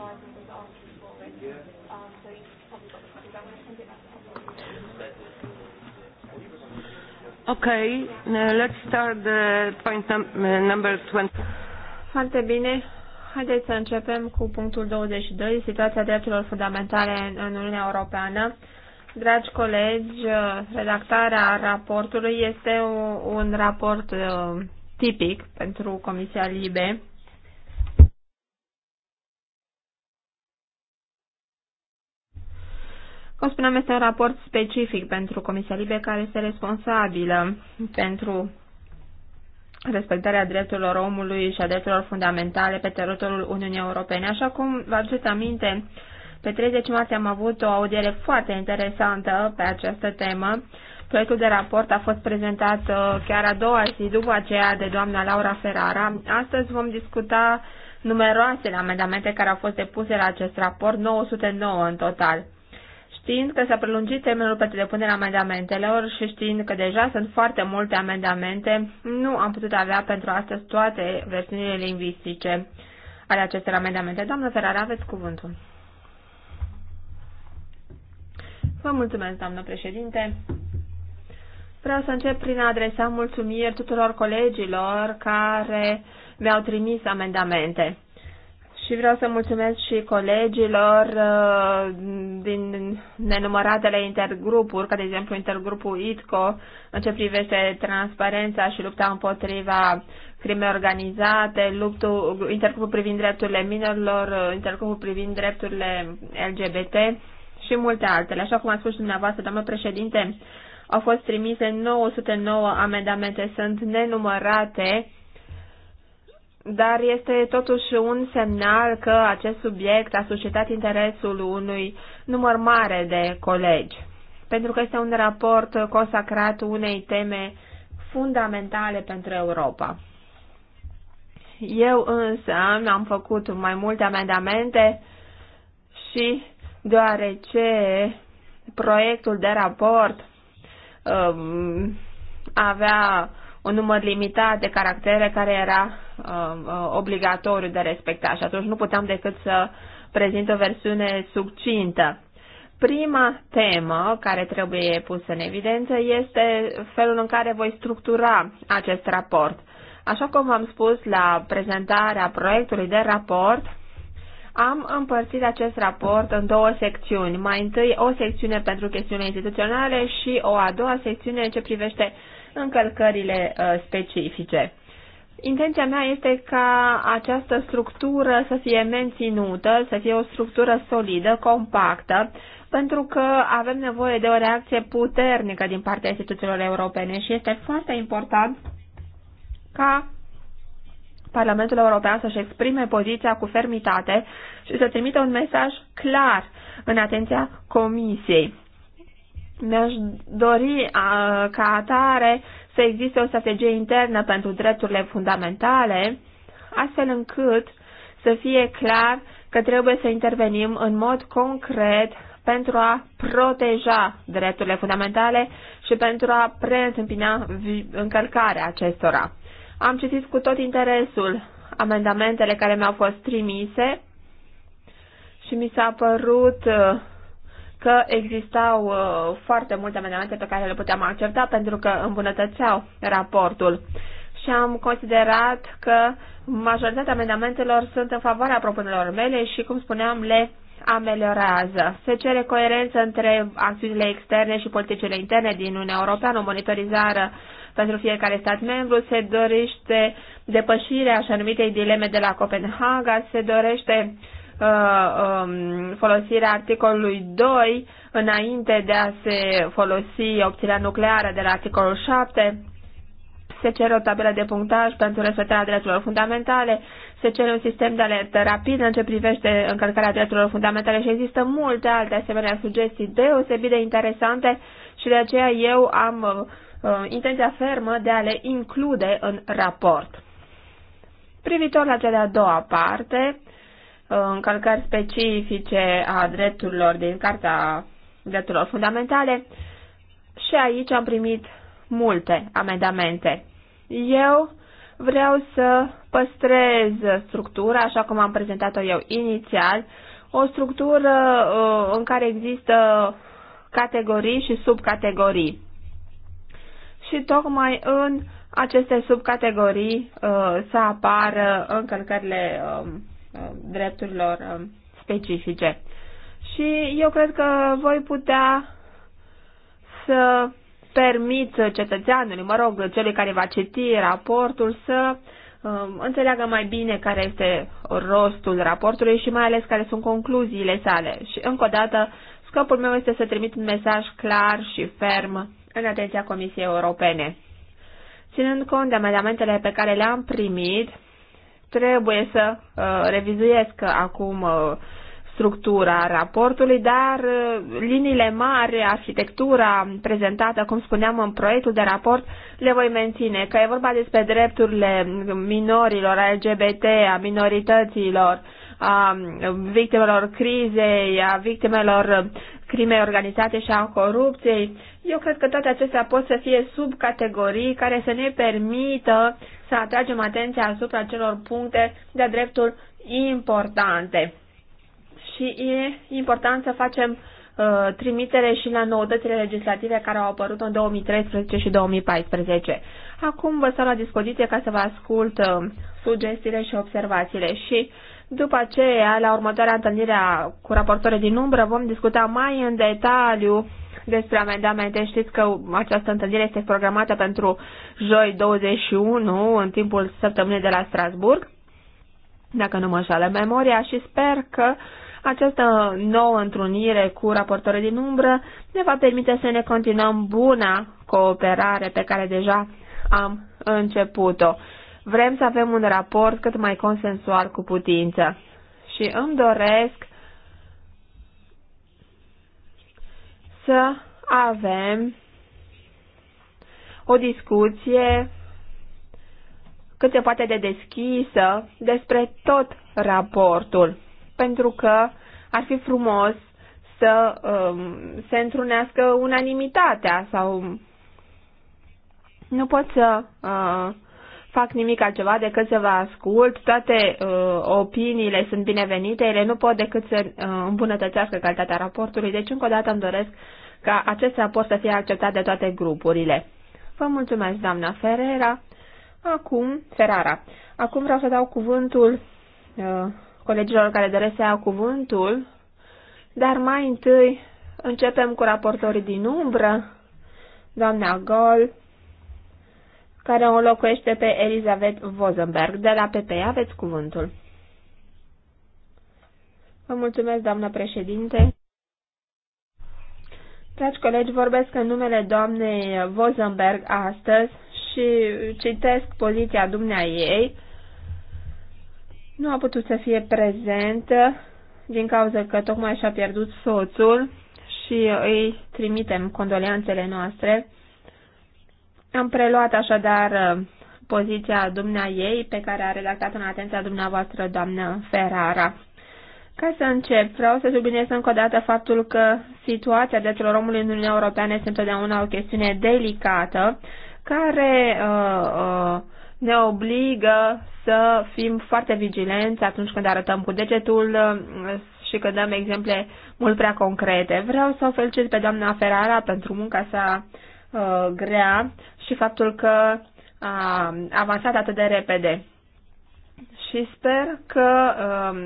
Um, okay, let's start the point number 20. Foarte bine. Haideți să începem cu punctul 22, situația drepturilor fundamentale în Uniunea Europeană. Dragi colegi, redactarea raportului este un raport uh, tipic pentru Comisia Libe Cum spuneam, este un raport specific pentru Comisia Libe care este responsabilă pentru respectarea drepturilor omului și a drepturilor fundamentale pe teritoriul Uniunii Europene. Așa cum vă aduceți aminte, pe 30 martie am avut o audiere foarte interesantă pe această temă. Proiectul de raport a fost prezentat uh, chiar a doua zi după aceea de doamna Laura Ferrara. Astăzi vom discuta numeroasele amendamente care au fost depuse la acest raport, 909 în total. Știind că s-a prelungit termenul pentru depunerea amendamentelor și știind că deja sunt foarte multe amendamente, nu am putut avea pentru astăzi toate versiunile lingvistice ale acestor amendamente. Doamnă Ferrara, aveți cuvântul. Vă mulțumesc, doamnă președinte. Vreau să încep prin a adresa mulțumiri tuturor colegilor care mi-au trimis amendamente. Și vreau să mulțumesc și colegilor uh, din nenumăratele intergrupuri, ca de exemplu intergrupul ITCO, în ce privește transparența și lupta împotriva crime organizate, luptul, intergrupul privind drepturile minorilor, uh, intergrupul privind drepturile LGBT și multe altele. Așa cum a spus dumneavoastră, domnul președinte, au fost trimise 909 amendamente, sunt nenumărate dar este totuși un semnal că acest subiect a suscitat interesul unui număr mare de colegi, pentru că este un raport consacrat unei teme fundamentale pentru Europa. Eu însă am făcut mai multe amendamente și deoarece proiectul de raport um, avea un număr limitat de caractere care era Uh, uh, obligatoriu de respectat și atunci nu puteam decât să prezint o versiune succintă. Prima temă care trebuie pusă în evidență este felul în care voi structura acest raport. Așa cum v-am spus la prezentarea proiectului de raport, am împărțit acest raport în două secțiuni. Mai întâi o secțiune pentru chestiune instituționale și o a doua secțiune în ce privește încălcările uh, specifice. Intenția mea este ca această structură să fie menținută, să fie o structură solidă, compactă, pentru că avem nevoie de o reacție puternică din partea instituțiilor europene și este foarte important ca Parlamentul European să-și exprime poziția cu fermitate și să trimită un mesaj clar în atenția Comisiei. Mi-aș dori a, ca atare să existe o strategie internă pentru drepturile fundamentale, astfel încât să fie clar că trebuie să intervenim în mod concret pentru a proteja drepturile fundamentale și pentru a preîntâmpina încălcarea acestora. Am citit cu tot interesul amendamentele care mi-au fost trimise și mi s-a părut uh, că existau uh, foarte multe amendamente pe care le puteam accepta pentru că îmbunătățeau raportul. Și am considerat că majoritatea amendamentelor sunt în favoarea propunerilor mele și, cum spuneam, le ameliorează. Se cere coerență între acțiunile externe și politicile interne din Uniunea Europeană, o monitorizare pentru fiecare stat membru, se dorește depășirea așa numitei dileme de la Copenhaga, se dorește uh, Uh, um, folosirea articolului 2 înainte de a se folosi opțiunea nucleară de la articolul 7. Se cere o tabelă de punctaj pentru respectarea drepturilor fundamentale, se cere un sistem de alertă rapidă în ce privește încălcarea drepturilor fundamentale și există multe alte asemenea sugestii deosebit de interesante și de aceea eu am uh, uh intenția fermă de a le include în raport. Privitor la cea de-a doua parte, Uh, încălcări specifice a drepturilor din Carta Drepturilor Fundamentale și aici am primit multe amendamente. Eu vreau să păstrez structura așa cum am prezentat-o eu inițial, o structură uh, în care există categorii și subcategorii. Și tocmai în aceste subcategorii uh, să apară încălcările um, Uh, drepturilor uh, specifice. Și eu cred că voi putea să permit cetățeanului, mă rog, celui care va citi raportul să um, înțeleagă mai bine care este rostul raportului și mai ales care sunt concluziile sale. Și încă o dată, scopul meu este să trimit un mesaj clar și ferm în atenția Comisiei Europene. Ținând cont de amendamentele pe care le-am primit, trebuie să uh, revizuiesc acum uh, structura raportului, dar uh, liniile mari, arhitectura prezentată, cum spuneam în proiectul de raport, le voi menține, că e vorba despre drepturile minorilor, a LGBT, a minorităților, a victimelor crizei, a victimelor crimei organizate și a corupției. Eu cred că toate acestea pot să fie subcategorii care să ne permită să atragem atenția asupra celor puncte de dreptul importante. Și e important să facem uh, trimitere și la noutățile legislative care au apărut în 2013 și 2014. Acum vă stau la dispoziție ca să vă ascult uh, sugestiile și observațiile și uh, după aceea, la următoarea întâlnire cu raportorii din umbră, vom discuta mai în detaliu despre amendamente. Știți că această întâlnire este programată pentru joi 21, în timpul săptămânii de la Strasburg, dacă nu mă înșală memoria, și sper că această nouă întrunire cu raportorii din umbră ne va permite să ne continuăm buna cooperare pe care deja am început-o. Vrem să avem un raport cât mai consensual cu putință. Și îmi doresc să avem o discuție cât se poate de deschisă despre tot raportul, pentru că ar fi frumos să um, se întrunească unanimitatea sau nu pot să uh, fac nimic altceva decât să vă ascult, toate uh, opiniile sunt binevenite, ele nu pot decât să uh, îmbunătățească calitatea raportului, deci încă o dată îmi doresc ca acest raport să fie acceptat de toate grupurile. Vă mulțumesc, doamna Ferrera. Acum, Ferrara. Acum vreau să dau cuvântul uh, colegilor care doresc să iau cuvântul, dar mai întâi începem cu raportorii din umbră, doamna Gol, care o locuiește pe Elizabeth Vozenberg. De la PP aveți cuvântul. Vă mulțumesc, doamnă președinte. Dragi colegi, vorbesc în numele doamnei Vozenberg astăzi și citesc poziția dumnea ei. Nu a putut să fie prezentă din cauza că tocmai și-a pierdut soțul și îi trimitem condoleanțele noastre. Am preluat așadar uh, poziția dumnea ei pe care a redactat în atenția dumneavoastră, doamnă Ferrara. Ca să încep, vreau să subliniez încă o dată faptul că situația drepturilor omului în Uniunea Europeană este întotdeauna o chestiune delicată care uh, uh, ne obligă să fim foarte vigilenți atunci când arătăm cu degetul uh, și când dăm exemple mult prea concrete. Vreau să o felicit pe doamna Ferrara pentru munca sa Uh, grea și faptul că a avansat atât de repede. Și sper că um,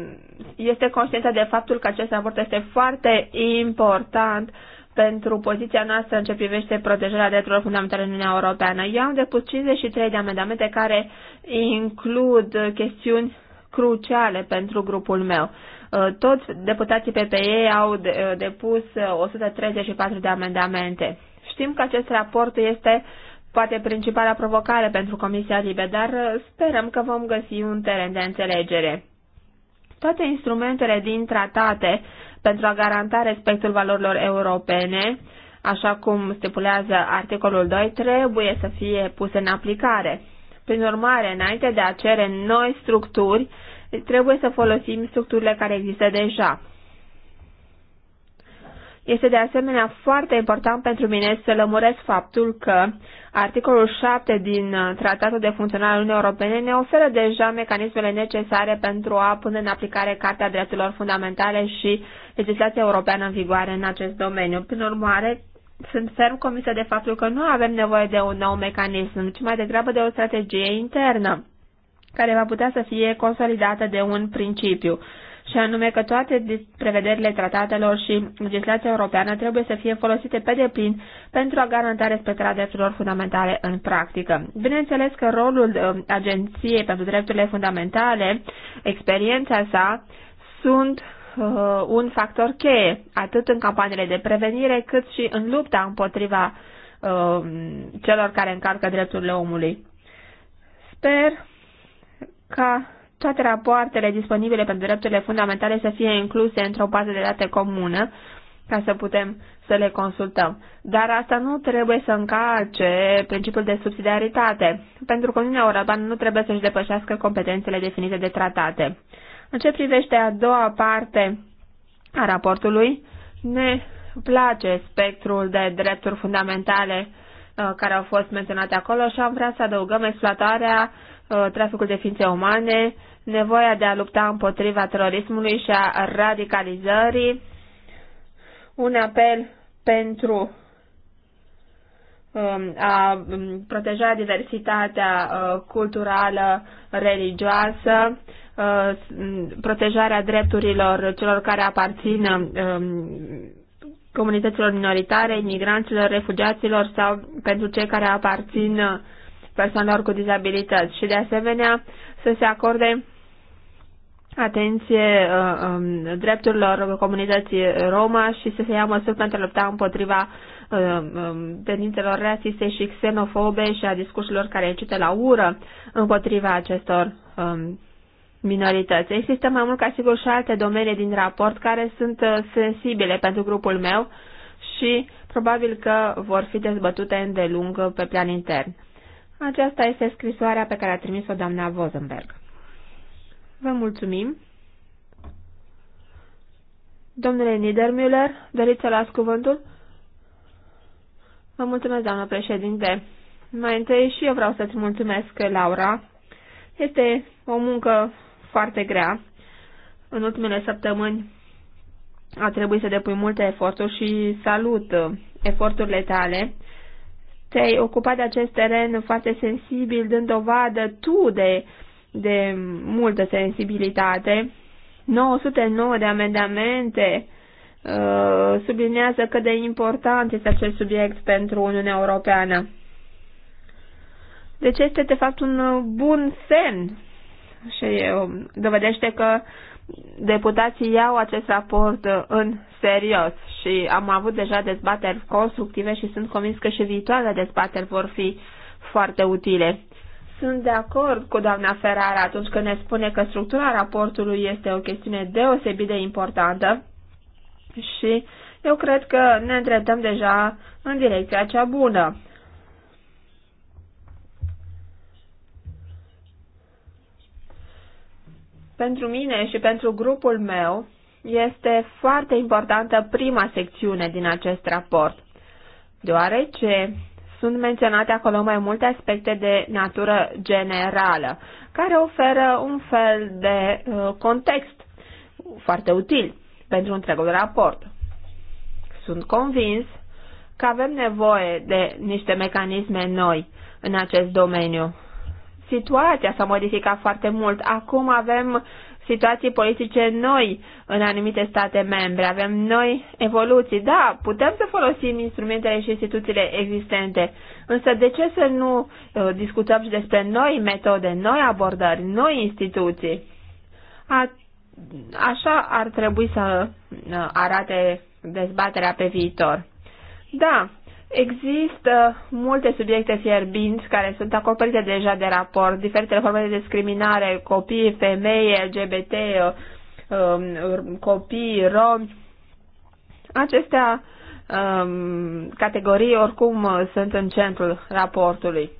este conștientă de faptul că acest avort este foarte important pentru poziția noastră în ce privește protejarea drepturilor fundamentale în Uniunea Europeană. Eu am depus 53 de amendamente care includ chestiuni cruciale pentru grupul meu. Uh, toți deputații PPE au uh, depus 134 de amendamente. Știm că acest raport este poate principala provocare pentru Comisia Libe, dar sperăm că vom găsi un teren de înțelegere. Toate instrumentele din tratate pentru a garanta respectul valorilor europene, așa cum stipulează articolul 2, trebuie să fie puse în aplicare. Prin urmare, înainte de a cere noi structuri, trebuie să folosim structurile care există deja. Este de asemenea foarte important pentru mine să lămuresc faptul că articolul 7 din uh, Tratatul de Funcționare al Uniunii Europene ne oferă deja mecanismele necesare pentru a pune în aplicare Cartea Drepturilor Fundamentale și legislația europeană în vigoare în acest domeniu. Prin urmare, sunt ferm comisă de faptul că nu avem nevoie de un nou mecanism, ci mai degrabă de o strategie internă care va putea să fie consolidată de un principiu și anume că toate prevederile tratatelor și legislația europeană trebuie să fie folosite pe deplin pentru a garanta respectarea drepturilor fundamentale în practică. Bineînțeles că rolul ă, Agenției pentru Drepturile Fundamentale, experiența sa, sunt ă, un factor cheie, atât în campaniile de prevenire, cât și în lupta împotriva uh, celor care încarcă drepturile omului. Sper ca toate rapoartele disponibile pentru drepturile fundamentale să fie incluse într-o bază de date comună, ca să putem să le consultăm. Dar asta nu trebuie să încalce principiul de subsidiaritate, pentru că Uniunea Europeană nu trebuie să-și depășească competențele definite de tratate. În ce privește a doua parte a raportului, ne place spectrul de drepturi fundamentale uh, care au fost menționate acolo și am vrea să adăugăm exploatarea Uh, traficul de ființe umane, nevoia de a lupta împotriva terorismului și a radicalizării, un apel pentru um, a um, proteja diversitatea uh, culturală, religioasă, uh, protejarea drepturilor celor care aparțin um, comunităților minoritare, imigranților, refugiaților sau pentru cei care aparțin persoanelor cu dizabilități și de asemenea să se acorde atenție uh, um, drepturilor comunității Roma și să se ia măsuri pentru a lupta împotriva uh, um, tendințelor rasiste și xenofobe și a discursurilor care incită la ură împotriva acestor um, minorități. Există mai mult ca sigur și alte domenii din raport care sunt uh, sensibile pentru grupul meu și probabil că vor fi dezbătute îndelung pe plan intern. Aceasta este scrisoarea pe care a trimis-o doamna Vozenberg. Vă mulțumim. Domnule Niedermüller, doriți să las cuvântul? Vă mulțumesc, doamnă președinte. Mai întâi și eu vreau să-ți mulțumesc, Laura. Este o muncă foarte grea. În ultimele săptămâni a trebuit să depui multe eforturi și salut eforturile tale te-ai ocupat de acest teren foarte sensibil, dând dovadă tu de, de multă sensibilitate. 909 de amendamente uh, sublinează cât de important este acest subiect pentru Uniunea Europeană. Deci este de fapt un bun semn și uh, dovedește că deputații iau acest raport uh, în serios și am avut deja dezbateri constructive și sunt convins că și viitoarele dezbateri vor fi foarte utile. Sunt de acord cu doamna Ferrara atunci când ne spune că structura raportului este o chestiune deosebit de importantă și eu cred că ne îndreptăm deja în direcția cea bună. Pentru mine și pentru grupul meu este foarte importantă prima secțiune din acest raport, deoarece sunt menționate acolo mai multe aspecte de natură generală, care oferă un fel de uh, context foarte util pentru întregul raport. Sunt convins că avem nevoie de niște mecanisme noi în acest domeniu situația s-a modificat foarte mult. Acum avem situații politice noi în anumite state membre, avem noi evoluții. Da, putem să folosim instrumentele și instituțiile existente, însă de ce să nu uh, discutăm și despre noi metode, noi abordări, noi instituții? A, așa ar trebui să uh, arate dezbaterea pe viitor. Da, Există multe subiecte fierbinți care sunt acoperite deja de raport, diferitele forme de discriminare, copii, femei, LGBT, um, um, copii, romi. Acestea um, categorii oricum sunt în centrul raportului.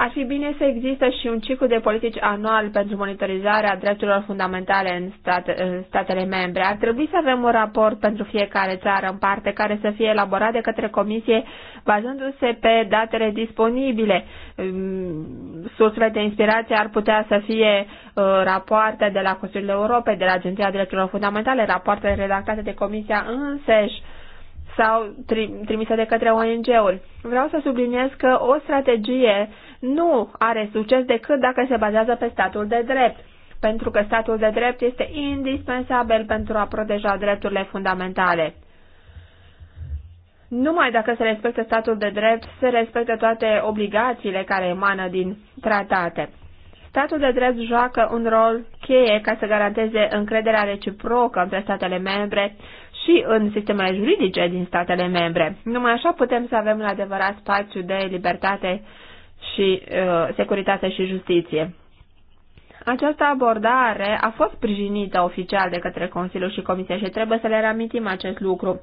Ar fi bine să există și un ciclu de politici anual pentru monitorizarea drepturilor fundamentale în, state, în statele membre. Ar trebui să avem un raport pentru fiecare țară în parte care să fie elaborat de către Comisie bazându-se pe datele disponibile. Mm, Sursele de inspirație ar putea să fie uh, rapoarte de la Consiliul Europei, de la Agenția Drepturilor Fundamentale, rapoarte redactate de Comisia însăși sau trimise de către ONG-uri. Vreau să subliniez că o strategie nu are succes decât dacă se bazează pe statul de drept, pentru că statul de drept este indispensabil pentru a proteja drepturile fundamentale. Numai dacă se respectă statul de drept, se respectă toate obligațiile care emană din tratate. Statul de drept joacă un rol cheie ca să garanteze încrederea reciprocă între statele membre și în sistemele juridice din statele membre. Numai așa putem să avem un adevărat spațiu de libertate și uh, securitate și justiție. Această abordare a fost sprijinită oficial de către Consiliu și Comisia și trebuie să le reamintim acest lucru.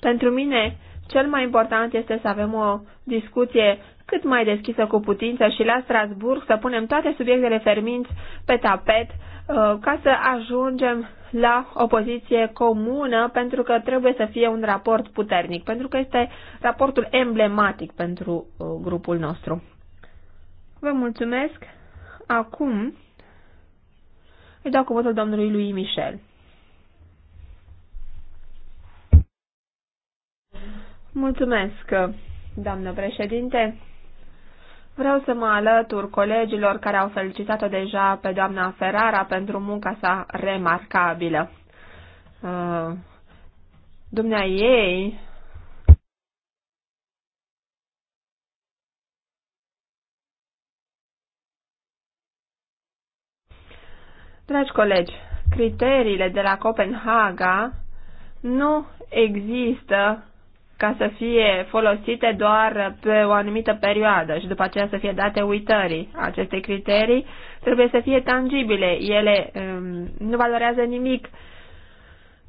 Pentru mine, cel mai important este să avem o discuție cât mai deschisă cu putință și la Strasburg să punem toate subiectele ferminți pe tapet uh, ca să ajungem la o poziție comună pentru că trebuie să fie un raport puternic, pentru că este raportul emblematic pentru uh, grupul nostru. Vă mulțumesc. Acum îi dau cuvântul domnului lui Michel. Mulțumesc, doamnă președinte. Vreau să mă alătur colegilor care au felicitat-o deja pe doamna Ferrara pentru munca sa remarcabilă. Uh, dumnea ei Dragi colegi, criteriile de la Copenhaga nu există ca să fie folosite doar pe o anumită perioadă și după aceea să fie date uitării. Aceste criterii trebuie să fie tangibile. Ele um, nu valorează nimic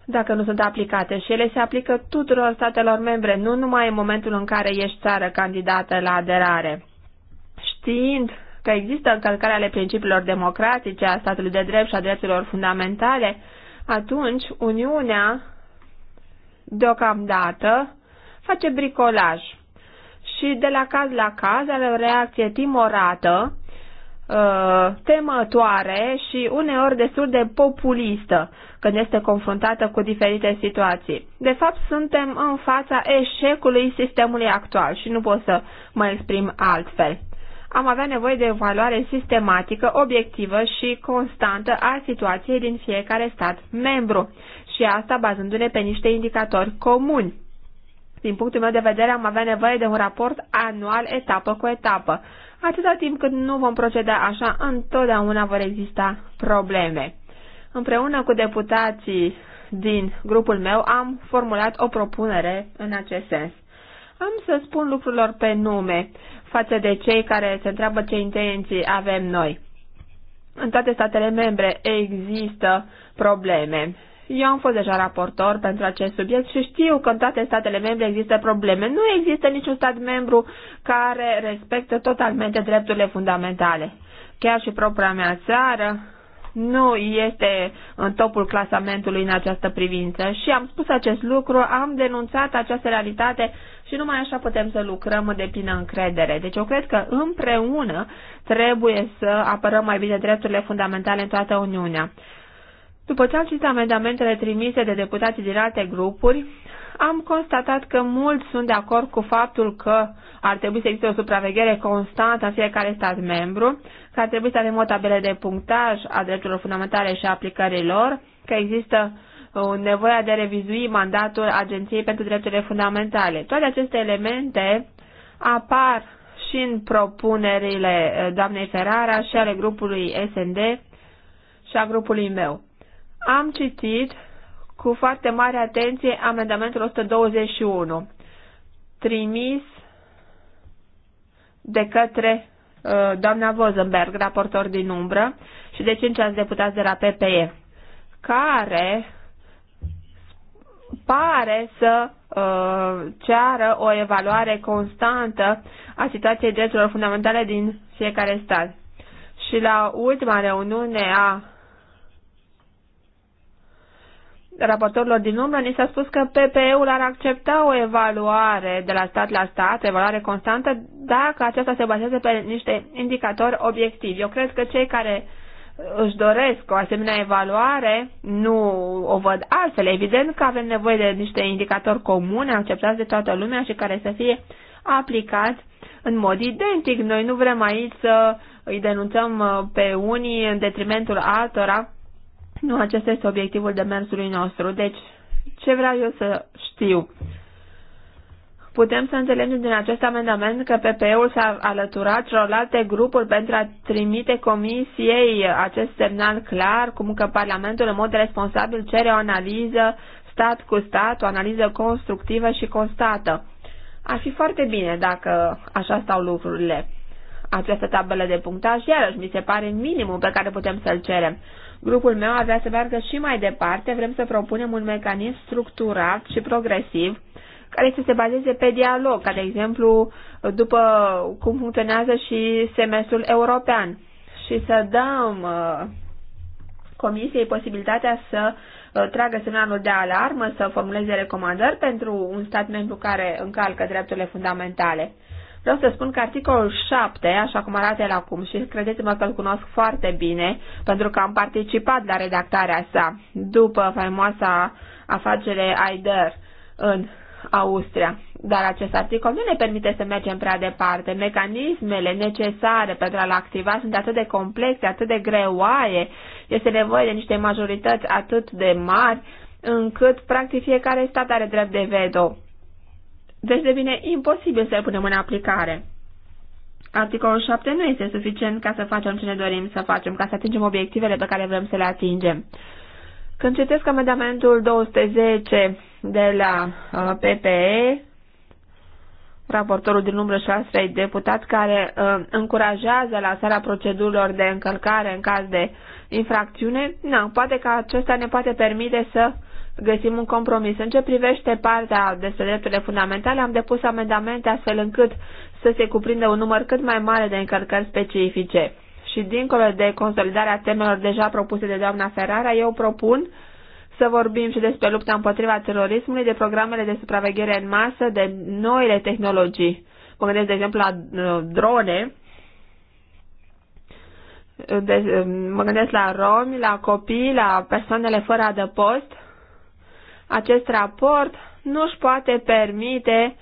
dacă nu sunt aplicate și ele se aplică tuturor statelor membre, nu numai în momentul în care ești țară candidată la aderare. Știind că există încălcarea ale principiilor democratice, a statului de drept și a drepturilor fundamentale, atunci Uniunea, deocamdată, face bricolaj și de la caz la caz are o reacție timorată, ă, temătoare și uneori destul de populistă când este confruntată cu diferite situații. De fapt, suntem în fața eșecului sistemului actual și nu pot să mă exprim altfel am avea nevoie de evaluare sistematică, obiectivă și constantă a situației din fiecare stat membru și asta bazându-ne pe niște indicatori comuni. Din punctul meu de vedere, am avea nevoie de un raport anual, etapă cu etapă. Atâta timp cât nu vom proceda așa, întotdeauna vor exista probleme. Împreună cu deputații din grupul meu am formulat o propunere în acest sens. Am să spun lucrurilor pe nume față de cei care se întreabă ce intenții avem noi. În toate statele membre există probleme. Eu am fost deja raportor pentru acest subiect și știu că în toate statele membre există probleme. Nu există niciun stat membru care respectă totalmente drepturile fundamentale. Chiar și propria mea țară nu este în topul clasamentului în această privință și am spus acest lucru, am denunțat această realitate și numai așa putem să lucrăm de plină încredere. Deci eu cred că împreună trebuie să apărăm mai bine drepturile fundamentale în toată Uniunea. După ce am citit amendamentele trimise de deputații din alte grupuri, am constatat că mulți sunt de acord cu faptul că ar trebui să existe o supraveghere constantă în fiecare stat membru, că ar trebui să avem o tabelă de punctaj a drepturilor fundamentale și a aplicării lor, că există nevoia de a revizui mandatul Agenției pentru Drepturile Fundamentale. Toate aceste elemente apar și în propunerile eh, doamnei Ferrara și ale grupului SND și a grupului meu. Am citit cu foarte mare atenție amendamentul 121 trimis de către uh, doamna Vozenberg, raportor din umbră, și de 5 ani deputați de la PPE, care pare să uh, ceară o evaluare constantă a situației drepturilor fundamentale din fiecare stat. Și la ultima reuniune a raportorilor din umbră ni s-a spus că PPE-ul ar accepta o evaluare de la stat la stat, evaluare constantă, dacă aceasta se bazează pe niște indicatori obiectivi. Eu cred că cei care uh, își doresc o asemenea evaluare, nu o văd altfel. Evident că avem nevoie de niște indicatori comune, acceptați de toată lumea și care să fie aplicat în mod identic. Noi nu vrem aici să îi denunțăm uh, pe unii în detrimentul altora. Nu, acesta este obiectivul demersului nostru. Deci, ce vreau eu să știu? Putem să înțelegem din acest amendament că PPE-ul s-a alăturat celorlalte grupuri pentru a trimite comisiei acest semnal clar, cum că Parlamentul în mod responsabil cere o analiză stat cu stat, o analiză constructivă și constată. Ar fi foarte bine dacă așa stau lucrurile. Această tabelă de punctaj, iarăși, mi se pare minimul pe care putem să-l cerem. Grupul meu avea să meargă și mai departe, vrem să propunem un mecanism structurat și progresiv, care să se bazeze pe dialog, ca de exemplu după cum funcționează și semestrul european și să dăm uh, comisiei posibilitatea să uh, tragă semnalul de alarmă, să formuleze recomandări pentru un stat membru care încalcă drepturile fundamentale. Vreau să spun că articolul 7, așa cum arată el acum, și credeți-mă că îl cunosc foarte bine, pentru că am participat la redactarea sa după faimoasa afacere AIDER în Austria. Dar acest articol nu ne permite să mergem prea departe. Mecanismele necesare pentru a-l activa sunt atât de complexe, atât de greoaie, este nevoie de niște majorități atât de mari, încât practic fiecare stat are drept de veto. Deci devine imposibil să-l punem în aplicare. Articolul 7 nu este suficient ca să facem ce ne dorim să facem, ca să atingem obiectivele pe care vrem să le atingem. Când citesc amendamentul 210 de la uh, PPE, raportorul din numărul 6 deputat care uh, încurajează lansarea procedurilor de încălcare în caz de infracțiune, na, poate că acesta ne poate permite să găsim un compromis. În ce privește partea despre drepturile fundamentale, am depus amendamente astfel încât să se cuprindă un număr cât mai mare de încălcări specifice. Și dincolo de consolidarea temelor deja propuse de doamna Ferrara, eu propun uh, să vorbim și despre lupta împotriva terorismului, de programele de supraveghere în masă, de noile tehnologii. Mă gândesc, de exemplu, la uh, drone, de, uh, mă gândesc la romi, la copii, la persoanele fără adăpost. Acest raport nu își poate permite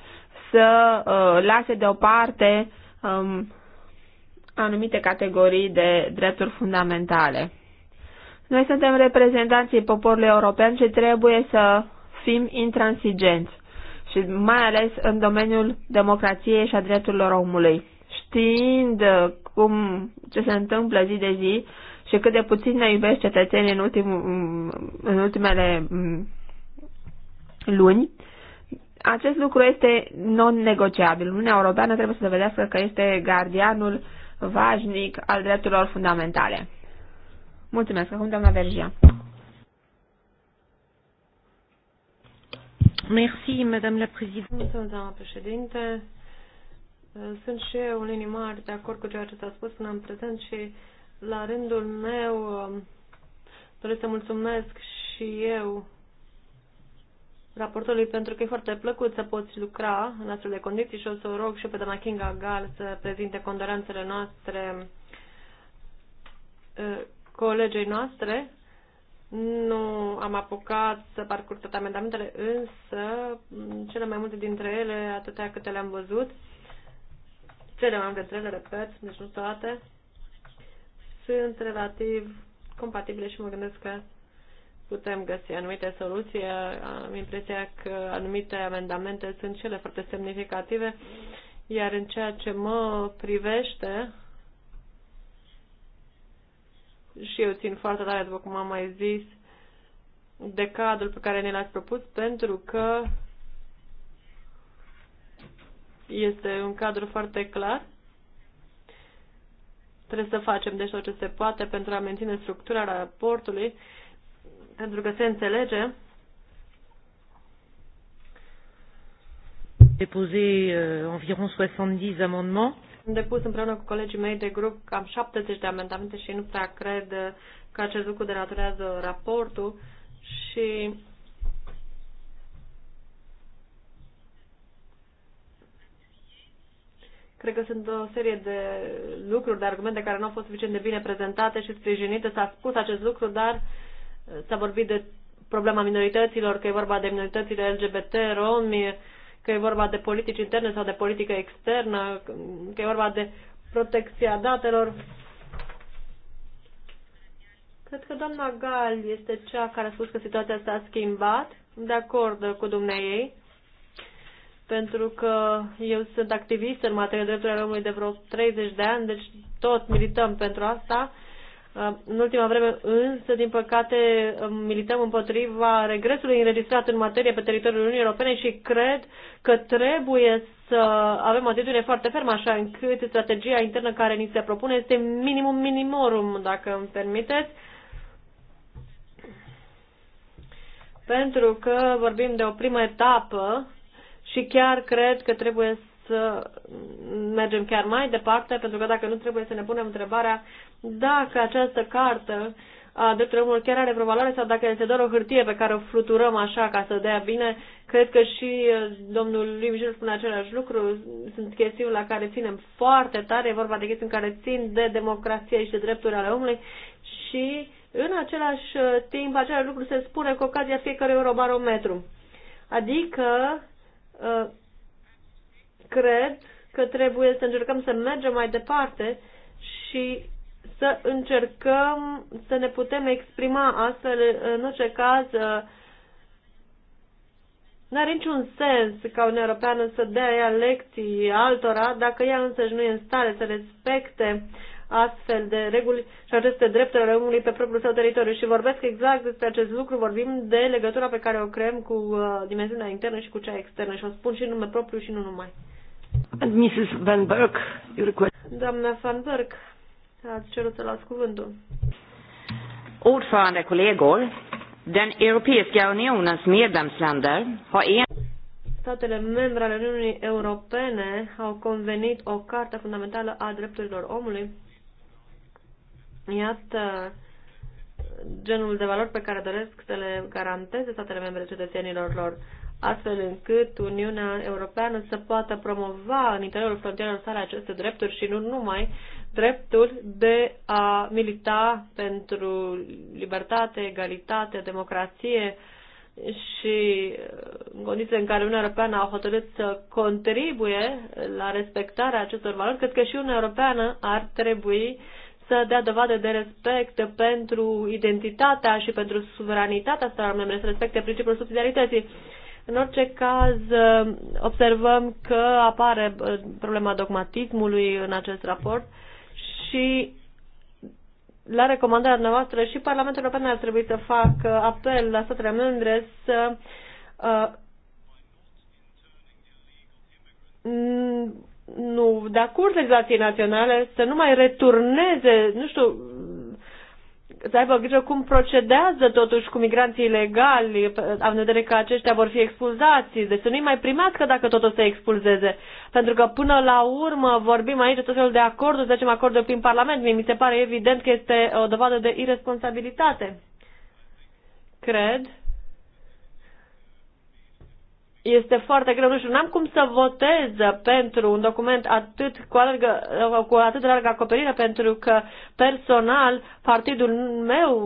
să uh, lase deoparte um, anumite categorii de drepturi fundamentale. Noi suntem reprezentanții poporului european și trebuie să fim intransigenți și mai ales în domeniul democrației și a drepturilor omului. Știind uh, cum, ce se întâmplă zi de zi și cât de puțin ne iubesc cetățenii în, ultim, mm, în ultimele mm, luni, acest lucru este non-negociabil. Uniunea Europeană trebuie să vedească că este gardianul vașnic al drepturilor fundamentale. Mulțumesc. Acum doamna Vergia. Merci, Madame la Présidente. doamna președinte. Sunt și eu în mari de acord cu ceea ce s-a spus până în prezent și la rândul meu doresc să mulțumesc și eu raportului pentru că e foarte plăcut să poți lucra în astfel de condiții și o să o rog și pe doamna Kinga Gal să prezinte condoranțele noastre colegei noastre. Nu am apucat să parcurg toate amendamentele, însă mm, cele mai multe dintre ele, atâtea câte le-am văzut, cele mai multe dintre ele, repet, deci nu toate, sunt relativ compatibile și mă gândesc că putem găsi anumite soluții. Am impresia că anumite amendamente sunt cele foarte semnificative, iar în ceea ce mă privește, și eu țin foarte tare, după cum am mai zis, de cadrul pe care ne l-ați propus, pentru că este un cadru foarte clar. Trebuie să facem deci tot ce se poate pentru a menține structura raportului, pentru că se înțelege. Déposé euh, environ 70 amendements depus împreună cu colegii mei de grup cam 70 de amendamente și nu prea cred că acest lucru deraturează raportul și cred că sunt o serie de lucruri, de argumente care nu au fost suficient de bine prezentate și sprijinite. S-a spus acest lucru, dar s-a vorbit de problema minorităților, că e vorba de minoritățile LGBT, romi, că e vorba de politici interne sau de politică externă, că e vorba de protecția datelor. Cred că doamna Gal este cea care a spus că situația asta a schimbat, de acord cu dumneai pentru că eu sunt activist în materie de drepturile omului de vreo 30 de ani, deci tot milităm pentru asta în ultima vreme însă, din păcate, milităm împotriva regresului înregistrat în materie pe teritoriul Uniunii Europene și cred că trebuie să avem o atitudine foarte fermă, așa încât strategia internă care ni se propune este minimum minimorum, dacă îmi permiteți. Pentru că vorbim de o primă etapă și chiar cred că trebuie să mergem chiar mai departe, pentru că dacă nu trebuie să ne punem întrebarea dacă această cartă a drepturilor omului chiar are vreo valoare sau dacă este doar o hârtie pe care o fluturăm așa ca să dea bine, cred că și uh, domnul lui Michel spune același lucru. Sunt chestiuni la care ținem foarte tare, e vorba de chestiuni care țin de democrație și de drepturile ale omului și în același uh, timp același lucru se spune cu ocazia fiecărui eurobarometru. Adică uh, cred că trebuie să încercăm să mergem mai departe și să încercăm să ne putem exprima astfel, în orice caz, n-are niciun sens ca Uniunea Europeană să dea ea lecții altora dacă ea însăși nu e în stare să respecte astfel de reguli și aceste drepturi ale omului pe propriul său teritoriu. Și vorbesc exact despre acest lucru, vorbim de legătura pe care o creăm cu uh, dimensiunea internă și cu cea externă și o spun și în nume propriu și nu numai. And Mrs. Van Berg, you request... Doamna Van Berg, ați cerut să las cuvântul. Ordförande kollegor, den europeiska unionens medlemsländer har en statele membre ale Uniunii Europene au convenit o carte fundamentală a drepturilor omului. Iată genul de valori pe care doresc să le garanteze statele membre cetățenilor lor astfel încât Uniunea Europeană să poată promova în interiorul frontierelor sale aceste drepturi și nu numai dreptul de a milita pentru libertate, egalitate, democrație și uh, în condiții în care Uniunea Europeană a hotărât să contribuie la respectarea acestor valori, cred că și Uniunea Europeană ar trebui să dea dovadă de respect pentru identitatea și pentru suveranitatea statelor membre, să respecte principiul subsidiarității în orice caz, observăm că apare uh, problema dogmatismului în acest raport și la recomandarea noastră și Parlamentul European ar trebui să facă apel la statele membre să uh, nu de acord legislației naționale să nu mai returneze, nu știu, să aibă grijă cum procedează totuși cu migranții ilegali, având în vedere că aceștia vor fi expulzați, deci să nu-i mai primească dacă tot o să expulzeze. Pentru că până la urmă vorbim aici tot felul de acorduri, să zicem acorduri prin Parlament, mi se pare evident că este o dovadă de irresponsabilitate. Cred este foarte greu, nu știu, n-am cum să votez pentru un document atât cu, alergă, cu atât de largă acoperire, pentru că personal partidul meu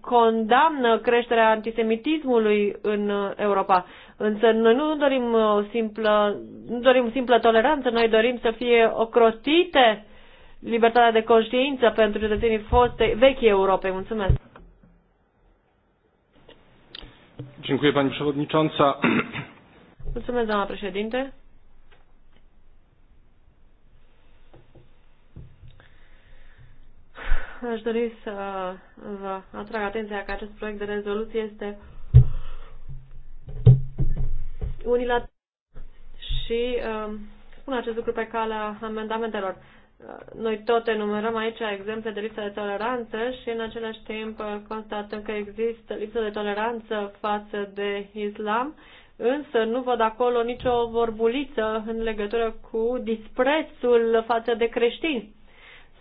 condamnă creșterea antisemitismului în Europa. Însă noi nu dorim o simplă, nu dorim simplă toleranță, noi dorim să fie ocrotite libertatea de conștiință pentru cetățenii foste, vechi Europei. Mulțumesc! Dziękuję Pani Przewodnicząca. Mulțumesc, doamna președinte. Aș dori să vă atrag atenția că acest proiect de rezoluție este unilateral și uh, spun acest lucru pe calea amendamentelor. Uh, noi tot enumerăm aici exemple de lipsă de toleranță și în același timp constatăm că există lipsă de toleranță față de islam însă nu văd acolo nicio vorbuliță în legătură cu disprețul față de creștini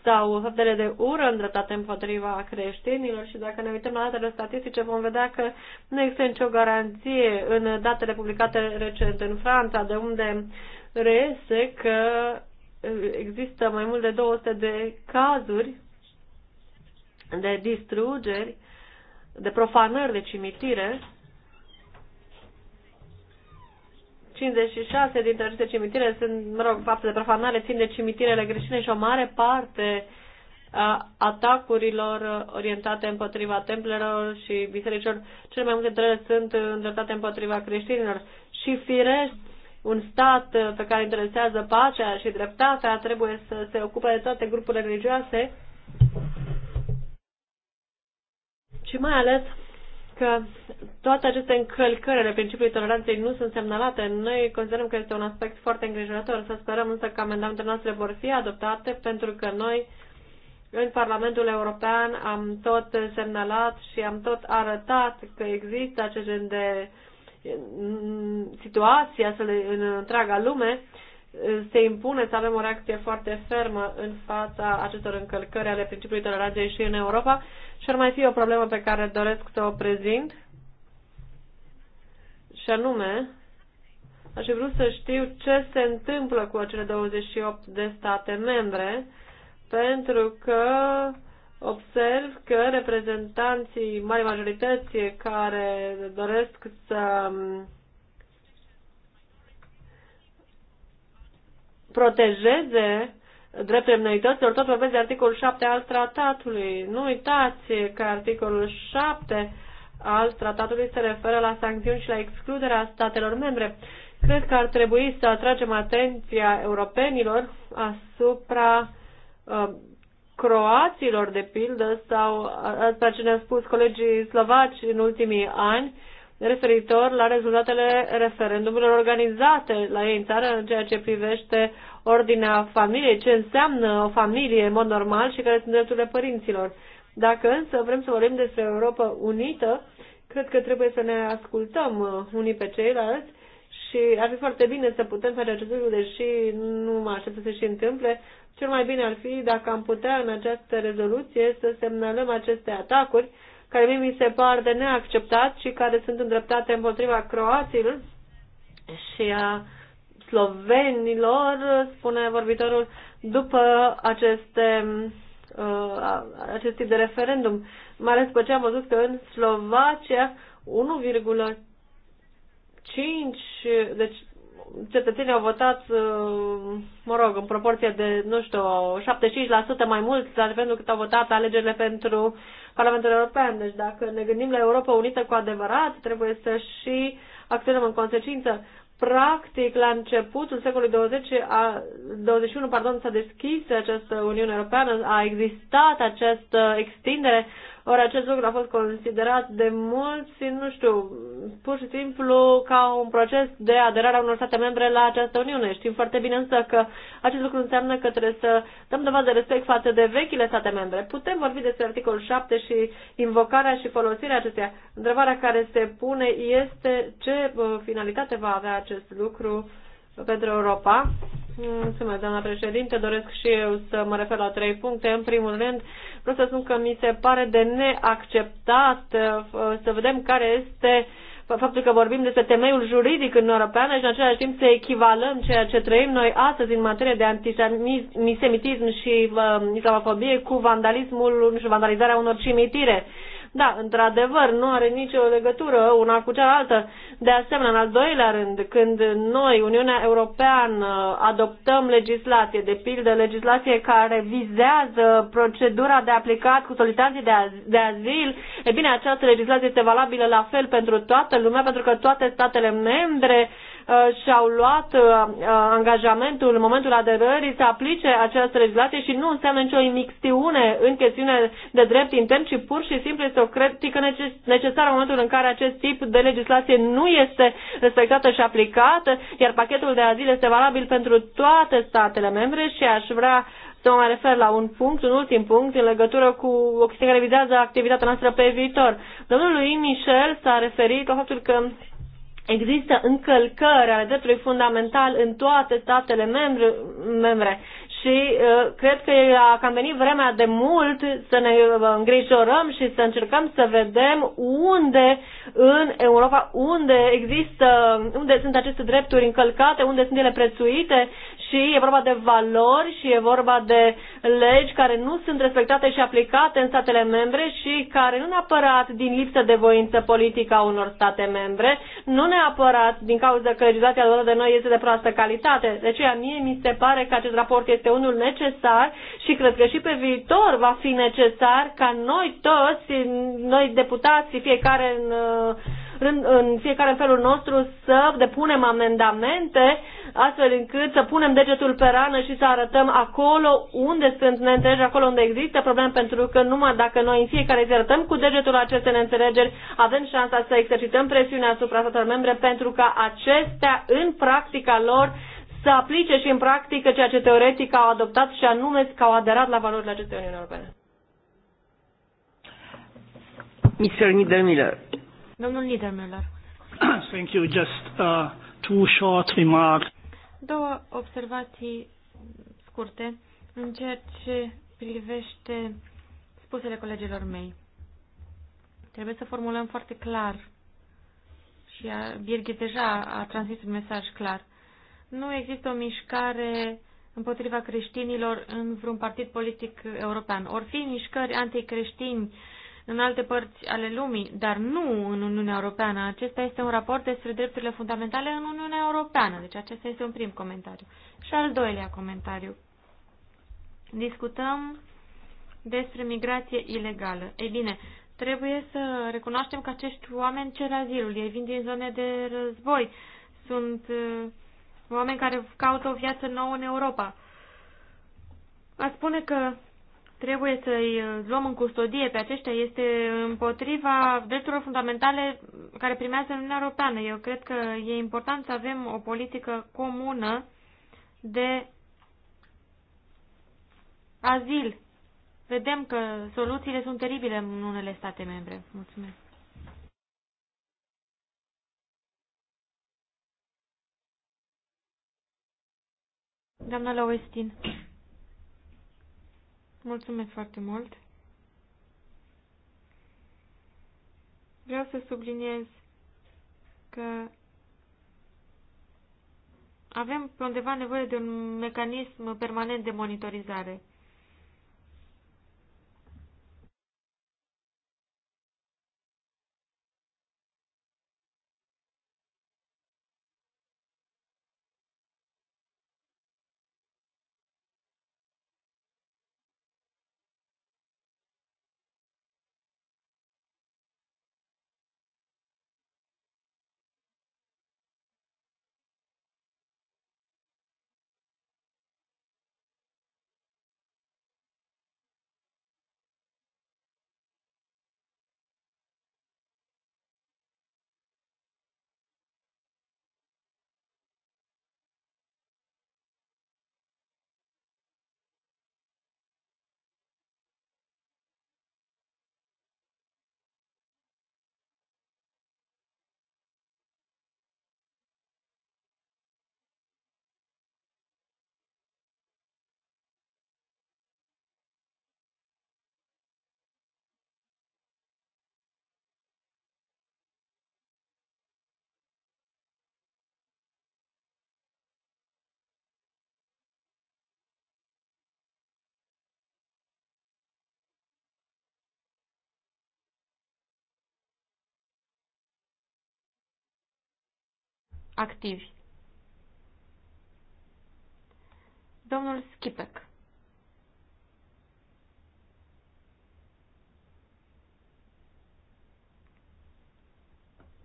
sau faptele de ură îndreptate împotriva creștinilor și dacă ne uităm la datele statistice vom vedea că nu există nicio garanție în datele publicate recent în Franța, de unde reiese că există mai mult de 200 de cazuri de distrugeri, de profanări de deci cimitire 56 dintre aceste cimitire sunt, mă rog, fapte de profanare țin de cimitirele creștine și o mare parte a atacurilor orientate împotriva templelor și bisericilor, cele mai multe dintre ele sunt îndreptate împotriva creștinilor. Și firește, un stat pe care interesează pacea și dreptatea trebuie să se ocupe de toate grupurile religioase și mai ales că toate aceste încălcări ale principiului toleranței nu sunt semnalate. Noi considerăm că este un aspect foarte îngrijorător. Să sperăm însă că amendamentele noastre vor fi adoptate pentru că noi în Parlamentul European am tot semnalat și am tot arătat că există acest gen de mm, situații astfel în întreaga lume se impune să avem o reacție foarte fermă în fața acestor încălcări ale principiului toleranței și în Europa și ar mai fi o problemă pe care doresc să o prezint și anume aș vrea să știu ce se întâmplă cu acele 28 de state membre pentru că observ că reprezentanții mari majorități care doresc să um, protejeze drepturile minorităților, tot vorbesc de articolul 7 al tratatului. Nu uitați că articolul 7 al tratatului se referă la sancțiuni și la excluderea statelor membre. Cred că ar trebui să atragem atenția europenilor asupra uh, croaților, de pildă, sau asta ce ne-a spus colegii slovaci în ultimii ani, referitor la rezultatele referendumurilor organizate la ei în țară în ceea ce privește ordinea familiei, ce înseamnă o familie în mod normal și care sunt drepturile părinților. Dacă însă vrem să vorbim despre Europa unită, cred că trebuie să ne ascultăm uh, unii pe ceilalți și ar fi foarte bine să putem face acest lucru, deși nu mă aștept să se și întâmple. Cel mai bine ar fi dacă am putea în această rezoluție să semnalăm aceste atacuri care mie mi se par de neacceptat și care sunt îndreptate împotriva croaților și a slovenilor, spune vorbitorul, după aceste, uh, acest tip de referendum. Mai ales după ce am văzut că în Slovacia 1,5 deci cetățenii au votat, uh, mă rog, în proporție de, nu știu, 75% mai mult pentru cât au votat alegerile pentru Parlamentul European. Deci dacă ne gândim la Europa Unită cu adevărat, trebuie să și acționăm în consecință practic, la începutul secolului 20, a, 21 pardon, s-a deschis această Uniune Europeană, a existat această extindere ori acest lucru a fost considerat de mulți, nu știu, pur și simplu ca un proces de aderare a unor state membre la această Uniune. Știm foarte bine însă că acest lucru înseamnă că trebuie să dăm dovadă de respect față de vechile state membre. Putem vorbi despre articolul 7 și invocarea și folosirea acesteia. Întrebarea care se pune este ce uh, finalitate va avea acest lucru pentru Europa Mulțumesc, doamna președinte. Doresc și eu să mă refer la trei puncte. În primul rând, vreau să spun că mi se pare de neacceptat uh, să vedem care este faptul că vorbim despre temeiul juridic în Europeană și în același timp să echivalăm ceea ce trăim noi astăzi în materie de antisemitism și uh, islamofobie cu vandalismul și vandalizarea unor cimitire da, într-adevăr, nu are nicio legătură una cu cealaltă. De asemenea, în al doilea rând, când noi, Uniunea Europeană, adoptăm legislație, de pildă legislație care vizează procedura de aplicat cu solicitanții de, az- de azil, e bine, această legislație este valabilă la fel pentru toată lumea, pentru că toate statele membre uh, Uh, și-au luat uh, uh, angajamentul în momentul aderării să aplice această legislație și nu înseamnă nicio imixtiune în chestiune de drept intern, ci pur și simplu este o critică necesară în momentul în care acest tip de legislație nu este respectată și aplicată, iar pachetul de azil este valabil pentru toate statele membre și aș vrea să mă mai refer la un punct, un ultim punct, în legătură cu o chestie care vizează activitatea noastră pe viitor. Domnul lui Michel s-a referit la faptul că Există încălcări ale dreptului fundamental în toate statele membre, membre și uh, cred că a cam venit vremea de mult să ne uh, îngrijorăm și să încercăm să vedem unde în Europa, unde există, unde sunt aceste drepturi încălcate, unde sunt ele prețuite ci e vorba de valori și e vorba de legi care nu sunt respectate și aplicate în statele membre și care nu neapărat din lipsă de voință politică a unor state membre, nu neapărat din cauza că legislația lor de noi este de proastă calitate. De aceea mie mi se pare că acest raport este unul necesar și cred că și pe viitor va fi necesar ca noi toți, noi deputații, fiecare în, în, fiecare felul nostru să depunem amendamente astfel încât să punem degetul pe rană și să arătăm acolo unde sunt neînțelegeri, acolo unde există probleme, pentru că numai dacă noi în fiecare zi arătăm cu degetul aceste neînțelegeri, avem șansa să exercităm presiunea asupra statelor membre pentru ca acestea în practica lor să aplice și în practică ceea ce teoretic au adoptat și anume că au aderat la valorile acestei Uniuni Europene. Mr. Niedermüller. Domnul Niedermüller. Thank you. Just uh, two short remarks. Două observații scurte în ceea ce privește spusele colegilor mei. Trebuie să formulăm foarte clar și a, Birgit deja a transmis un mesaj clar. Nu există o mișcare împotriva creștinilor în vreun partid politic european. Or fi mișcări anticreștini în alte părți ale lumii, dar nu în Uniunea Europeană. Acesta este un raport despre drepturile fundamentale în Uniunea Europeană. Deci acesta este un prim comentariu. Și al doilea comentariu. Discutăm despre migrație ilegală. Ei bine, trebuie să recunoaștem că acești oameni cer azilul. Ei vin din zone de război. Sunt uh, oameni care caută o viață nouă în Europa. A spune că trebuie să-i uh, luăm în custodie pe aceștia este împotriva drepturilor fundamentale care primează în Uniunea Europeană. Eu cred că e important să avem o politică comună de azil. Vedem că soluțiile sunt teribile în unele state membre. Mulțumesc. Doamna Lowestin. Mulțumesc foarte mult. Vreau să subliniez că avem pe undeva nevoie de un mecanism permanent de monitorizare. activi. Domnul Schipec.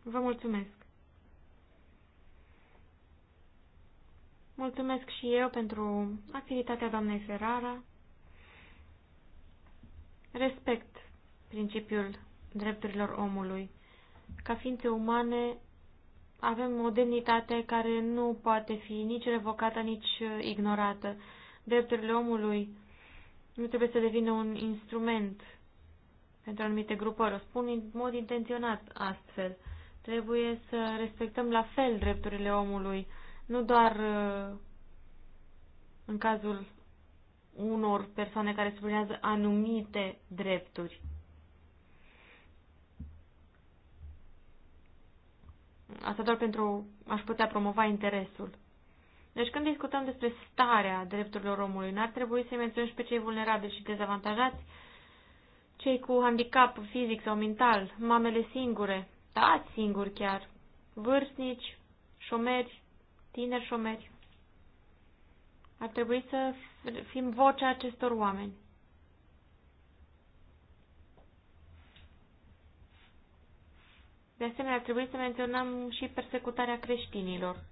Vă mulțumesc. Mulțumesc și eu pentru activitatea doamnei Ferrara. Respect principiul drepturilor omului. Ca ființe umane avem o demnitate care nu poate fi nici revocată, nici uh, ignorată. Drepturile omului nu trebuie să devină un instrument pentru anumite grupări. O spun în mod intenționat astfel. Trebuie să respectăm la fel drepturile omului, nu doar uh, în cazul unor persoane care sublinează anumite drepturi. Asta doar pentru a-și putea promova interesul. Deci când discutăm despre starea drepturilor omului, n-ar trebui să menționăm pe cei vulnerabili și dezavantajați, cei cu handicap fizic sau mental, mamele singure, tați singuri chiar, vârstnici, șomeri, tineri șomeri. Ar trebui să fim vocea acestor oameni. De asemenea, ar trebui să menționăm și persecutarea creștinilor.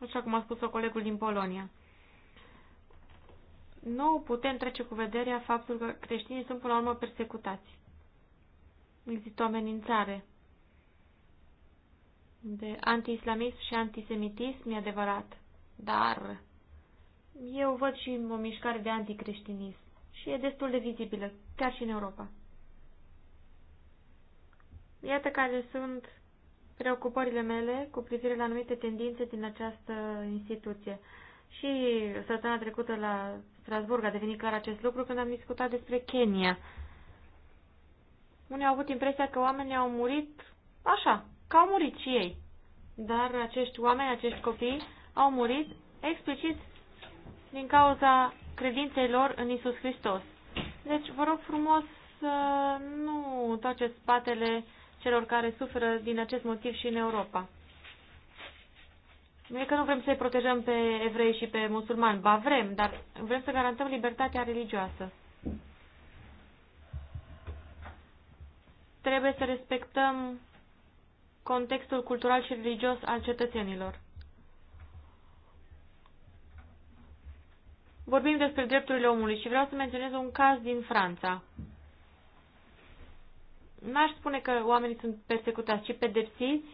Așa cum a spus-o colegul din Polonia. Nu putem trece cu vederea faptul că creștinii sunt până la urmă persecutați. Există o amenințare de antiislamism și antisemitism, e adevărat. Dar eu văd și o mișcare de anticreștinism și e destul de vizibilă, chiar și în Europa. Iată care sunt preocupările mele cu privire la anumite tendințe din această instituție. Și săptămâna trecută la Strasburg a devenit clar acest lucru când am discutat despre Kenya. Unii au avut impresia că oamenii au murit așa, că au murit și ei. Dar acești oameni, acești copii, au murit explicit din cauza credinței lor în Isus Hristos. Deci vă rog frumos să nu întoarceți spatele celor care suferă din acest motiv și în Europa. Nu e că nu vrem să-i protejăm pe evrei și pe musulmani, ba vrem, dar vrem să garantăm libertatea religioasă. Trebuie să respectăm contextul cultural și religios al cetățenilor. Vorbim despre drepturile omului și vreau să menționez un caz din Franța n-aș spune că oamenii sunt persecutați, ci pedepsiți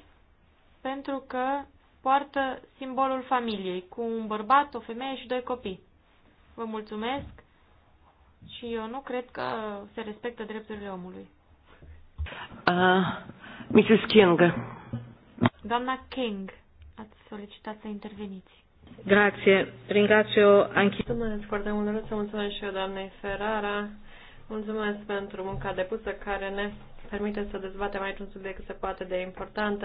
pentru că poartă simbolul familiei, cu un bărbat, o femeie și doi copii. Vă mulțumesc și eu nu cred că se respectă drepturile omului. Uh, Mrs. King. Doamna King, ați solicitat să interveniți. Grazie, ringrazio anche. Mulțumesc foarte mult, să mulțumesc și eu doamnei Ferrara. Mulțumesc pentru munca depusă care ne permite să dezbatem aici un subiect cât se poate de important.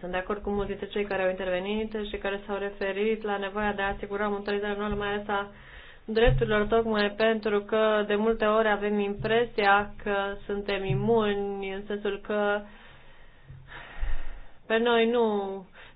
Sunt de acord cu mulți dintre cei care au intervenit și care s-au referit la nevoia de a asigura monitorizarea anuală, mai ales a drepturilor, tocmai pentru că de multe ori avem impresia că suntem imuni, în sensul că pe noi nu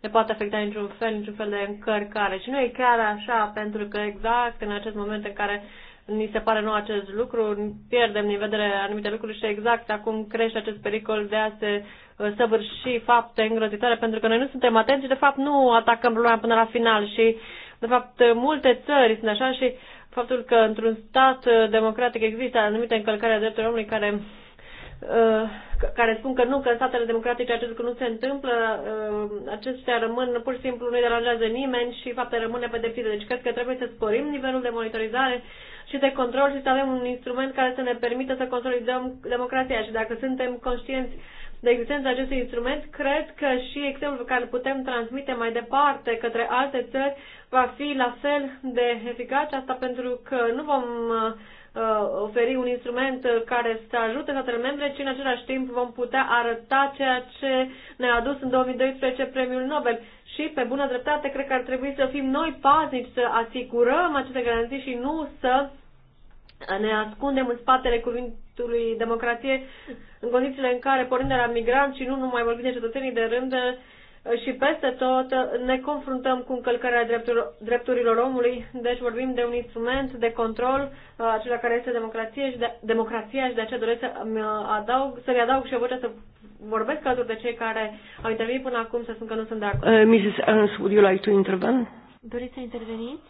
ne poate afecta niciun fel, niciun fel de încărcare. Și nu e chiar așa, pentru că exact în acest moment în care ni se pare nou acest lucru, pierdem din vedere anumite lucruri și exact acum crește acest pericol de a se uh, săvârși fapte îngrozitoare, pentru că noi nu suntem atenți și de fapt nu atacăm problema până la final și de fapt multe țări sunt așa și faptul că într-un stat uh, democratic există anumite încălcări a drepturilor omului care uh, care spun că nu, că în statele democratice acest lucru nu se întâmplă, acestea rămân, pur și simplu nu-i deranjează nimeni și faptul rămâne pe depite. Deci cred că trebuie să sporim nivelul de monitorizare și de control și să avem un instrument care să ne permită să consolidăm democrația. Și dacă suntem conștienți de existența acestui instrument, cred că și exemplul pe care îl putem transmite mai departe către alte țări va fi la fel de eficace, asta pentru că nu vom uh, oferi un instrument care să ajute statele membre, ci în același timp vom putea arăta ceea ce ne-a adus în 2012 premiul Nobel. Și, pe bună dreptate, cred că ar trebui să fim noi paznici, să asigurăm aceste garanții și nu să ne ascundem în spatele cuvintului democrație în condițiile în care, pornind de la migranți și nu numai vorbim de cetățenii de rând, și peste tot ne confruntăm cu încălcarea drepturilor, omului, deci vorbim de un instrument de control, uh, acela care este democrație și de, democrația și de aceea doresc să adaug, să adaug și o voce să vorbesc alături de cei care au intervenit până acum să spun că nu sunt de acord. Uh, Mrs. Ernst, would you like to intervene? Doriți să interveniți?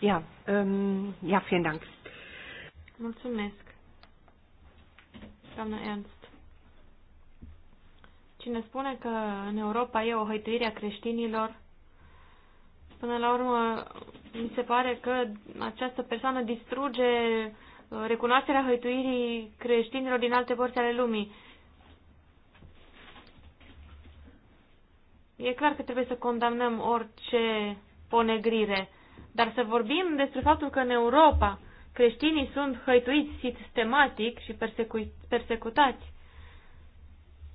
Ia, ia, ja, um, Dank. Mulțumesc. Doamna Ernst. Cine spune că în Europa e o hăituire a creștinilor, până la urmă mi se pare că această persoană distruge recunoașterea hăituirii creștinilor din alte părți ale lumii. E clar că trebuie să condamnăm orice ponegrire, dar să vorbim despre faptul că în Europa creștinii sunt hăituiți sistematic și persecutați,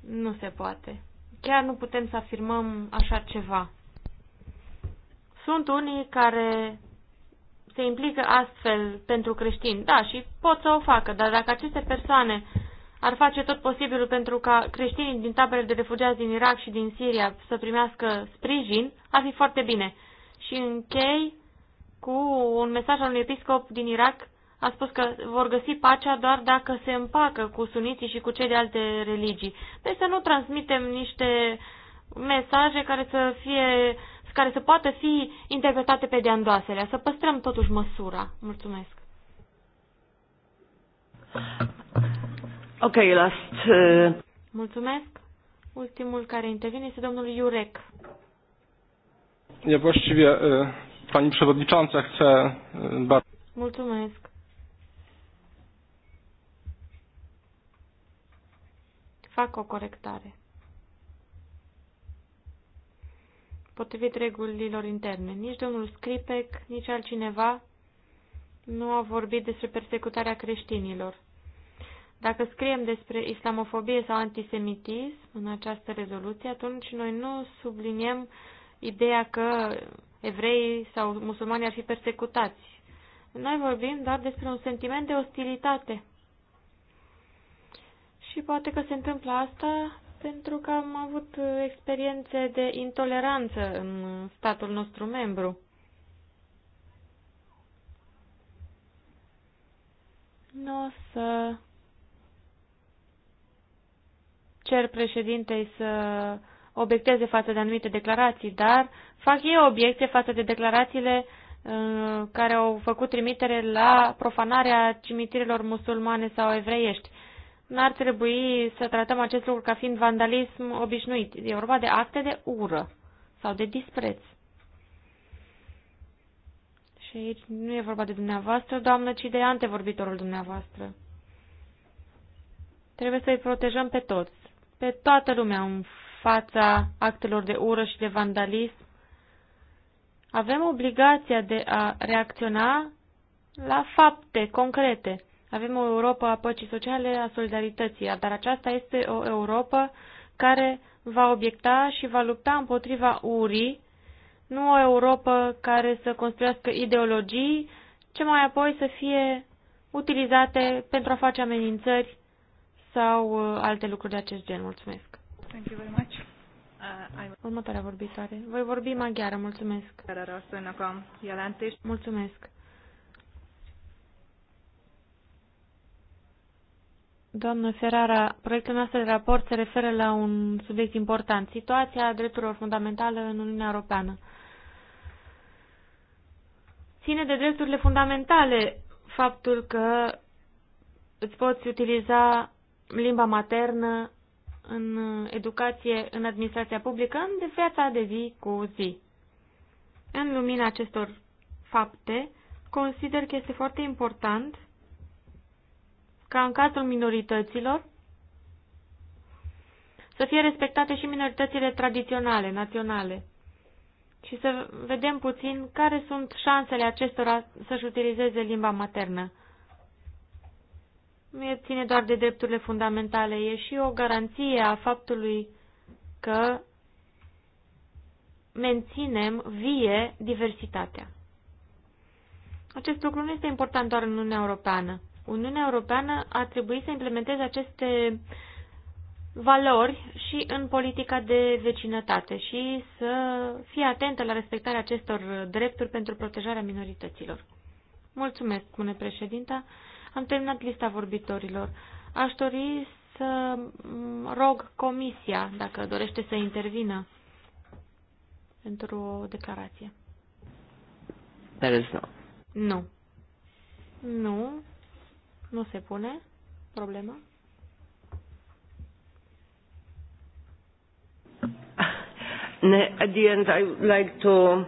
nu se poate. Chiar nu putem să afirmăm așa ceva. Sunt unii care se implică astfel pentru creștini. Da, și pot să o facă, dar dacă aceste persoane ar face tot posibilul pentru ca creștinii din taberele de refugiați din Irak și din Siria să primească sprijin, ar fi foarte bine. Și închei cu un mesaj al unui episcop din Irak, a spus că vor găsi pacea doar dacă se împacă cu suniții și cu cei de alte religii. Deci să nu transmitem niște mesaje care să fie care să poată fi interpretate pe de Să păstrăm totuși măsura. Mulțumesc. Ok, last. Uh... Mulțumesc. Ultimul care intervine este domnul Iurec. Ja właściwie pani przewodnicząca chcę bardzo. Mulțumesc. Fac o corectare. potrivit regulilor interne. Nici domnul Scripec, nici altcineva nu a vorbit despre persecutarea creștinilor. Dacă scriem despre islamofobie sau antisemitism în această rezoluție, atunci noi nu subliniem ideea că evreii sau musulmani ar fi persecutați. Noi vorbim doar despre un sentiment de ostilitate. Și poate că se întâmplă asta pentru că am avut experiențe de intoleranță în statul nostru membru. Nu o să cer președintei să obiecteze față de anumite declarații, dar fac eu obiecte față de declarațiile uh, care au făcut trimitere la profanarea cimitirilor musulmane sau evreiești n-ar trebui să tratăm acest lucru ca fiind vandalism obișnuit. E vorba de acte de ură sau de dispreț. Și aici nu e vorba de dumneavoastră, doamnă, ci de antevorbitorul dumneavoastră. Trebuie să-i protejăm pe toți, pe toată lumea în fața actelor de ură și de vandalism. Avem obligația de a reacționa la fapte concrete. Avem o Europa a păcii sociale, a solidarității, dar aceasta este o Europa care va obiecta și va lupta împotriva urii, nu o Europa care să construiască ideologii, ce mai apoi să fie utilizate pentru a face amenințări sau uh, alte lucruri de acest gen. Mulțumesc. Thank you very much. Uh, Următoarea vorbitoare. Voi vorbi maghiară. Mulțumesc. Mulțumesc. Doamnă Ferrara, proiectul nostru de raport se referă la un subiect important, situația drepturilor fundamentale în Uniunea Europeană. Ține de drepturile fundamentale faptul că îți poți utiliza limba maternă în educație, în administrația publică, în viața de zi cu zi. În lumina acestor fapte, consider că este foarte important ca în cazul minorităților să fie respectate și minoritățile tradiționale, naționale. Și să vedem puțin care sunt șansele acestora să-și utilizeze limba maternă. Nu e ține doar de drepturile fundamentale, e și o garanție a faptului că menținem vie diversitatea. Acest lucru nu este important doar în Uniunea Europeană. Uniunea Europeană a trebuit să implementeze aceste valori și în politica de vecinătate și să fie atentă la respectarea acestor drepturi pentru protejarea minorităților. Mulțumesc, spune președinta. Am terminat lista vorbitorilor. Aș dori să mm, rog comisia, dacă dorește să intervină, pentru o declarație. There is Nu. Nu. Nu se pune problema? At the end, I would like to...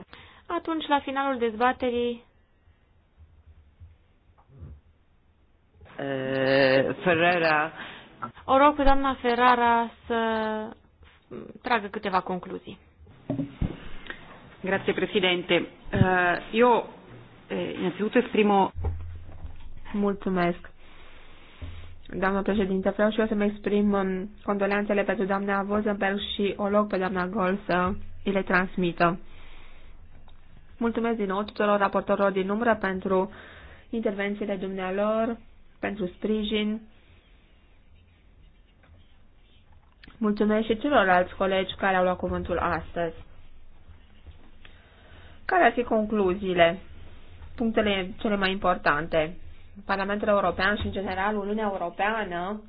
Atunci, la finalul dezbaterii, uh, eh, Ferrara... O rog pe doamna Ferrara să tragă câteva concluzii. Grazie Presidente. Uh, eh, eu, eh, innanzitutto, esprimo... Mulțumesc. Doamna președinte, vreau și eu să-mi exprim um, condoleanțele pentru doamna Vozenberg și o loc pe doamna Gol să îi le transmită. Mulțumesc din nou tuturor raportorilor din umbră pentru intervențiile dumnealor, pentru sprijin. Mulțumesc și celorlalți colegi care au luat cuvântul astăzi. Care ar fi concluziile, punctele cele mai importante? Parlamentul European și, în general, Uniunea Europeană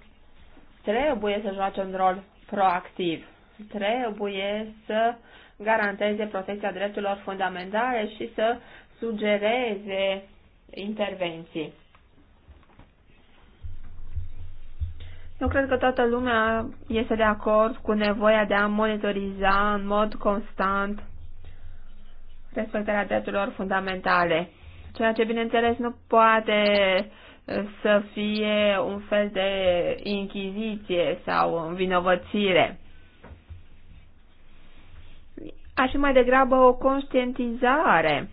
trebuie să joace un rol proactiv. Trebuie să garanteze protecția drepturilor fundamentale și să sugereze intervenții. Eu cred că toată lumea este de acord cu nevoia de a monitoriza în mod constant respectarea drepturilor fundamentale ceea ce bineînțeles nu poate să fie un fel de inchiziție sau învinovățire. Aș fi mai degrabă o conștientizare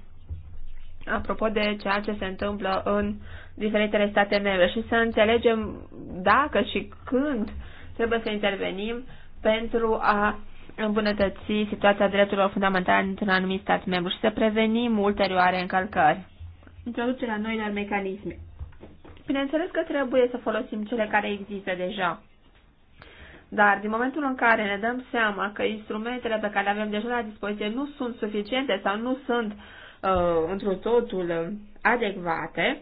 apropo de ceea ce se întâmplă în diferitele state membre și să înțelegem dacă și când trebuie să intervenim pentru a îmbunătăți situația drepturilor fundamentale într-un anumit stat membru și să prevenim ulterioare încălcări introducerea noilor mecanisme. Bineînțeles că trebuie să folosim cele care există deja. Dar din momentul în care ne dăm seama că instrumentele pe care le avem deja la dispoziție nu sunt suficiente sau nu sunt uh, într totul uh, adecvate,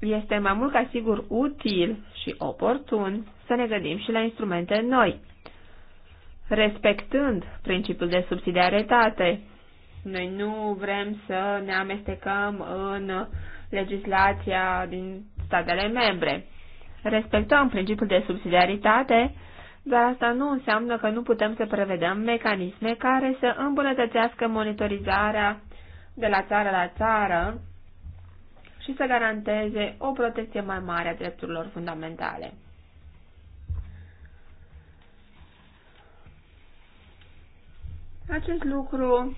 este mai mult ca sigur util și oportun să ne gândim și la instrumente noi, respectând principiul de subsidiaritate, noi nu vrem să ne amestecăm în legislația din statele membre. Respectăm principiul de subsidiaritate, dar asta nu înseamnă că nu putem să prevedem mecanisme care să îmbunătățească monitorizarea de la țară la țară și să garanteze o protecție mai mare a drepturilor fundamentale. Acest lucru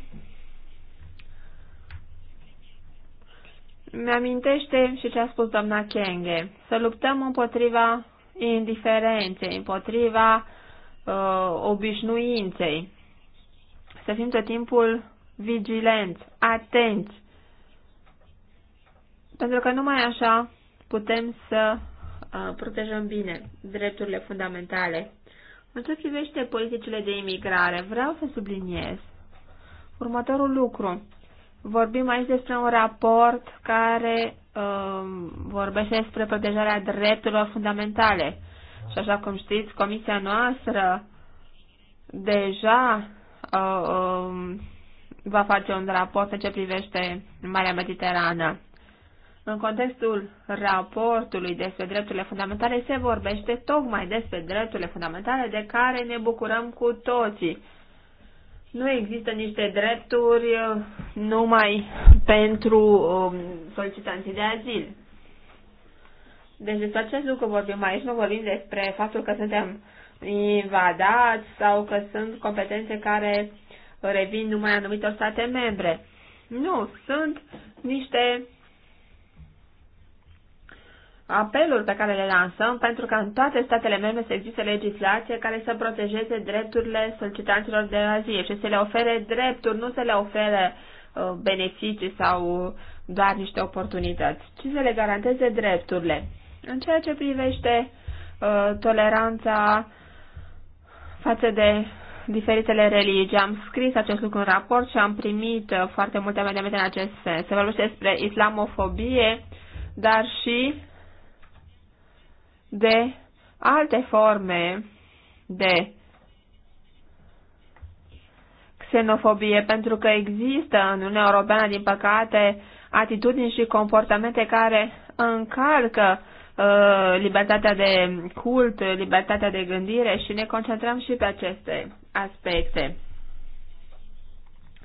mi-amintește și ce a spus doamna Kenge, să luptăm împotriva indiferenței, împotriva uh, obișnuinței, să fim tot timpul vigilenți, atenți, pentru că numai așa putem să uh, protejăm bine drepturile fundamentale. În ce privește politicile de imigrare, vreau să subliniez următorul lucru. Vorbim aici despre un raport care um, vorbește despre protejarea drepturilor fundamentale. Și așa cum știți, comisia noastră deja uh, um, va face un raport în ce privește Marea Mediterană. În contextul raportului despre drepturile fundamentale se vorbește tocmai despre drepturile fundamentale de care ne bucurăm cu toții nu există niște drepturi uh, numai pentru um, solicitanții de azil. Deci despre acest lucru vorbim aici, nu vorbim despre faptul că suntem invadați sau că sunt competențe care revin numai anumitor state membre. Nu, sunt niște apelul pe care le lansăm pentru ca în toate statele membre să existe legislație care să protejeze drepturile solicitanților de azil și să le ofere drepturi, nu să le ofere uh, beneficii sau doar niște oportunități, ci să le garanteze drepturile. În ceea ce privește uh, toleranța față de diferitele religii. Am scris acest lucru în raport și am primit uh, foarte multe amendamente în acest sens. Se vorbește despre islamofobie, dar și de alte forme de xenofobie, pentru că există în Uniunea Europeană, din păcate, atitudini și comportamente care încalcă uh, libertatea de cult, libertatea de gândire și ne concentrăm și pe aceste aspecte.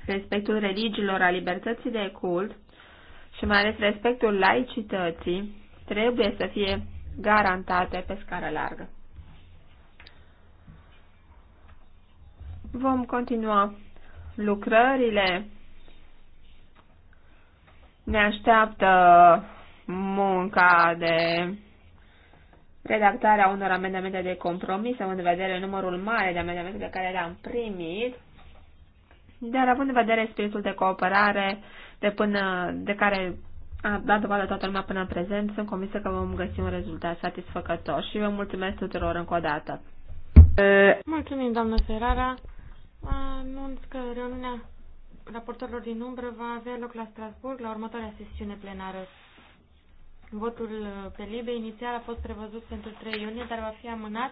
Respectul religiilor, a libertății de cult și mai ales respectul laicității trebuie să fie garantate pe scară largă. Vom continua lucrările. Ne așteaptă munca de redactarea unor amendamente de compromis, având în vedere numărul mare de amendamente pe care le-am primit, dar având în vedere spiritul de cooperare de, până, de care a dat dovadă toată lumea până în prezent. Sunt convinsă că vom găsi un rezultat satisfăcător și vă mulțumesc tuturor încă o dată. Mulțumim, doamnă Ferrara. Anunț că reuniunea raportorilor din umbră va avea loc la Strasburg la următoarea sesiune plenară. Votul pe Libe inițial a fost prevăzut pentru 3 iunie, dar va fi amânat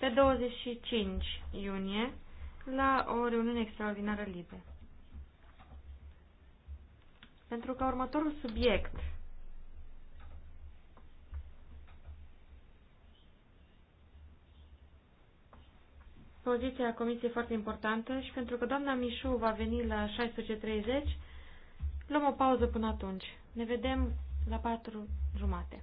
pe 25 iunie la o reuniune extraordinară Libe. Pentru că următorul subiect poziția comisiei foarte importantă și pentru că doamna Mișu va veni la 16.30, luăm o pauză până atunci. Ne vedem la 4 jumate.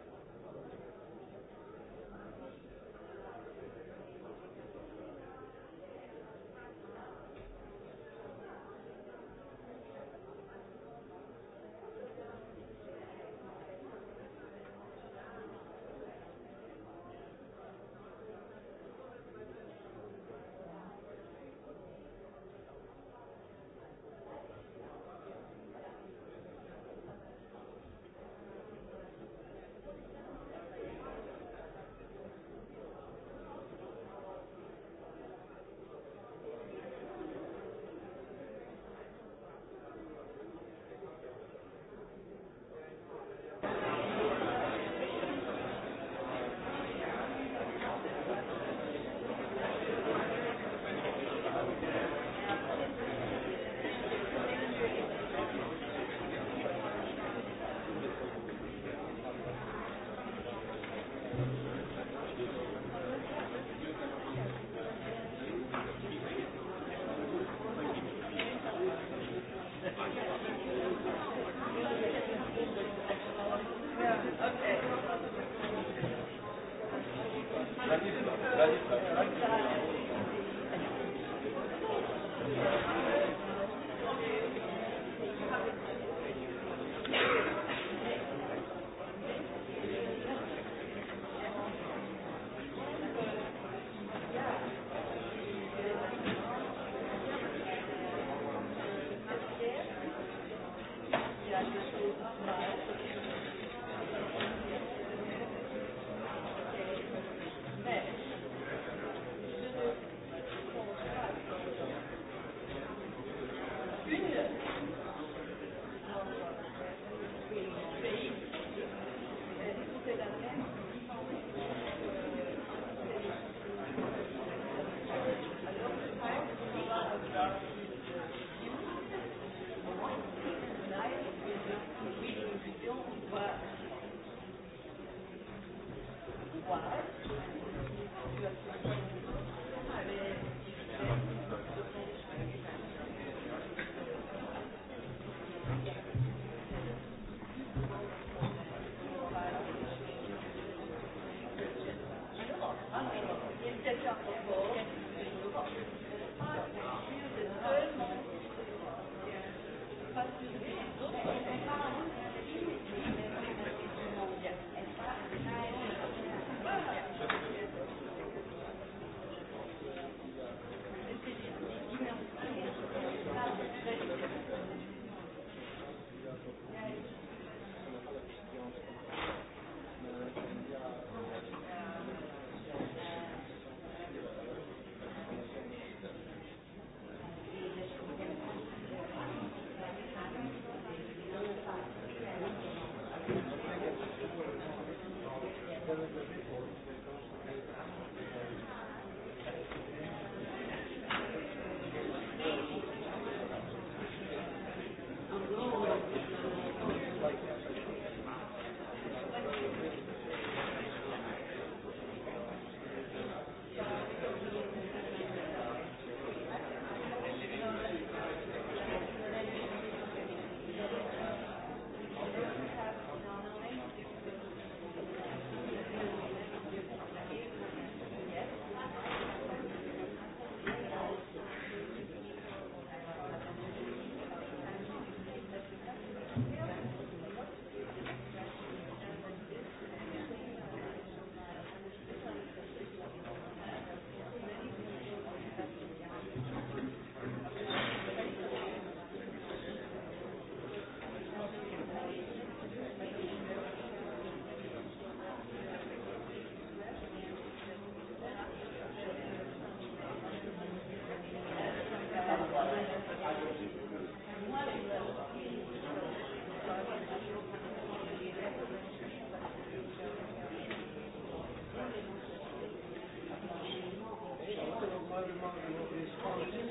parliament,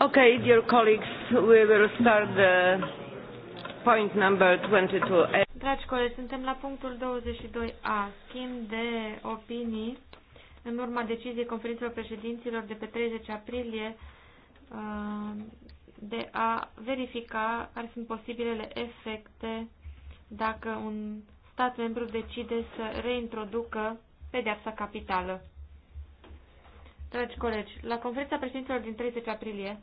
Okay, dear colleagues, we will start the point number 22. Dragi colegi, suntem la punctul 22A, schimb de opinii în urma deciziei conferințelor președinților de pe 30 aprilie uh, de a verifica care sunt posibilele efecte dacă un stat membru decide să reintroducă pedeapsa capitală. Dragi colegi, la conferința președinților din 30 aprilie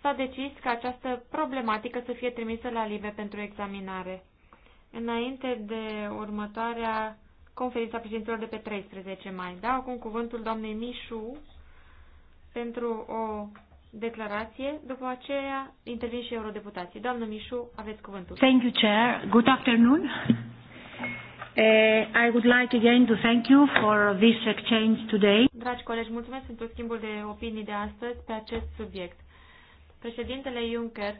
s-a decis ca această problematică să fie trimisă la LIBE pentru examinare, înainte de următoarea conferința președinților de pe 13 mai. Dau acum cuvântul doamnei Mișu pentru o declarație, după aceea intervin și eurodeputații. Doamnă Mișu, aveți cuvântul. Thank you, Chair. Good afternoon. Eh, I would like again to thank you for this exchange today. Dragi colegi, mulțumesc pentru schimbul de opinii de astăzi pe acest subiect. Președintele Juncker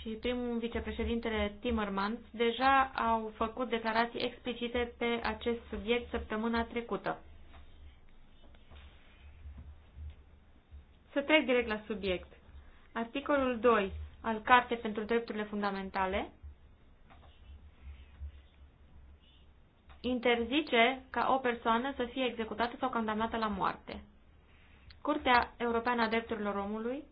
și primul vicepreședintele Timmermans deja au făcut declarații explicite pe acest subiect săptămâna trecută. Să trec direct la subiect. Articolul 2 al Cartei pentru Drepturile Fundamentale interzice ca o persoană să fie executată sau condamnată la moarte. Curtea Europeană a Drepturilor Omului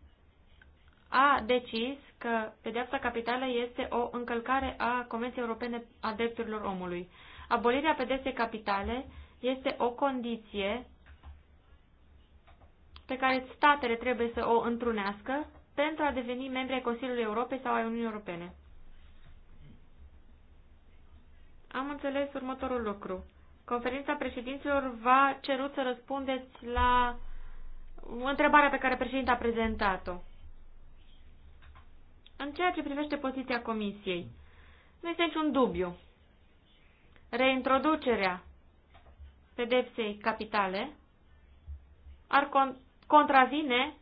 a decis că pedeapsa capitală este o încălcare a Convenției Europene a Drepturilor Omului. Abolirea pedepsei capitale este o condiție pe care statele trebuie să o întrunească pentru a deveni membri ai Consiliului Europei sau ai Uniunii Europene. am înțeles următorul lucru. Conferința președinților va cerut să răspundeți la întrebarea pe care președinte a prezentat-o. În ceea ce privește poziția comisiei, nu este niciun dubiu. Reintroducerea pedepsei capitale ar con contravine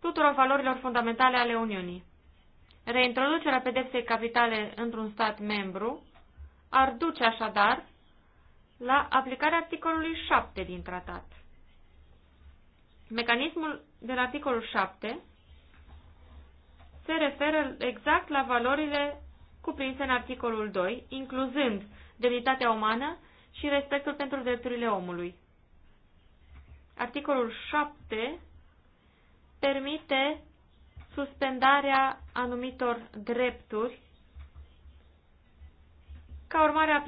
tuturor valorilor fundamentale ale Uniunii. Reintroducerea pedepsei capitale într-un stat membru ar duce așadar la aplicarea articolului 7 din tratat. Mecanismul din articolul 7 se referă exact la valorile cuprinse în articolul 2, incluzând demnitatea umană și respectul pentru drepturile omului. Articolul 7 permite suspendarea anumitor drepturi ca urmare a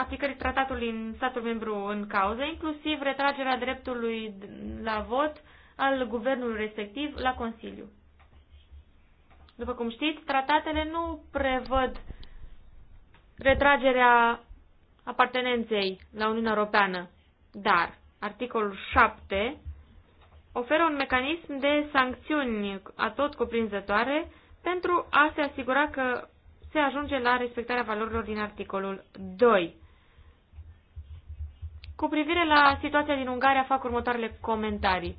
aplicării tratatului în statul membru în cauză, inclusiv retragerea dreptului la vot al guvernului respectiv la Consiliu. După cum știți, tratatele nu prevăd retragerea apartenenței la Uniunea Europeană, dar articolul 7 oferă un mecanism de sancțiuni atot cuprinzătoare pentru a se asigura că se ajunge la respectarea valorilor din articolul 2. Cu privire la situația din Ungaria, fac următoarele comentarii.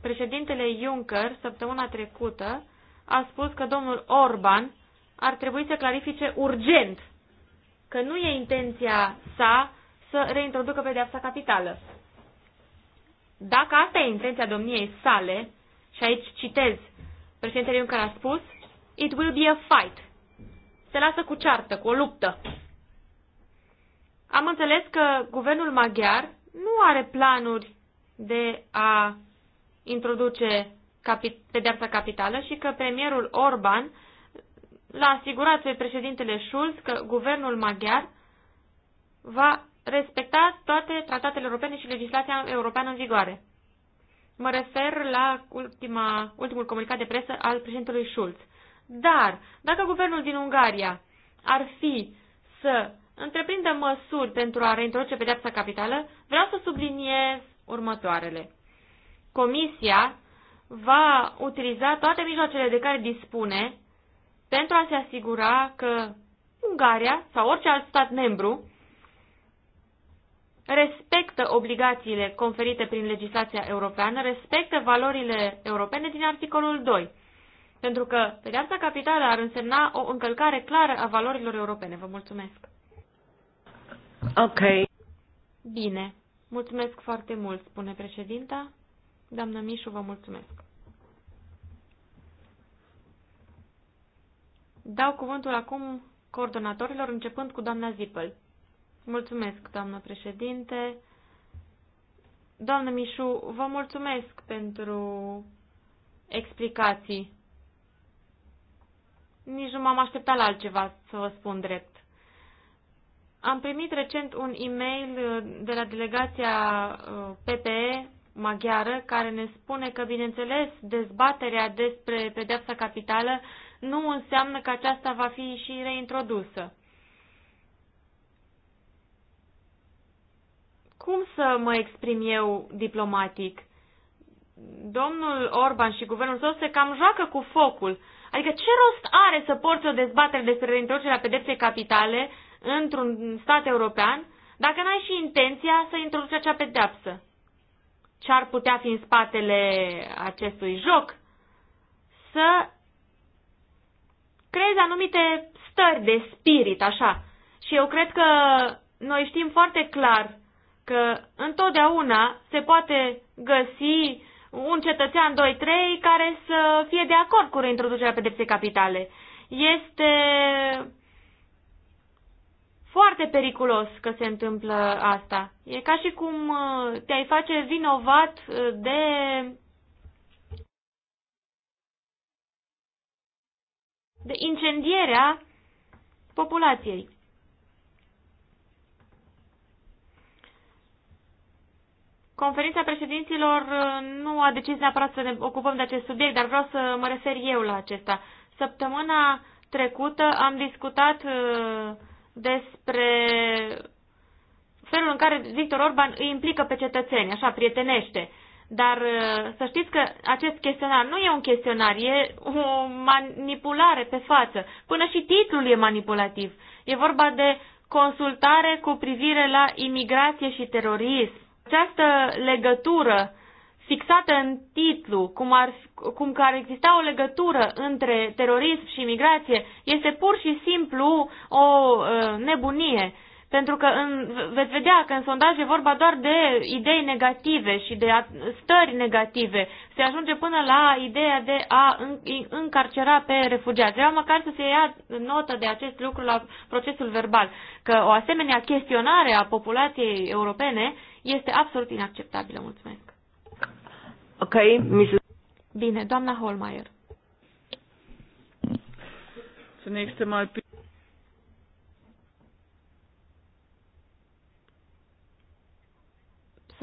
Președintele Juncker, săptămâna trecută, a spus că domnul Orban ar trebui să clarifice urgent că nu e intenția sa să reintroducă pedeapsa capitală. Dacă asta e intenția domniei sale, și aici citez, președintele Juncker a spus, it will be a fight se lasă cu ceartă, cu o luptă. Am înțeles că guvernul maghiar nu are planuri de a introduce pedeapsa capitală și că premierul Orban l-a asigurat pe președintele Schulz că guvernul maghiar va respecta toate tratatele europene și legislația europeană în vigoare. Mă refer la ultima, ultimul comunicat de presă al președintelui Schulz. Dar, dacă guvernul din Ungaria ar fi să întreprindă măsuri pentru a reintroduce pedeapsa capitală, vreau să subliniez următoarele. Comisia va utiliza toate mijloacele de care dispune pentru a se asigura că Ungaria sau orice alt stat membru respectă obligațiile conferite prin legislația europeană, respectă valorile europene din articolul 2 pentru că pedeapsa capitală ar însemna o încălcare clară a valorilor europene. Vă mulțumesc. Ok. Bine. Mulțumesc foarte mult, spune președinta. Doamnă Mișu, vă mulțumesc. Dau cuvântul acum coordonatorilor, începând cu doamna Zipel. Mulțumesc, doamnă președinte. Doamnă Mișu, vă mulțumesc pentru explicații nici nu m-am așteptat la altceva, să vă spun drept. Am primit recent un e-mail uh, de la delegația uh, PPE maghiară care ne spune că, bineînțeles, dezbaterea despre pedeapsa capitală nu înseamnă că aceasta va fi și reintrodusă. Cum să mă exprim eu diplomatic? Domnul Orban și guvernul său se cam joacă cu focul. Adică ce rost are să porți o dezbatere despre reintroducerea pedepsei capitale într-un stat european dacă n-ai și intenția să introduci acea pedeapsă? Ce ar putea fi în spatele acestui joc? Să creezi anumite stări de spirit, așa. Și eu cred că noi știm foarte clar că întotdeauna se poate găsi un cetățean 2-3 care să fie de acord cu reintroducerea pedepsei capitale. Este foarte periculos că se întâmplă asta. E ca și cum uh, te-ai face vinovat uh, de de incendierea populației. Conferința președinților uh, nu a decis neapărat să ne ocupăm de acest subiect, dar vreau să mă refer eu la acesta. Săptămâna trecută am discutat uh, despre felul în care Victor Orban îi implică pe cetățeni, așa, prietenește. Dar uh, să știți că acest chestionar nu e un chestionar, e o manipulare pe față. Până și titlul e manipulativ. E vorba de consultare cu privire la imigrație și terorism această legătură fixată în titlu, cum, ar, cum că ar exista o legătură între terorism și imigrație, este pur și simplu o uh, nebunie. Pentru că în, veți vedea că în sondaj e vorba doar de idei negative și de stări negative. Se ajunge până la ideea de a încarcera pe refugiați. Vreau măcar să se ia notă de acest lucru la procesul verbal, că o asemenea chestionare a populației europene este absolut inacceptabilă. Mulțumesc. Ok, Mrs. Bine, doamna Holmeier. Să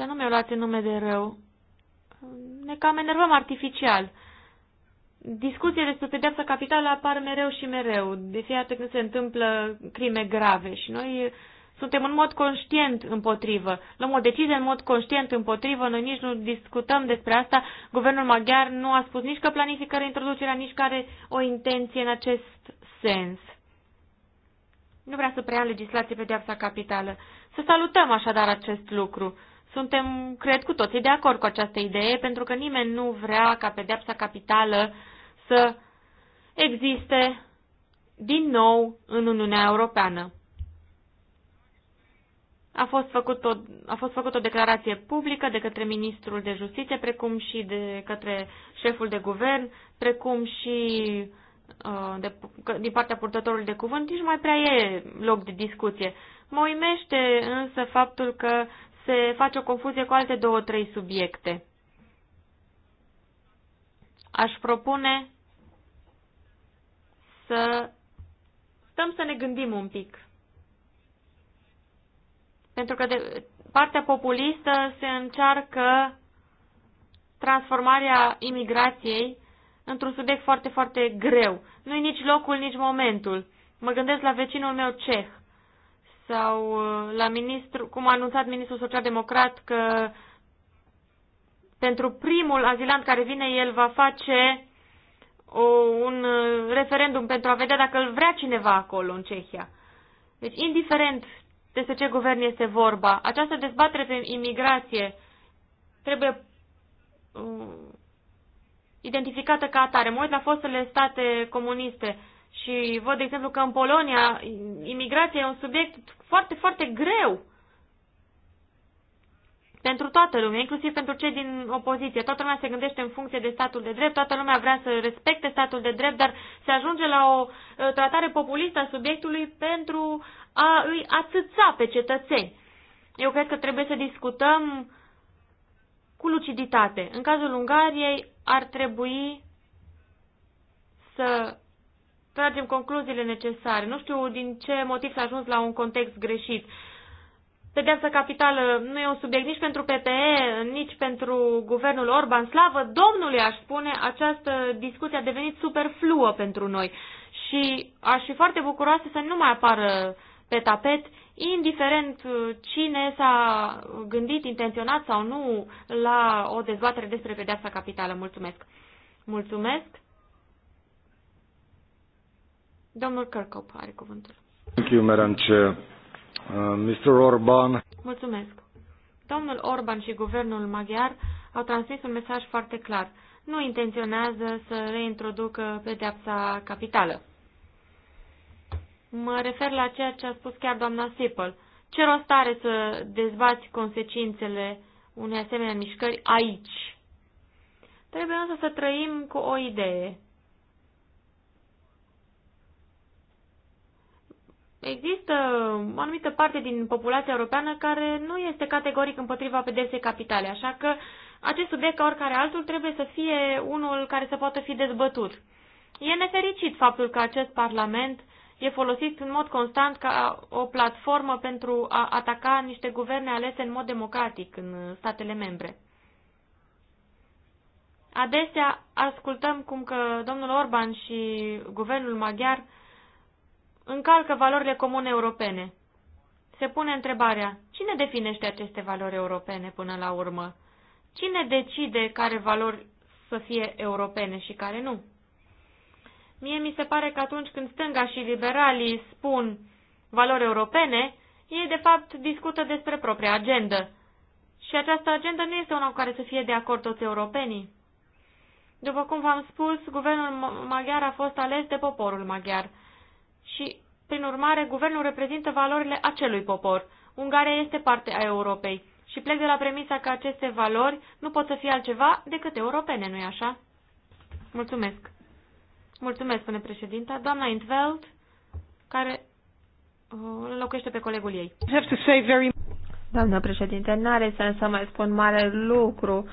nu mi-o luați în nume de rău. Ne cam enervăm artificial. Discuții despre pedeapsa capitală apar mereu și mereu. De fiecare dată când se întâmplă crime grave și noi suntem în mod conștient împotrivă. Luăm o decizie în mod conștient împotrivă, noi nici nu discutăm despre asta. Guvernul maghiar nu a spus nici că planifică reintroducerea, nici că are o intenție în acest sens. Nu vrea să preia legislație pe deapsa capitală. Să salutăm așadar acest lucru. Suntem, cred, cu toții de acord cu această idee, pentru că nimeni nu vrea ca pedeapsa capitală să existe din nou în Uniunea Europeană. A fost, făcut o, a fost făcut o declarație publică de către ministrul de justiție, precum și de către șeful de guvern, precum și uh, de, din partea purtătorului de cuvânt, nici mai prea e loc de discuție. Mă uimește însă faptul că se face o confuzie cu alte două, trei subiecte. Aș propune să stăm să ne gândim un pic. Pentru că de partea populistă se încearcă transformarea imigrației într-un subiect foarte, foarte greu. nu e nici locul, nici momentul. Mă gândesc la vecinul meu ceh sau uh, la ministru, cum a anunțat ministrul social-democrat că pentru primul azilant care vine el va face o, un uh, referendum pentru a vedea dacă îl vrea cineva acolo în Cehia. Deci, indiferent despre ce guvern este vorba. Această dezbatere pe imigrație trebuie uh, identificată ca atare. Mă uit la fostele state comuniste și văd, de exemplu, că în Polonia imigrația e un subiect foarte, foarte greu pentru toată lumea, inclusiv pentru cei din opoziție. Toată lumea se gândește în funcție de statul de drept, toată lumea vrea să respecte statul de drept, dar se ajunge la o uh, tratare populistă a subiectului pentru a îi atâța pe cetățeni. Eu cred că trebuie să discutăm cu luciditate. În cazul Ungariei ar trebui să tragem concluziile necesare. Nu știu din ce motiv s-a ajuns la un context greșit. Pedeapsa capitală nu e un subiect nici pentru PPE, nici pentru guvernul Orban. Slavă Domnului, aș spune, această discuție a devenit superfluă pentru noi. Și aș fi foarte bucuroasă să nu mai apară pe tapet, indiferent uh, cine s-a gândit intenționat sau nu la o dezbatere despre pedeapsa capitală. Mulțumesc! Mulțumesc! Domnul Kirkhope are cuvântul. Thank you, Madam Chair. Uh, Mr. Orban. Mulțumesc. Domnul Orban și guvernul maghiar au transmis un mesaj foarte clar. Nu intenționează să reintroducă pedeapsa capitală. Mă refer la ceea ce a spus chiar doamna Sipel. Ce rost are să dezbați consecințele unei asemenea mișcări aici? Trebuie însă să trăim cu o idee. Există o anumită parte din populația europeană care nu este categoric împotriva pedepsei capitale, așa că acest subiect, ca oricare altul, trebuie să fie unul care să poată fi dezbătut. E nefericit faptul că acest Parlament e folosit în mod constant ca o platformă pentru a ataca niște guverne alese în mod democratic în statele membre. Adesea ascultăm cum că domnul Orban și guvernul maghiar încalcă valorile comune europene. Se pune întrebarea, cine definește aceste valori europene până la urmă? Cine decide care valori să fie europene și care nu? Mie mi se pare că atunci când stânga și liberalii spun valori europene, ei de fapt discută despre propria agendă. Și această agendă nu este una cu care să fie de acord toți europenii. După cum v-am spus, guvernul maghiar a fost ales de poporul maghiar și, prin urmare, guvernul reprezintă valorile acelui popor. Ungaria este parte a Europei și plec de la premisa că aceste valori nu pot să fie altceva decât europene, nu-i așa? Mulțumesc! Mulțumesc, spune președinta. Doamna Intveld, care uh, locuiește pe colegul ei. Doamna președinte, n-are sens să mai spun mare lucru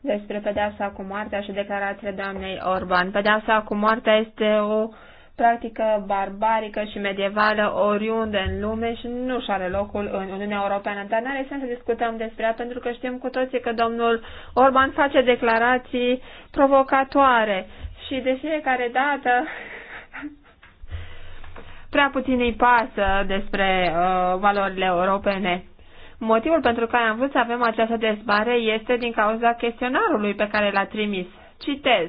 despre pedeapsa cu moartea și declarațiile doamnei Orban. Pedeapsa cu moartea este o practică barbarică și medievală oriunde în lume și nu și are locul în Uniunea Europeană. Dar n-are sens să discutăm despre ea pentru că știm cu toții că domnul Orban face declarații provocatoare și de fiecare dată prea puțin îi pasă despre uh, valorile europene. Motivul pentru care am vrut să avem această dezbare este din cauza chestionarului pe care l-a trimis. Citez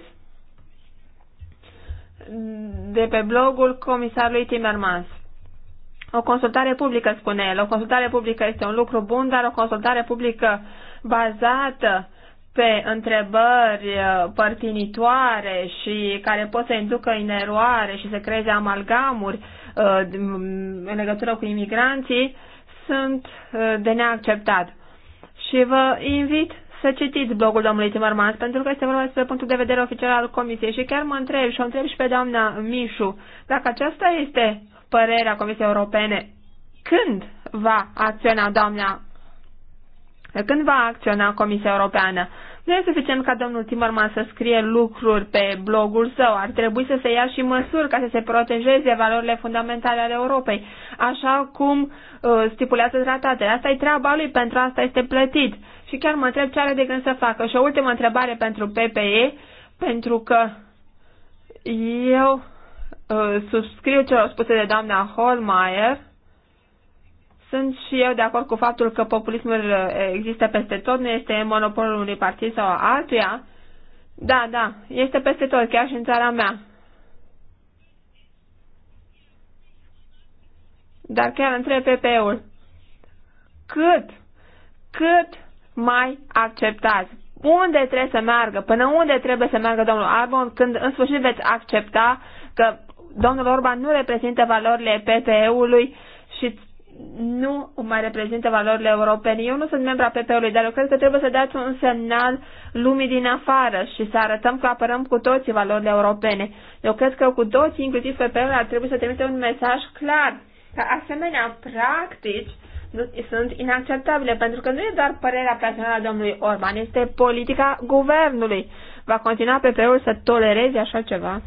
de pe blogul comisarului Timmermans. O consultare publică, spune el. O consultare publică este un lucru bun, dar o consultare publică bazată pe întrebări uh, părtinitoare și care pot să inducă în eroare și să creeze amalgamuri uh, în legătură cu imigranții sunt uh, de neacceptat. Și vă invit să citiți blogul domnului Timmermans, pentru că este vorba despre punctul de vedere oficial al Comisiei și chiar mă întreb și o întreb și pe doamna Mișu dacă aceasta este părerea Comisiei Europene. Când va acționa doamna când va acționa Comisia Europeană? Nu e suficient ca domnul Timmerman să scrie lucruri pe blogul său. Ar trebui să se ia și măsuri ca să se protejeze valorile fundamentale ale Europei, așa cum uh, stipulează tratatele. Asta e treaba lui, pentru asta este plătit. Și chiar mă întreb ce are de gând să facă. Și o ultimă întrebare pentru PPE, pentru că eu uh, subscriu au spus de doamna Holmeier, sunt și eu de acord cu faptul că populismul uh, există peste tot, nu este monopolul unui partid sau altuia. Da, da, este peste tot, chiar și în țara mea. Dar chiar întreb PP-ul. Cât? Cât mai acceptați? Unde trebuie să meargă? Până unde trebuie să meargă domnul Albon când în sfârșit veți accepta că domnul Orban nu reprezintă valorile PPE-ului nu mai reprezintă valorile europene. Eu nu sunt membra a PP-ului, dar eu cred că trebuie să dați un semnal lumii din afară și să arătăm că apărăm cu toții valorile europene. Eu cred că cu toții, inclusiv PP-ul, ar trebui să trimite un mesaj clar că asemenea practici sunt inacceptabile, pentru că nu e doar părerea personală a domnului Orban, este politica guvernului. Va continua PP-ul să tolereze așa ceva?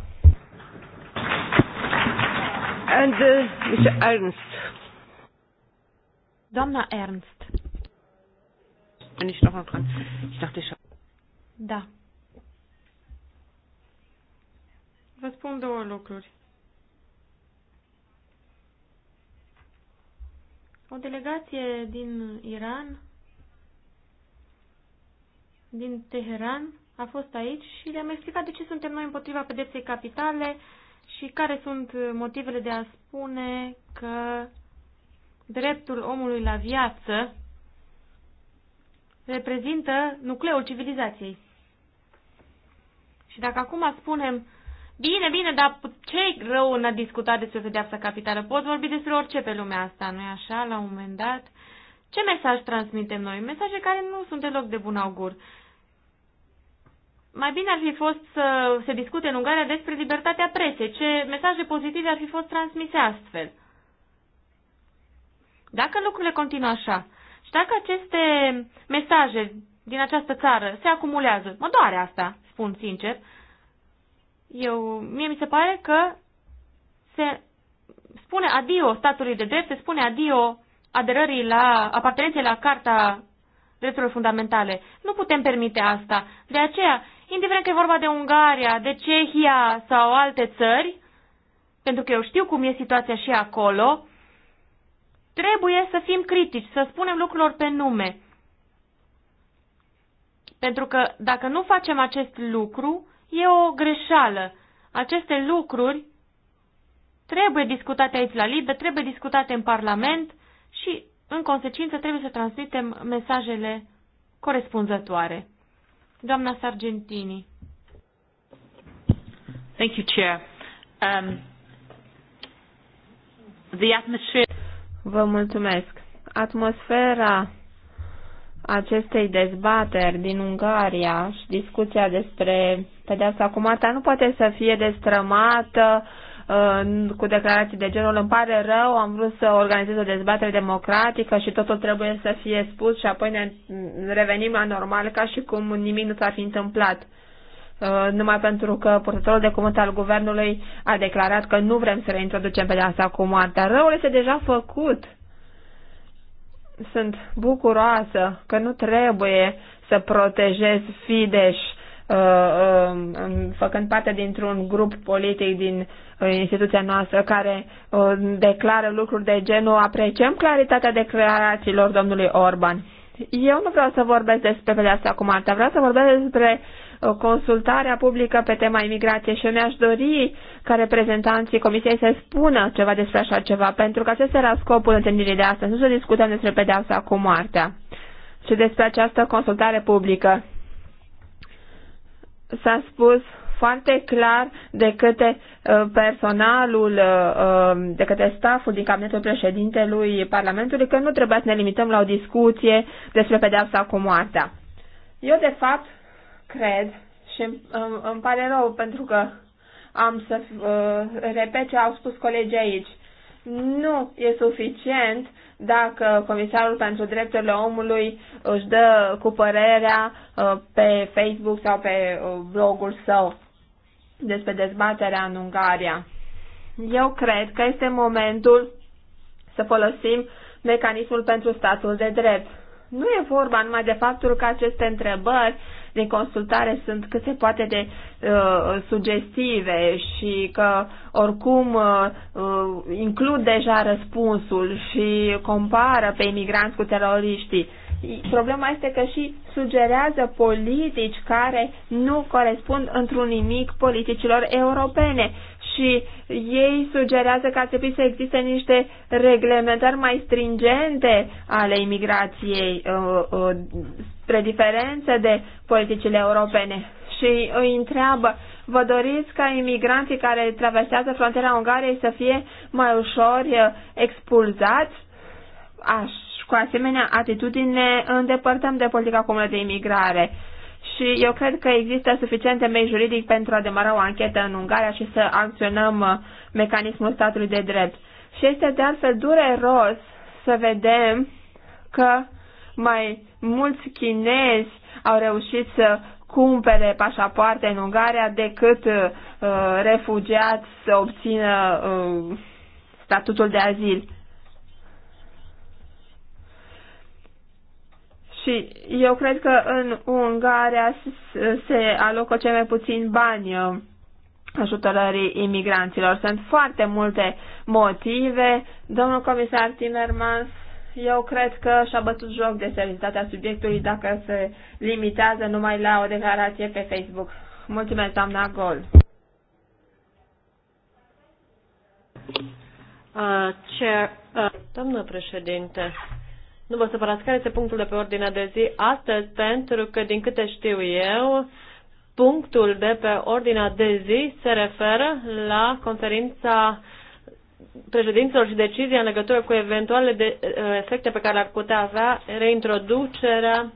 And uh, Mr. Ernst, Doamna Ernst. Bin ich nochmal dran? Ich dachte, ich... Da. Vă spun două lucruri. O delegație din Iran, din Teheran, a fost aici și le-am explicat de ce suntem noi împotriva pedepsei capitale și care sunt motivele de a spune că dreptul omului la viață reprezintă nucleul civilizației. Și dacă acum spunem, bine, bine, dar ce rău în a discuta despre pedeapsa capitală? Poți vorbi despre orice pe lumea asta, nu-i așa, la un moment dat? Ce mesaj transmitem noi? Mesaje care nu sunt deloc de bun augur. Mai bine ar fi fost să se discute în Ungaria despre libertatea presei. Ce mesaje pozitive ar fi fost transmise astfel? Dacă lucrurile continuă așa și dacă aceste mesaje din această țară se acumulează, mă doare asta, spun sincer, eu, mie mi se pare că se spune adio statului de drept, se spune adio aderării la, apartenenței la Carta Drepturilor Fundamentale. Nu putem permite asta. De aceea, indiferent că e vorba de Ungaria, de Cehia sau alte țări, pentru că eu știu cum e situația și acolo, Trebuie să fim critici, să spunem lucrurilor pe nume. Pentru că dacă nu facem acest lucru, e o greșeală. Aceste lucruri trebuie discutate aici la LIBE, trebuie discutate în Parlament și, în consecință, trebuie să transmitem mesajele corespunzătoare. Doamna Sargentini. Thank you, Chair. Um, the atmosphere... Vă mulțumesc. Atmosfera acestei dezbateri din Ungaria și discuția despre pedeapsa cu moartea nu poate să fie destrămată uh, cu declarații de genul îmi pare rău, am vrut să organizez o dezbatere democratică și totul trebuie să fie spus și apoi ne revenim la normal ca și cum nimic nu s-ar fi întâmplat. Uh, numai pentru că purtătorul de cuvânt al guvernului a declarat că nu vrem să reintroducem pedeapsa cu moartea. Răul este deja făcut. Sunt bucuroasă că nu trebuie să protejez Fidesz uh, um, făcând parte dintr-un grup politic din uh, instituția noastră care declară lucruri de genul apreciem claritatea declarațiilor domnului Orban. Eu nu vreau să vorbesc despre pedeapsa cu moartea, vreau să vorbesc despre consultarea publică pe tema imigrație și eu mi-aș dori ca reprezentanții Comisiei să spună ceva despre așa ceva, pentru că acesta era scopul întâlnirii de astăzi, nu să discutăm despre pedeapsa cu moartea, și despre această consultare publică. S-a spus foarte clar de câte uh, personalul, uh, um, de câte staful din cabinetul președintelui Parlamentului că nu trebuie să ne limităm la o discuție despre pedeapsa cu moartea. Eu, de fapt, cred și îmi, îmi pare rău pentru că am să uh, repet ce au spus colegii aici. Nu e suficient dacă Comisarul pentru Drepturile Omului își dă cu părerea uh, pe Facebook sau pe uh, blogul său despre dezbaterea în Ungaria. Eu cred că este momentul să folosim mecanismul pentru statul de drept. Nu e vorba numai de faptul că aceste întrebări din consultare sunt cât se poate de uh, sugestive și că oricum uh, uh, includ deja răspunsul și compară pe imigranți cu teroriștii. Problema este că și sugerează politici care nu corespund într-un nimic politicilor europene și ei sugerează că ar trebui să existe niște reglementări mai stringente ale imigrației uh, uh, spre diferență de politicile europene și îi întreabă, vă doriți ca imigranții care traversează frontiera Ungariei să fie mai ușor eh, expulzați? Aș, cu asemenea atitudine îndepărtăm de politica comună de imigrare. Și eu cred că există suficiente mei juridic pentru a demara o anchetă în Ungaria și să acționăm eh, mecanismul statului de drept. Și este de altfel dureros să vedem că mai mulți chinezi au reușit să cumpere pașapoarte în Ungaria decât uh, refugiați să obțină uh, statutul de azil. Și eu cred că în Ungaria se alocă cel mai puțin bani uh, ajutorării imigranților. Sunt foarte multe motive. Domnul comisar Timmermans eu cred că și-a bătut joc de seriozitatea subiectului dacă se limitează numai la o declarație pe Facebook. Mulțumesc, doamna Gol. Uh, chair, uh, doamnă președinte, nu vă supărați, care este punctul de pe ordinea de zi astăzi? Pentru că, din câte știu eu, punctul de pe ordinea de zi se referă la conferința președinților și decizia în legătură cu eventuale de, uh, efecte pe care ar putea avea reintroducerea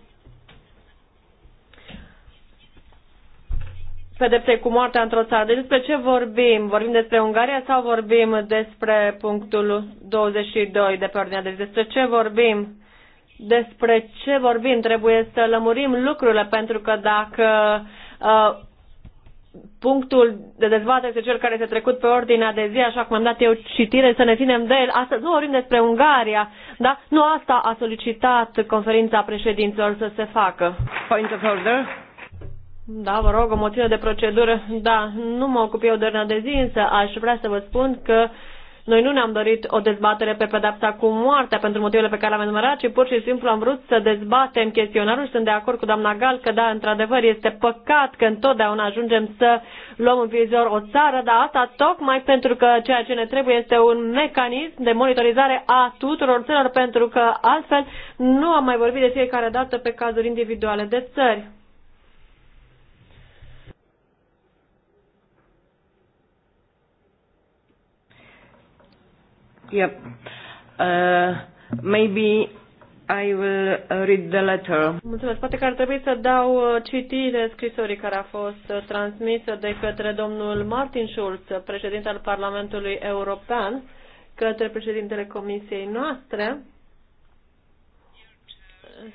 pedepsei cu moartea într-o țară. Deci despre ce vorbim? Vorbim despre Ungaria sau vorbim despre punctul 22 de pe ordinea? Deci despre ce vorbim? Despre ce vorbim? Trebuie să lămurim lucrurile pentru că dacă uh, punctul de dezbatere este cel care este trecut pe ordinea de zi, așa cum am dat eu citire, să ne ținem de el. Astăzi nu vorbim despre Ungaria, da? Nu asta a solicitat conferința președinților să se facă. Point of order. Da, vă rog, o moțiune de procedură. Da, nu mă ocup eu de ordinea de zi, însă aș vrea să vă spun că uh, noi nu ne-am dorit o dezbatere pe pedapsa cu moartea pentru motivele pe care le-am enumerat, ci pur și simplu am vrut să dezbatem chestionarul și sunt de acord cu doamna Gal că da, într-adevăr, este păcat că întotdeauna ajungem să luăm în vizor o țară, dar asta tocmai pentru că ceea ce ne trebuie este un mecanism de monitorizare a tuturor țărilor, pentru că altfel nu am mai vorbit de fiecare dată pe cazuri individuale de țări. Yep. Uh, maybe I will read the letter. Mulțumesc. Poate că ar trebui să dau uh, citire scrisorii care a fost uh, transmisă de către domnul Martin Schulz, președinte al Parlamentului European, către președintele comisiei noastre.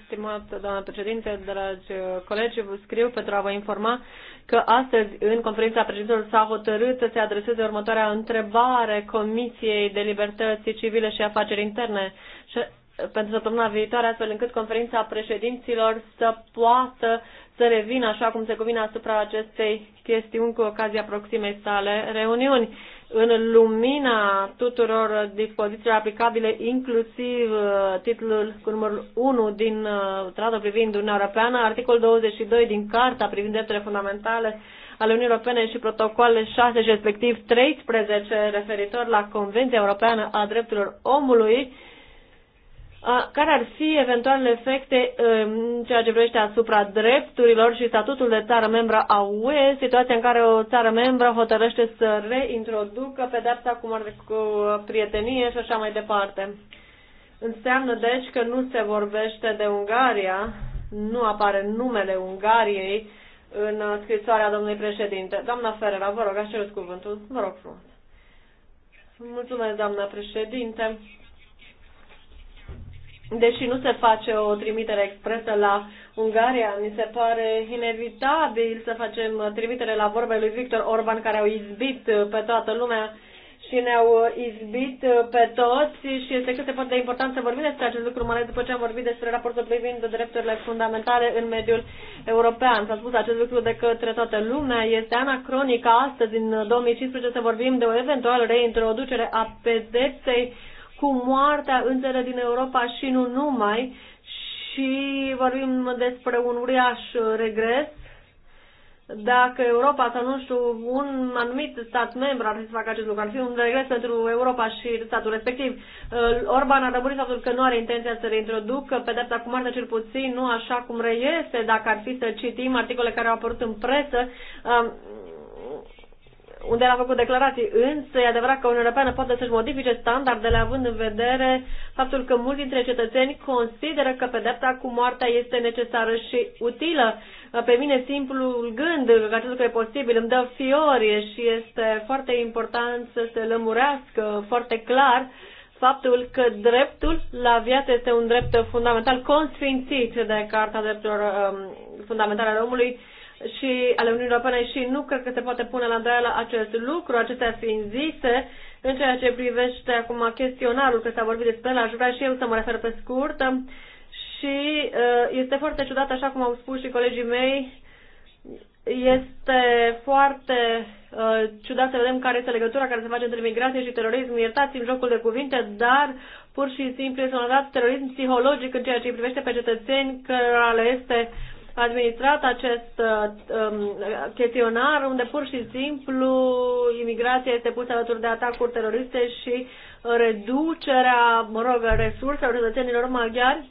Stimată doamnă președinte, dragi uh, colegi, vă scriu pentru a vă informa că astăzi, în conferința președintelor, s-a hotărât să se adreseze următoarea întrebare Comisiei de Libertăți Civile și Afaceri Interne și uh, pentru săptămâna viitoare, astfel încât conferința președinților să poată să revină așa cum se cuvine asupra acestei chestiuni cu ocazia proximei sale reuniuni în lumina tuturor dispozițiilor aplicabile, inclusiv uh, titlul cu numărul 1 din uh, Tratatul privind Uniunea Europeană, articolul 22 din Carta privind drepturile fundamentale ale Uniunii Europene și protocoalele 6 și respectiv 13 referitor la Convenția Europeană a Drepturilor Omului, care ar fi eventualele efecte um, în ceea ce privește asupra drepturilor și statutul de țară membră a UE, situația în care o țară membră hotărăște să reintroducă pedepsa cu, cu prietenie și așa mai departe. Înseamnă deci că nu se vorbește de Ungaria, nu apare numele Ungariei în scrisoarea domnului președinte. Doamna Ferera, vă rog, aș cuvântul. Vă rog frumos. Mulțumesc, doamna președinte. Deși nu se face o trimitere expresă la Ungaria, mi se pare inevitabil să facem trimitere la vorbele lui Victor Orban, care au izbit pe toată lumea și ne-au izbit pe toți și este cât se poate de important să vorbim despre acest lucru, mai ales după ce am vorbit despre raportul privind drepturile fundamentale în mediul european. S-a spus acest lucru de către toată lumea. Este anacronică astăzi, din 2015, să vorbim de o eventuală reintroducere a pedepsei cu moartea în țările din Europa și nu numai, și vorbim despre un uriaș regres, dacă Europa sau, nu știu, un anumit stat membru ar fi să facă acest lucru, ar fi un regres pentru Europa și statul respectiv. Uh, Orban a răburit faptul că nu are intenția să reintroducă pedepsa cu moartea cel puțin, nu așa cum reiese, dacă ar fi să citim articole care au apărut în presă. Uh, unde el a făcut declarații, însă e adevărat că Uniunea Europeană poate să-și modifice standardele având în vedere faptul că mulți dintre cetățeni consideră că pedepta cu moartea este necesară și utilă. Pe mine simplul gând că acest lucru e posibil îmi dă fiori și este foarte important să se lămurească foarte clar faptul că dreptul la viață este un drept fundamental consfințit de Carta Drepturilor um, Fundamentale a Omului și ale Uniunii Europene și nu cred că se poate pune la îndoială acest lucru, acestea fiind zise, în ceea ce privește acum chestionarul, că s-a vorbit despre el, aș vrea și eu să mă refer pe scurt și uh, este foarte ciudat, așa cum au spus și colegii mei, este foarte uh, ciudat să vedem care este legătura care se face între migrație și terorism. Iertați-mi jocul de cuvinte, dar pur și simplu este un dat terorism psihologic în ceea ce îi privește pe cetățeni, care le este administrat acest uh, um, chestionar unde pur și simplu imigrația este pusă alături de atacuri teroriste și reducerea, mă rog, resurselor cetățenilor maghiari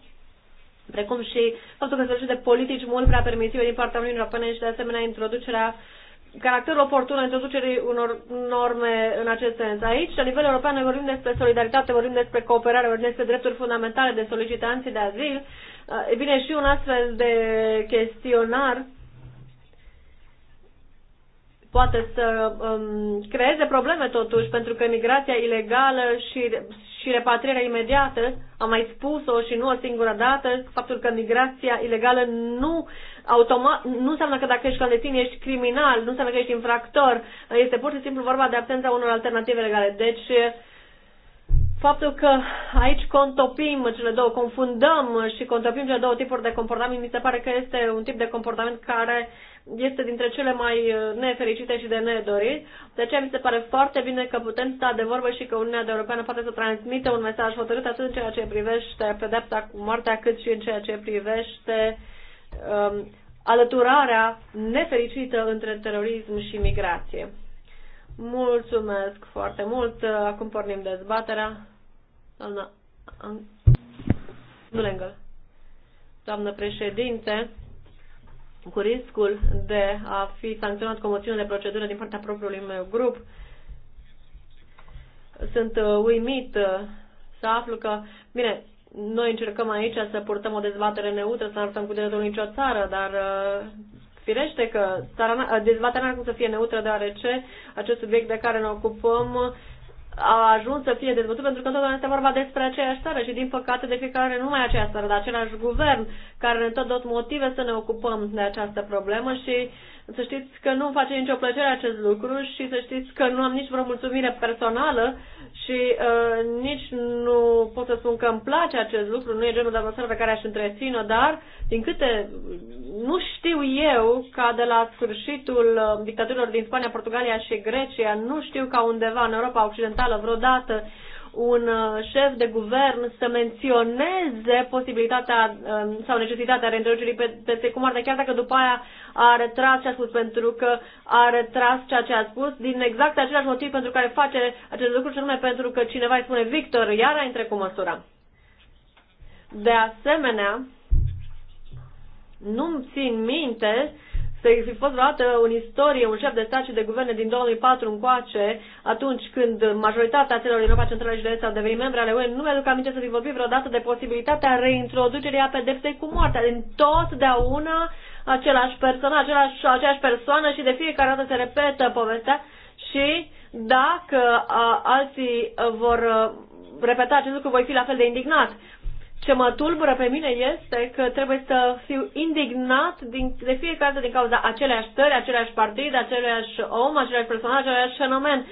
precum și faptul că se de politici mult prea permisive din partea Uniunii Europene și de asemenea introducerea caracterul oportun al introducerii unor norme în acest sens. Aici, la nivel european, ne vorbim despre solidaritate, vorbim despre cooperare, vorbim despre drepturi fundamentale de solicitanții de azil Eh, e bine, și un astfel de chestionar poate să um, creeze probleme totuși, pentru că migrația ilegală și, și repatrierea imediată, am mai spus-o și nu o singură dată, faptul că migrația ilegală nu automat, nu înseamnă că dacă ești clandestin ești criminal, nu înseamnă că ești infractor, este pur și simplu vorba de absența unor alternative legale. Deci, uh, faptul că aici contopim cele două, confundăm și contopim cele două tipuri de comportament, mi se pare că este un tip de comportament care este dintre cele mai uh, nefericite și de nedorit. De aceea mi se pare foarte bine că putem sta de vorbă și că Uniunea de Europeană poate să transmită un mesaj hotărât atât în ceea ce privește pedepta cu moartea, cât și în ceea ce privește um, alăturarea nefericită între terorism și migrație. Mulțumesc foarte mult. Acum pornim dezbaterea. Doamna... Nu lângă. Doamnă președinte, cu riscul de a fi sancționat cu o moțiune de procedură din partea propriului meu grup, sunt uh, uimit uh, să aflu că, bine, noi încercăm aici să purtăm o dezbatere neutră, să arătăm cu dreptul nicio țară, dar uh, firește că țara, dezbaterea nu să fie neutră, deoarece acest subiect de care ne ocupăm a ajuns să fie dezbătut pentru că întotdeauna este vorba despre aceeași țară și din păcate de fiecare nu mai aceeași țară, dar același guvern care ne tot dot motive să ne ocupăm de această problemă și să știți că nu îmi face nicio plăcere acest lucru și să știți că nu am nici vreo mulțumire personală și uh, nici nu pot să spun că îmi place acest lucru, nu e genul de atmosferă pe care aș întrețină, dar din câte nu știu eu ca de la sfârșitul uh, dictaturilor din Spania, Portugalia și Grecia, nu știu ca undeva în Europa Occidentală vreodată un uh, șef de guvern să menționeze posibilitatea um, sau necesitatea reîntorcerii pe cu chiar dacă după aia a retras ce a spus, pentru că a retras ceea ce a spus, din exact același motiv pentru care face acest lucru, și anume pentru că cineva îi spune Victor, iar a intre cu măsura. De asemenea, nu-mi țin minte să fi fost vreodată în istorie un șef de stat și de guverne din 2004 încoace, atunci când majoritatea țărilor din Europa Centrală și de Est au devenit membre ale UE, nu mi-aduc aminte să fi vorbit vreodată de posibilitatea reintroducerii a pedepsei cu moartea. totdeauna același persoană, același, aceeași persoană și de fiecare dată se repetă povestea și dacă a, alții uh, vor uh, repeta acest lucru, voi fi la fel de indignat. Ce mă tulbură pe mine este că trebuie să fiu indignat din, de fiecare dată din cauza aceleași țări, aceleași partid, aceleași om, aceleași personaj, aceleași fenomen.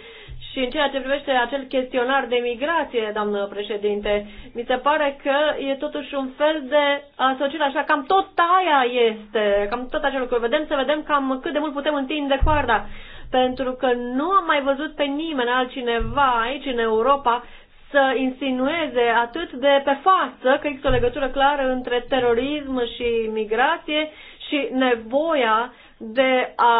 Și în ceea ce privește acel chestionar de migrație, doamnă președinte, mi se pare că e totuși un fel de asociere, așa, cam tot aia este, cam tot acel lucru. Vedem să vedem cam cât de mult putem întinde coarda pentru că nu am mai văzut pe nimeni altcineva aici în Europa să insinueze atât de pe față că există o legătură clară între terorism și migrație și nevoia de a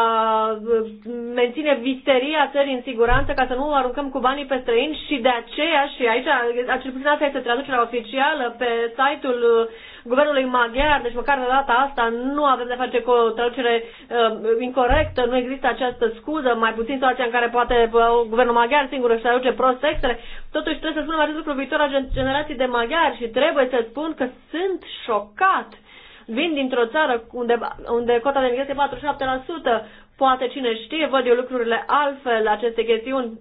uh, menține visteria țării în siguranță ca să nu aruncăm cu banii pe străini și de aceea, și aici, acel puțin asta este traducerea oficială pe site-ul uh, guvernului maghiar, deci măcar de data asta nu avem de face cu o traducere uh, incorrectă, nu există această scuză, mai puțin situația în care poate uh, guvernul maghiar singur își traduce prost textele. Totuși trebuie să spunem acest lucru viitora generații de maghiari și trebuie să spun că sunt șocat. Vin dintr-o țară unde, unde cota de migrație e 47%, poate cine știe, văd eu lucrurile altfel, aceste chestiuni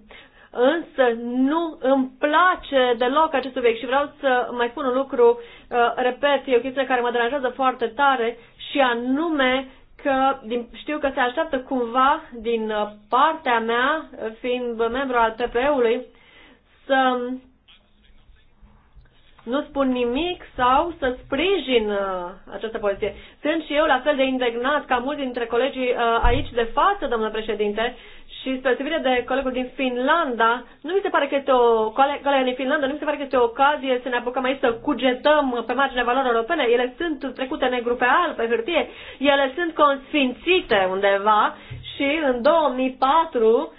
însă nu îmi place deloc acest subiect și vreau să mai spun un lucru, uh, repet, e o chestie care mă deranjează foarte tare și anume că din, știu că se așteaptă cumva din uh, partea mea, uh, fiind membru al PPE-ului, să nu spun nimic sau să sprijin uh, această poziție. Sunt și eu la fel de indignat ca mulți dintre colegii uh, aici de față, domnule președinte, și spre de colegul din Finlanda, nu mi se pare că este o colegă din Finlanda, nu mi se pare că este o ocazie să ne apucăm aici să cugetăm pe marginea valorilor europene. Ele sunt trecute negru pe alb, pe hârtie, ele sunt consfințite undeva și în 2004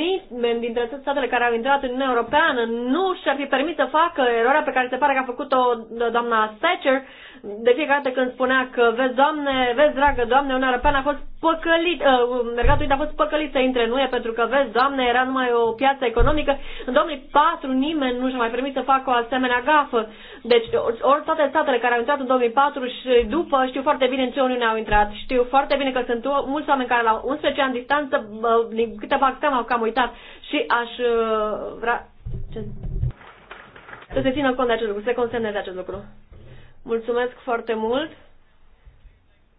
nimeni dintre toate statele care au intrat în Uniunea Europeană nu și-ar fi permis să facă eroarea pe care se pare că a făcut-o doamna Thatcher de fiecare dată când spunea că, vezi, doamne, vezi, dragă, doamne, un european a fost păcălit, uh, mergatul a fost păcălit să intre în UE pentru că, vezi, doamne, era numai o piață economică. În 2004 nimeni nu și-a mai permis să facă o asemenea gafă. Deci, ori toate statele care au intrat în 2004 și după știu foarte bine în ce Uniune au intrat. Știu foarte bine că sunt mulți oameni care la 11 ani distanță, uh, din câte fac seama, au cam uitat. Și aș uh, vrea... Ce? Să se țină cont de acest lucru, să se consemne de acest lucru. Mulțumesc foarte mult!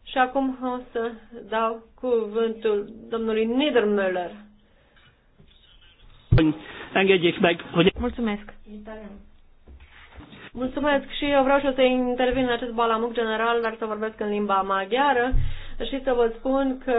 Și acum o să dau cuvântul domnului Niedermüller. Mulțumesc! Mulțumesc și eu vreau și o să intervin în acest balamuc general, dar să vorbesc în limba maghiară și să vă spun că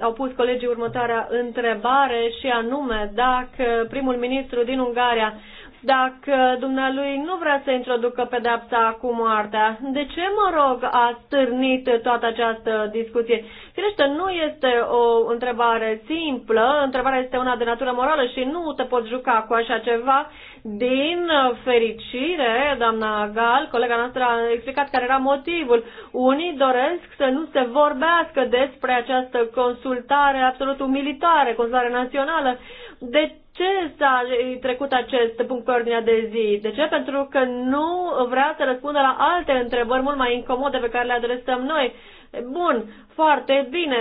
au pus colegii următoarea întrebare și anume dacă primul ministru din Ungaria dacă dumnealui nu vrea să introducă pedepsa cu moartea. De ce, mă rog, a stârnit toată această discuție? Firește, nu este o întrebare simplă, întrebarea este una de natură morală și nu te poți juca cu așa ceva. Din fericire, doamna Gal, colega noastră, a explicat care era motivul. Unii doresc să nu se vorbească despre această consultare absolut umilitoare, consultare națională. De ce s-a trecut acest punct pe ordinea de zi? De ce? Pentru că nu vrea să răspundă la alte întrebări mult mai incomode pe care le adresăm noi. Bun, foarte bine,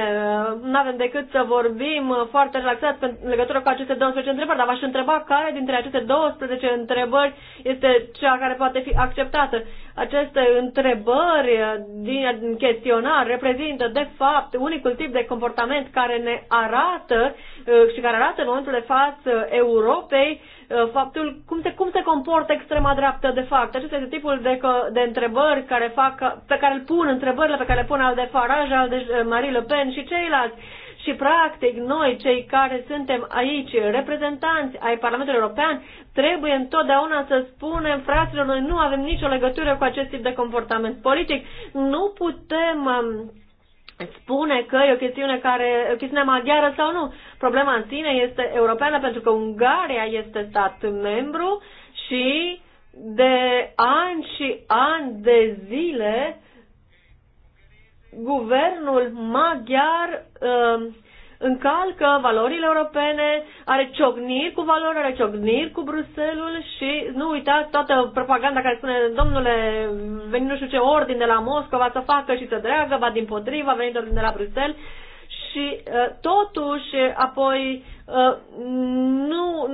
nu avem decât să vorbim foarte relaxat în legătură cu aceste 12 întrebări, dar v-aș întreba care dintre aceste 12 întrebări este cea care poate fi acceptată. Aceste întrebări din chestionar reprezintă, de fapt, unicul tip de comportament care ne arată uh, și care arată în momentul de față Europei uh, faptul cum se, cum se comportă extrema dreaptă de fapt. Acesta este tipul de, de întrebări care fac, pe care îl pun, întrebările pe care le pun al de Faraj, al de Eh, Marie Le Pen și ceilalți. Și, practic, noi, cei care suntem aici, reprezentanți ai Parlamentului European, trebuie întotdeauna să spunem, fraților, noi nu avem nicio legătură cu acest tip de comportament politic. Nu putem um, spune că e o chestiune care, o chestiune maghiară sau nu. Problema în sine este europeană pentru că Ungaria este stat membru și de ani și ani de zile guvernul maghiar uh, încalcă valorile europene, are ciogniri cu valori, are ciogniri cu Bruselul și nu uita toată propaganda care spune, domnule, veni nu știu ce ordin de la Moscova să facă și să dreagă, va din potriva, venit ordin de la Bruxelles și uh, totuși apoi uh, nu,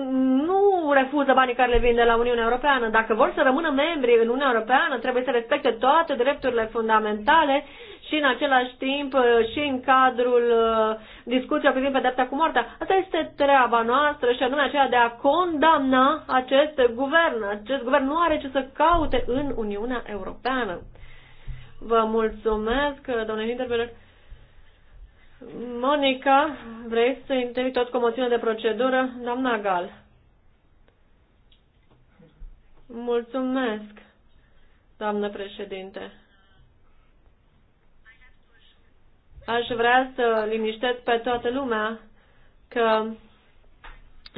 nu refuză banii care le vin de la Uniunea Europeană. Dacă vor să rămână membri în Uniunea Europeană, trebuie să respecte toate drepturile fundamentale și în același timp uh, și în cadrul uh, discuției privind pedepsa cu moartea. Asta este treaba noastră și anume aceea de a condamna acest guvern. Acest guvern nu are ce să caute în Uniunea Europeană. Vă mulțumesc, uh, domnule Hinterberg. Monica, vrei să intervii tot cu o moțiune de procedură? Doamna Gal. Mulțumesc, doamnă președinte. aș vrea să liniștesc pe toată lumea că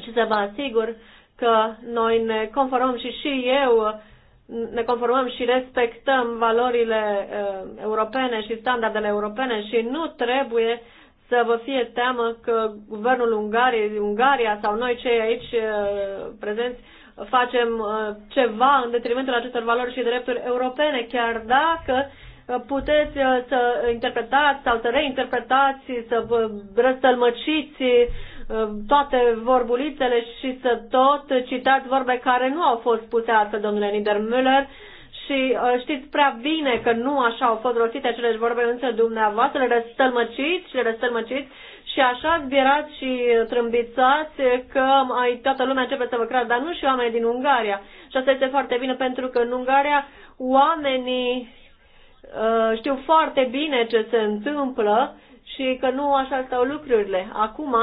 și să vă asigur că noi ne conformăm și și eu ne conformăm și respectăm valorile uh, europene și standardele europene și nu trebuie să vă fie teamă că guvernul Ungariei, Ungaria sau noi cei aici uh, prezenți facem uh, ceva în detrimentul acestor valori și drepturi europene, chiar dacă uh, Uh, puteți uh, să interpretați sau să reinterpretați, să răstălmăciți uh, toate vorbulițele și să tot citați vorbe care nu au fost puse astfel, domnule Niedermüller, și știți prea bine că nu așa au fost rostite acele vorbe, însă dumneavoastră le răstălmăciți și le răstălmăciți și așa zbierați și trâmbițați că ai, toată lumea începe să vă creadă, dar nu și oamenii din Ungaria. Și asta este foarte bine pentru că în Ungaria oamenii Uh, știu foarte bine ce se întâmplă și că nu așa stau lucrurile. Acum,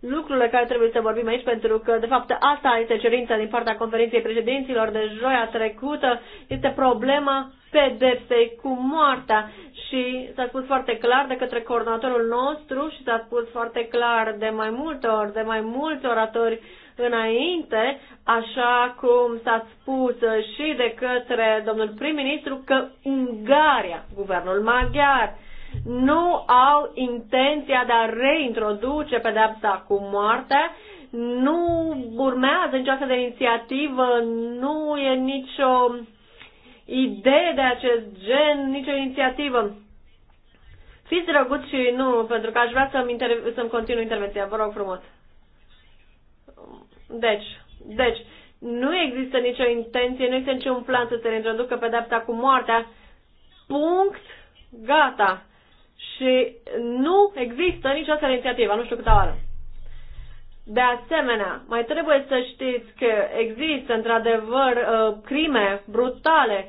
lucrurile care trebuie să vorbim aici, pentru că, de fapt, asta este cerința din partea conferinței președinților de joia trecută, este problema pedepsei cu moartea. Și s-a spus foarte clar de către coordonatorul nostru și s-a spus foarte clar de mai multe ori, de mai mulți oratori înainte, așa cum s-a spus și de către domnul prim-ministru, că Ungaria, guvernul maghiar, nu au intenția de a reintroduce pedepsa cu moartea, nu urmează nicio astfel de inițiativă, nu e nicio idee de acest gen, nicio inițiativă. Fiți drăguți și nu, pentru că aș vrea să-mi, să, să -mi continui intervenția. Vă rog frumos. Deci, deci, nu există nicio intenție, nu există niciun plan să se reintroducă pedepsa cu moartea. Punct. Gata. Și nu există nicio astfel inițiativă, nu știu câte oară. De asemenea, mai trebuie să știți că există într-adevăr uh, crime brutale.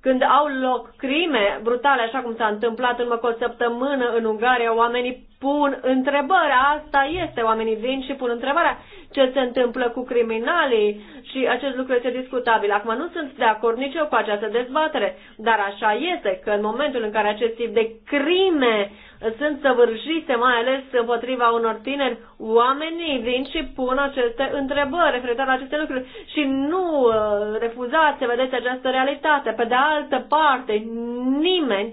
Când au loc crime brutale, așa cum s-a întâmplat în urmă cu o săptămână în Ungaria, oamenii pun întrebarea, asta este, oamenii vin și pun întrebarea ce se întâmplă cu criminalii și acest lucru este discutabil. Acum nu sunt de acord nici eu cu această dezbatere, dar așa este că în momentul în care acest tip de crime sunt săvârșite, mai ales împotriva unor tineri, oamenii vin și pun aceste întrebări referitor la aceste lucruri și nu uh, refuzați să vedeți această realitate. Pe de altă parte, nimeni,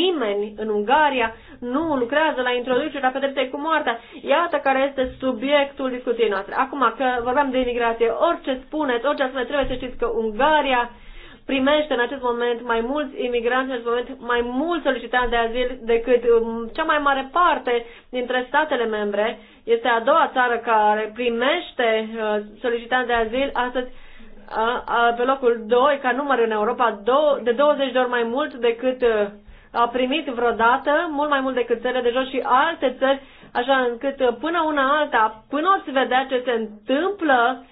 nimeni în Ungaria nu lucrează la introducerea pedepsei cu moartea. Iată care este subiectul discuției noastre. Acum că vorbeam de imigrație, orice spuneți, orice spuneți, trebuie să știți că Ungaria primește în acest moment mai mulți imigranți, în acest moment mai mulți solicitanți de azil decât um, cea mai mare parte dintre statele membre. Este a doua țară care primește uh, solicitanți de azil astăzi uh, uh, pe locul 2 ca număr în Europa de 20 de ori mai mult decât au primit vreodată mult mai mult decât țările de jos și alte țări, așa încât uh, până una alta, până o să vedea ce se întâmplă,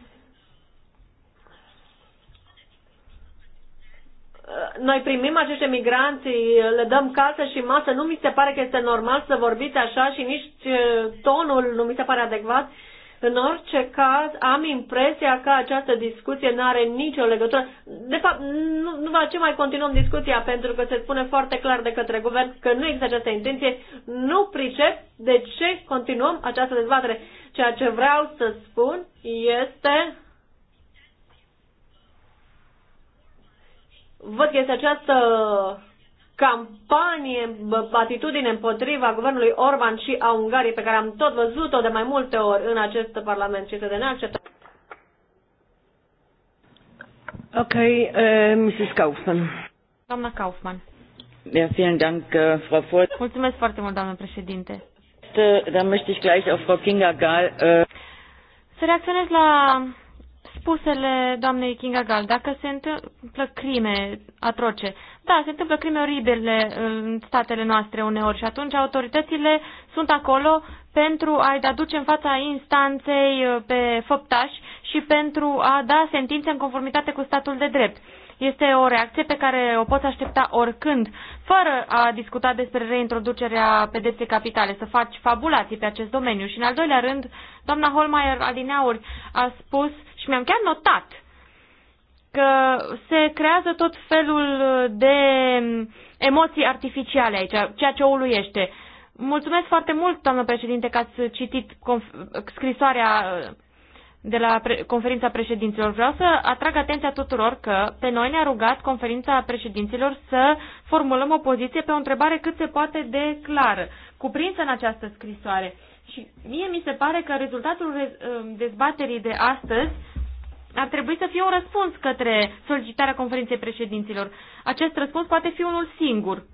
uh, noi primim acești migranți, uh, le dăm casă și masă, nu mi se pare că este normal să vorbiți așa și nici tonul nu mi se pare adecvat în orice caz, am impresia că această discuție nu are nicio legătură. De fapt, nu, nu va ce mai continuăm discuția, pentru că se spune foarte clar de către guvern că nu există această intenție. Nu pricep de ce continuăm această dezbatere. Ceea ce vreau să spun este văd că este această campanie, atitudine împotriva guvernului Orban și a Ungariei, pe care am tot văzut-o de mai multe ori în acest Parlament și este de neacceptat. Ok, uh, eh, Mrs. Kaufman. Doamna Kaufman. vielen Dank, eh, Frau Vorsitz. Mulțumesc foarte mult, doamnă președinte. Da, da möchte ich gleich auf Frau Kinga Gal. Uh... Eh, Să reacționez la spusele doamnei Kinga Gal, dacă se întâmplă crime atroce, da, se întâmplă crime oribile uh, în statele noastre uneori și atunci autoritățile sunt acolo pentru a-i aduce da în fața instanței uh, pe făptași și pentru a da sentințe în conformitate cu statul de drept. Este o reacție pe care o poți aștepta oricând, fără a discuta despre reintroducerea pedepsei capitale, să faci fabulații pe acest domeniu. Și în al doilea rând, doamna Holmeier Adineauri a spus uh, și mi-am chiar notat că se creează tot felul de emoții artificiale aici, ceea ce o uluiește. Mulțumesc foarte mult, doamnă președinte, că ați citit scrisoarea de la pre- conferința președinților. Vreau să atrag atenția tuturor că pe noi ne-a rugat conferința președinților să formulăm o poziție pe o întrebare cât se poate de clară, cuprinsă în această scrisoare. Și mie mi se pare că rezultatul ă, dezbaterii de astăzi ar trebui să fie un răspuns către solicitarea conferinței președinților. Acest răspuns poate fi unul singur.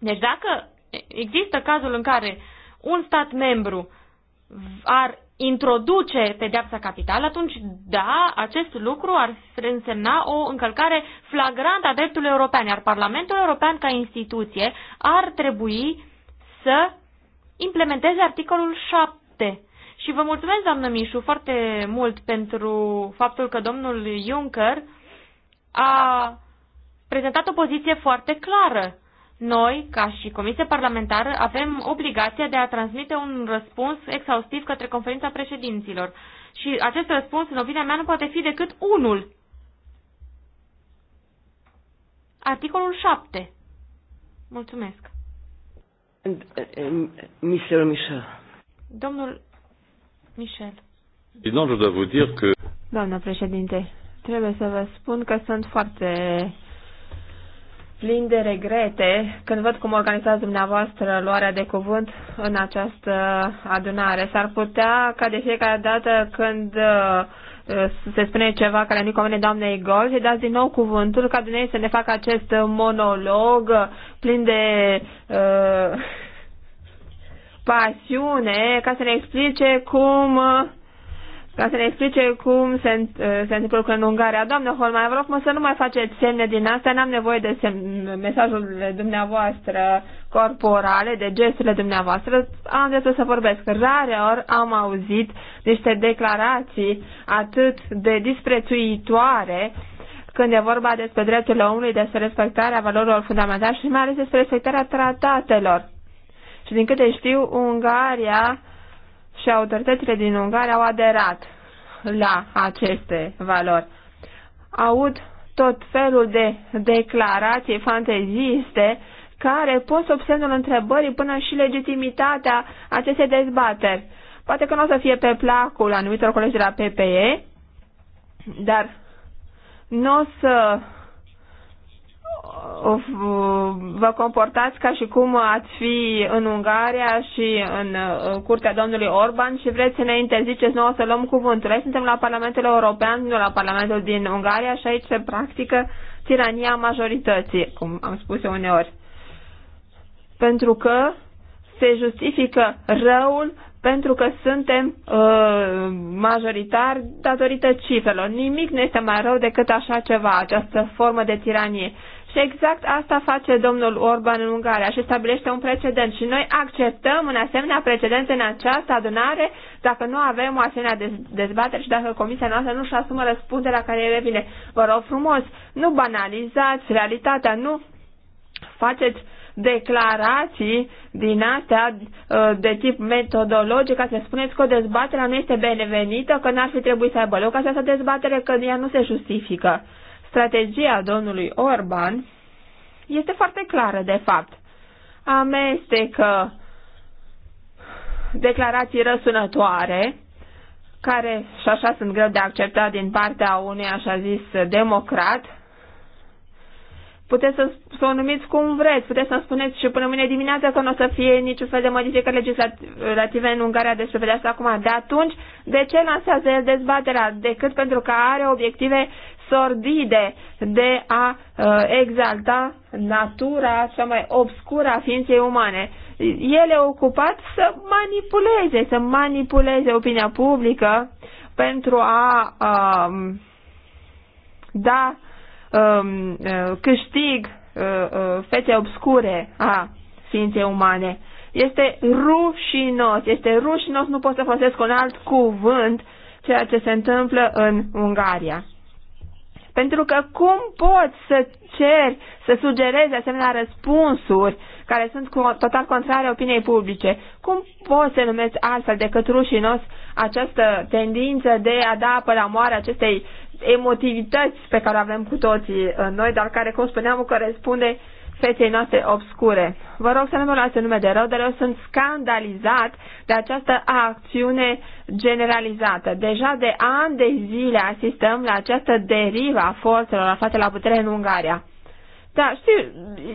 Deci dacă există cazul în care un stat membru ar introduce pedeapsa capitală, atunci, da, acest lucru ar însemna o încălcare flagrantă a dreptului european, iar Parlamentul European ca instituție ar trebui să implementeze articolul 7. Și vă mulțumesc, doamnă Mișu, foarte mult pentru faptul că domnul Juncker a prezentat o poziție foarte clară. Noi, ca și Comisia Parlamentară, avem obligația de a transmite un răspuns exhaustiv către conferința președinților. Și acest răspuns, în opinia mea, nu poate fi decât unul. Articolul 7. Mulțumesc. Michel Michel. Domnul Michel. Président, je dois vous dire que... Doamna președinte, trebuie să vă spun că sunt foarte plin de regrete când văd cum organizați dumneavoastră luarea de cuvânt în această adunare. S-ar putea ca de fiecare dată când uh, Eh, se spune ceva care nu-i convine doamnei Gol și dați din nou cuvântul ca dumneavoastră să ne facă acest eh, monolog eh, plin de uh, pasiune ca să ne explice cum ca să ne explice cum se, se întâmplă lucrurile în Ungaria. Doamne Holmai, vă rog mă să nu mai faceți semne din astea, n-am nevoie de semn, mesajul dumneavoastră corporale, de gesturile dumneavoastră, am dreptul să vorbesc. Rare ori am auzit niște declarații atât de disprețuitoare când e vorba despre drepturile omului, despre respectarea valorilor fundamentale și mai ales despre respectarea tratatelor. Și din câte știu, Ungaria și autoritățile din Ungaria au aderat la aceste valori. Aud tot felul de declarații fanteziste care pot sub semnul întrebării până și legitimitatea acestei dezbateri. Poate că nu o să fie pe placul anumitor colegi de la PPE, dar nu o să vă comportați ca și cum ați fi în Ungaria și în uh, curtea domnului Orban și vreți să ne interziceți nouă să luăm cuvântul. Aici suntem la Parlamentul European, nu la Parlamentul din Ungaria și aici se practică tirania majorității, cum am spus eu uneori pentru că se justifică răul pentru că suntem uh, majoritari datorită cifrelor. Nimic nu este mai rău decât așa ceva, această formă de tiranie. Și exact asta face domnul Orban în Ungaria și stabilește un precedent. Și noi acceptăm un asemenea precedent în această adunare dacă nu avem o asemenea dezbatere și dacă comisia noastră nu-și asumă răspunderea care îi revine. Vă rog frumos, nu banalizați realitatea, nu faceți uh, declarații din astea uh, de tip metodologic, ca să spuneți că dezbaterea nu este benevenită, că n-ar fi trebuit să aibă loc această dezbatere, că ea nu se justifică. Strategia domnului Orban este foarte clară, de fapt. Amestecă declarații răsunătoare, care și așa sunt greu de acceptat din partea unui așa zis democrat, Puteți să, să o numiți cum vreți, puteți să-mi spuneți și până mâine dimineață că nu o să fie niciun fel de modificări legislative în Ungaria despre asta acum. De atunci, de ce lansează el dezbaterea? Decât pentru că are obiective sordide de a uh, exalta natura cea mai obscură a ființei umane. El e ocupat să manipuleze, să manipuleze opinia publică pentru a uh, da Um, uh, câștig uh, uh, fețe obscure a ființei umane. Este rușinos, este rușinos, nu pot să folosesc un alt cuvânt, ceea ce se întâmplă în Ungaria. Pentru că cum poți să ceri, să sugerezi asemenea răspunsuri care sunt cu, total contrare opiniei publice? Cum poți să numești altfel decât rușinos această tendință de a da apă la moare acestei emotivități pe care avem cu toții noi, dar care, cum spuneam, corespunde feței noastre obscure. Vă rog să nu mă luați nume de rău, dar eu sunt scandalizat de această acțiune generalizată. Deja de ani de zile asistăm la această derivă a forțelor aflate la putere în Ungaria. Da, știu,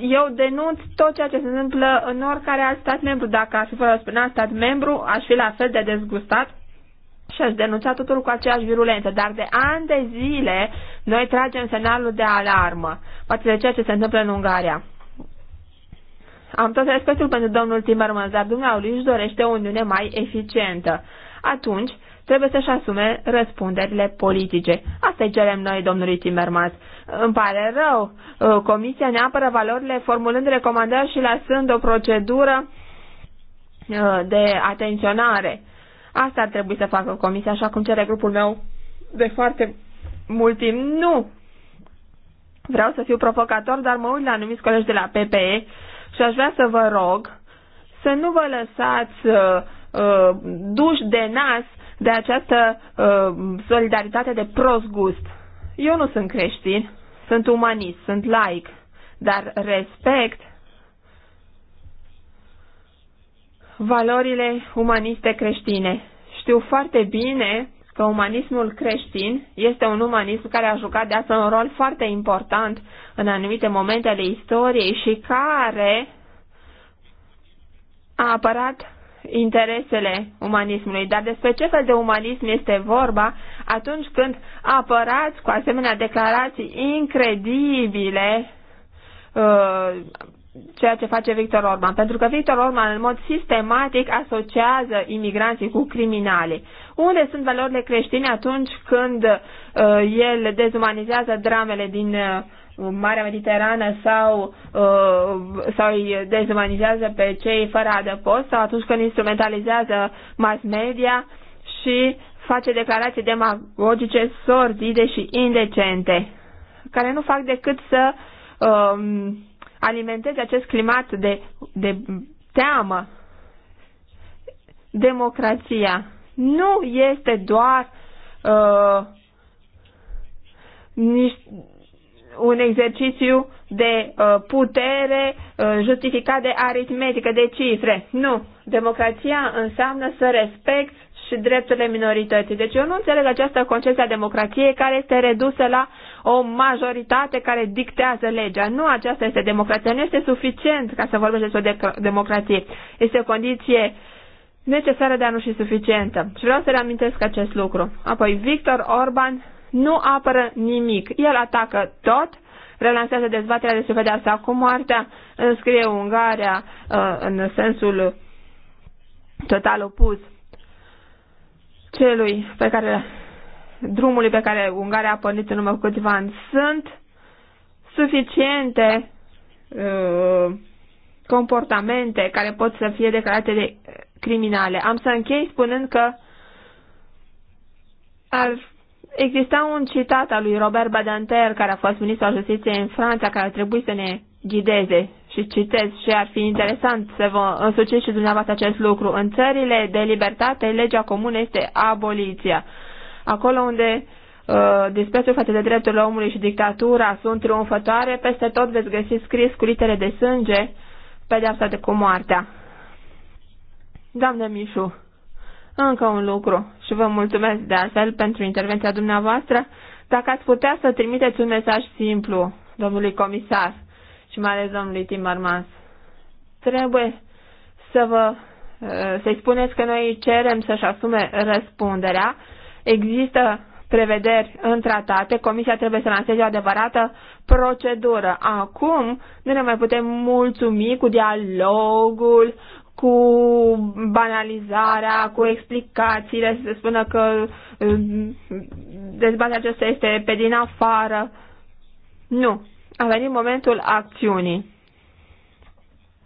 eu denunț tot ceea ce se întâmplă în oricare alt stat membru. Dacă aș fi fără stat membru, aș fi la fel de dezgustat și ați denunțat totul cu aceeași virulență, dar de ani de zile noi tragem semnalul de alarmă față de ceea ce se întâmplă în Ungaria. Am tot respectul pentru domnul Timmermans, dar dumneavoastră își dorește o Uniune mai eficientă. Atunci, trebuie să-și asume răspunderile politice. Asta-i cerem noi, domnului Timmermans. Îmi pare rău, uh, Comisia ne apără valorile formulând recomandări și lăsând o procedură uh, de atenționare. Asta ar trebui să facă comisia, așa cum cere grupul meu de foarte mult timp. Nu! Vreau să fiu provocator, dar mă uit la anumiți colegi de la PPE și aș vrea să vă rog să nu vă lăsați uh, uh, duși de nas de această uh, solidaritate de prost gust. Eu nu sunt creștin, sunt umanist, sunt laic, dar respect valorile umaniste creștine. Știu foarte bine că umanismul creștin este un umanism care a jucat de asta un rol foarte important în anumite momente ale istoriei și care a apărat interesele umanismului. Dar despre ce fel de umanism este vorba atunci când apărați cu asemenea declarații incredibile uh, ceea ce face Victor Orban, pentru că Victor Orban în mod sistematic asociază imigranții cu criminali. Unde sunt valorile creștine atunci când uh, el dezumanizează dramele din uh, Marea Mediterană sau, uh, sau îi dezumanizează pe cei fără adăpost sau atunci când instrumentalizează mass media și face declarații demagogice, sordide și indecente, care nu fac decât să uh, alimenteze acest climat de, de teamă. Democrația nu este doar uh, un exercițiu de uh, putere uh, justificat de aritmetică, de cifre. Nu. Democrația înseamnă să respecti și drepturile minorității. Deci eu nu înțeleg această concepție a democrației care este redusă la o majoritate care dictează legea. Nu aceasta este democrația. Nu este suficient ca să vorbești despre o democrație. Este o condiție necesară, dar nu și suficientă. Și vreau să reamintesc acest lucru. Apoi, Victor Orban nu apără nimic. El atacă tot, relansează dezbaterea despre pedeapsa cu moartea, înscrie Ungaria uh, în sensul total opus celui pe care drumului pe care Ungaria a pornit în urmă cu câțiva ani sunt suficiente uh, comportamente care pot să fie declarate de criminale. Am să închei spunând că ar exista un citat al lui Robert Badanter, care a fost ministru al justiției în Franța, care ar trebui să ne ghideze și citesc și ar fi interesant să vă însuciți și dumneavoastră acest lucru. În țările de libertate, legea comună este aboliția. Acolo unde uh, disprețul față de drepturile omului și dictatura sunt triumfătoare, peste tot veți găsi scris cu litere de sânge pedeapsa de cu moartea. Doamne Mișu, încă un lucru și vă mulțumesc de altfel pentru intervenția dumneavoastră. Dacă ați putea să trimiteți un mesaj simplu, domnului comisar, și mai ales domnului Timmermans. Trebuie să vă eh, să-i spuneți că noi cerem să-și asume răspunderea. Există prevederi în tratate, Comisia trebuie să lanseze o adevărată procedură. Acum nu ne mai putem mulțumi cu dialogul, cu banalizarea, cu explicațiile, să se spună că eh, dezbaterea aceasta este pe din afară. Nu a venit momentul acțiunii.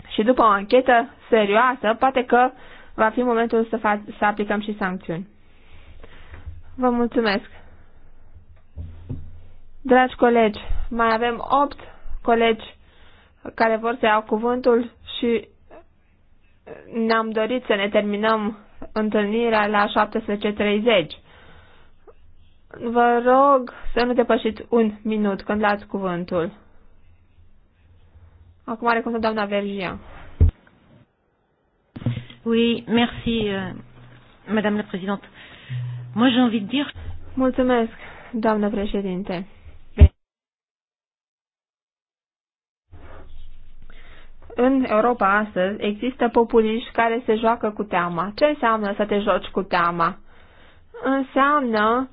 Și după o anchetă serioasă, poate că va fi momentul să, fa- să aplicăm și sancțiuni. Vă mulțumesc! Dragi colegi, mai avem 8 colegi care vor să iau cuvântul și ne-am dorit să ne terminăm întâlnirea la 17.30. Vă rog să nu depășiți un minut când luați cuvântul. Acum are cuvântul doamna Vergia. Oui, merci, euh, madame la présidente. Moi, j'ai envie de dire... Mulțumesc, doamnă președinte. În Europa astăzi există populiști care se joacă cu teama. Ce înseamnă să te joci cu teama? Înseamnă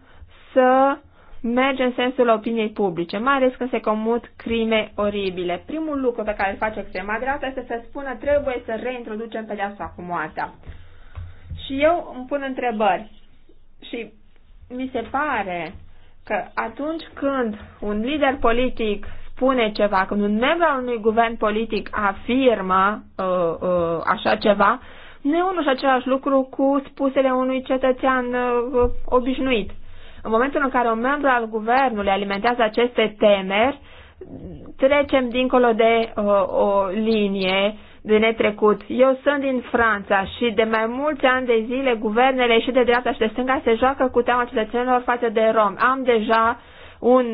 să merge în sensul opiniei publice, mai ales când se comut crime oribile. Primul lucru pe care îl face extrema dreapta este să spună trebuie să reintroducem pedeapsa cu moartea. Și eu îmi pun întrebări și mi se pare că atunci când un lider politic spune ceva, când un membru al unui guvern politic afirmă uh, uh, așa ceva, nu e unul și același lucru cu spusele unui cetățean uh, obișnuit. În momentul în care un membru al guvernului alimentează aceste temeri, trecem dincolo de o, uh, o linie de netrecut. Eu sunt din Franța și de mai mulți ani de zile guvernele și de dreapta și de stânga se joacă cu teama cetățenilor față de rom. Am deja un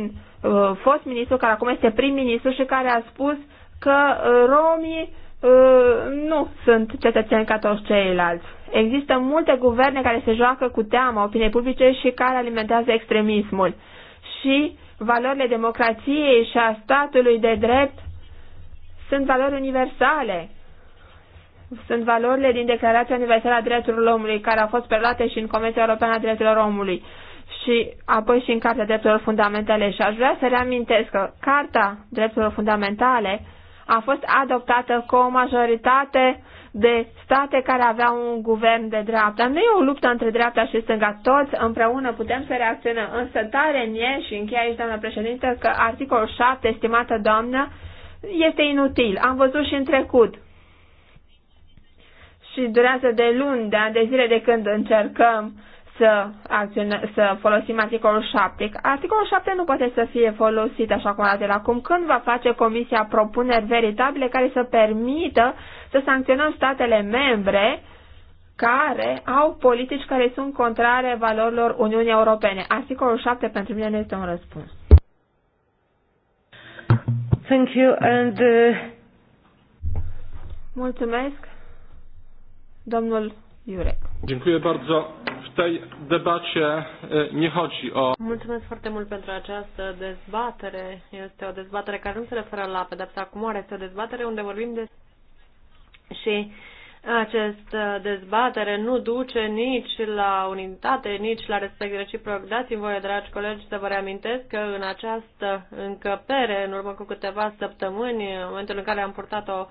uh, fost ministru care acum este prim-ministru și care a spus că uh, romii uh, nu sunt cetățeni ca toți ceilalți. Există multe guverne care se joacă cu teama opiniei publice și care alimentează extremismul. Și valorile democrației și a statului de drept sunt valori universale. Sunt valorile din Declarația Universală a Drepturilor Omului, care au fost preluate și în Comisia Europeană a Drepturilor Omului și apoi și în Cartea Drepturilor Fundamentale. Și aș vrea să reamintesc că Carta Drepturilor Fundamentale a fost adoptată cu o majoritate de state care aveau un guvern de dreapta. Nu e o luptă între dreapta și stânga. Toți împreună putem să reacționăm. Însă tare în și încheie aici, doamna președintă, că articolul 7, estimată doamnă, este inutil. Am văzut și în trecut. Și durează de luni, de ani de zile de când încercăm să, acționă, să folosim articolul 7. Articolul 7 nu poate să fie folosit așa cum arată acum. Când va face Comisia propuneri veritabile care să permită să sancționăm statele membre care au politici care sunt contrare valorilor Uniunii Europene. Articolul 7 pentru mine nu este un răspuns. Thank you and uh... Mulțumesc. Domnul Jurek. Dziękuję bardzo. W tej debacie nie chodzi o... Mulțumesc foarte mult pentru această dezbatere. Este o dezbatere care nu se referă la pedepsa cu moare. Este o dezbatere unde vorbim de și această dezbatere nu duce nici la unitate, nici la respect reciproc. Dați-mi voie, dragi colegi, să vă reamintesc că în această încăpere, în urmă cu câteva săptămâni, în momentul în care am purtat o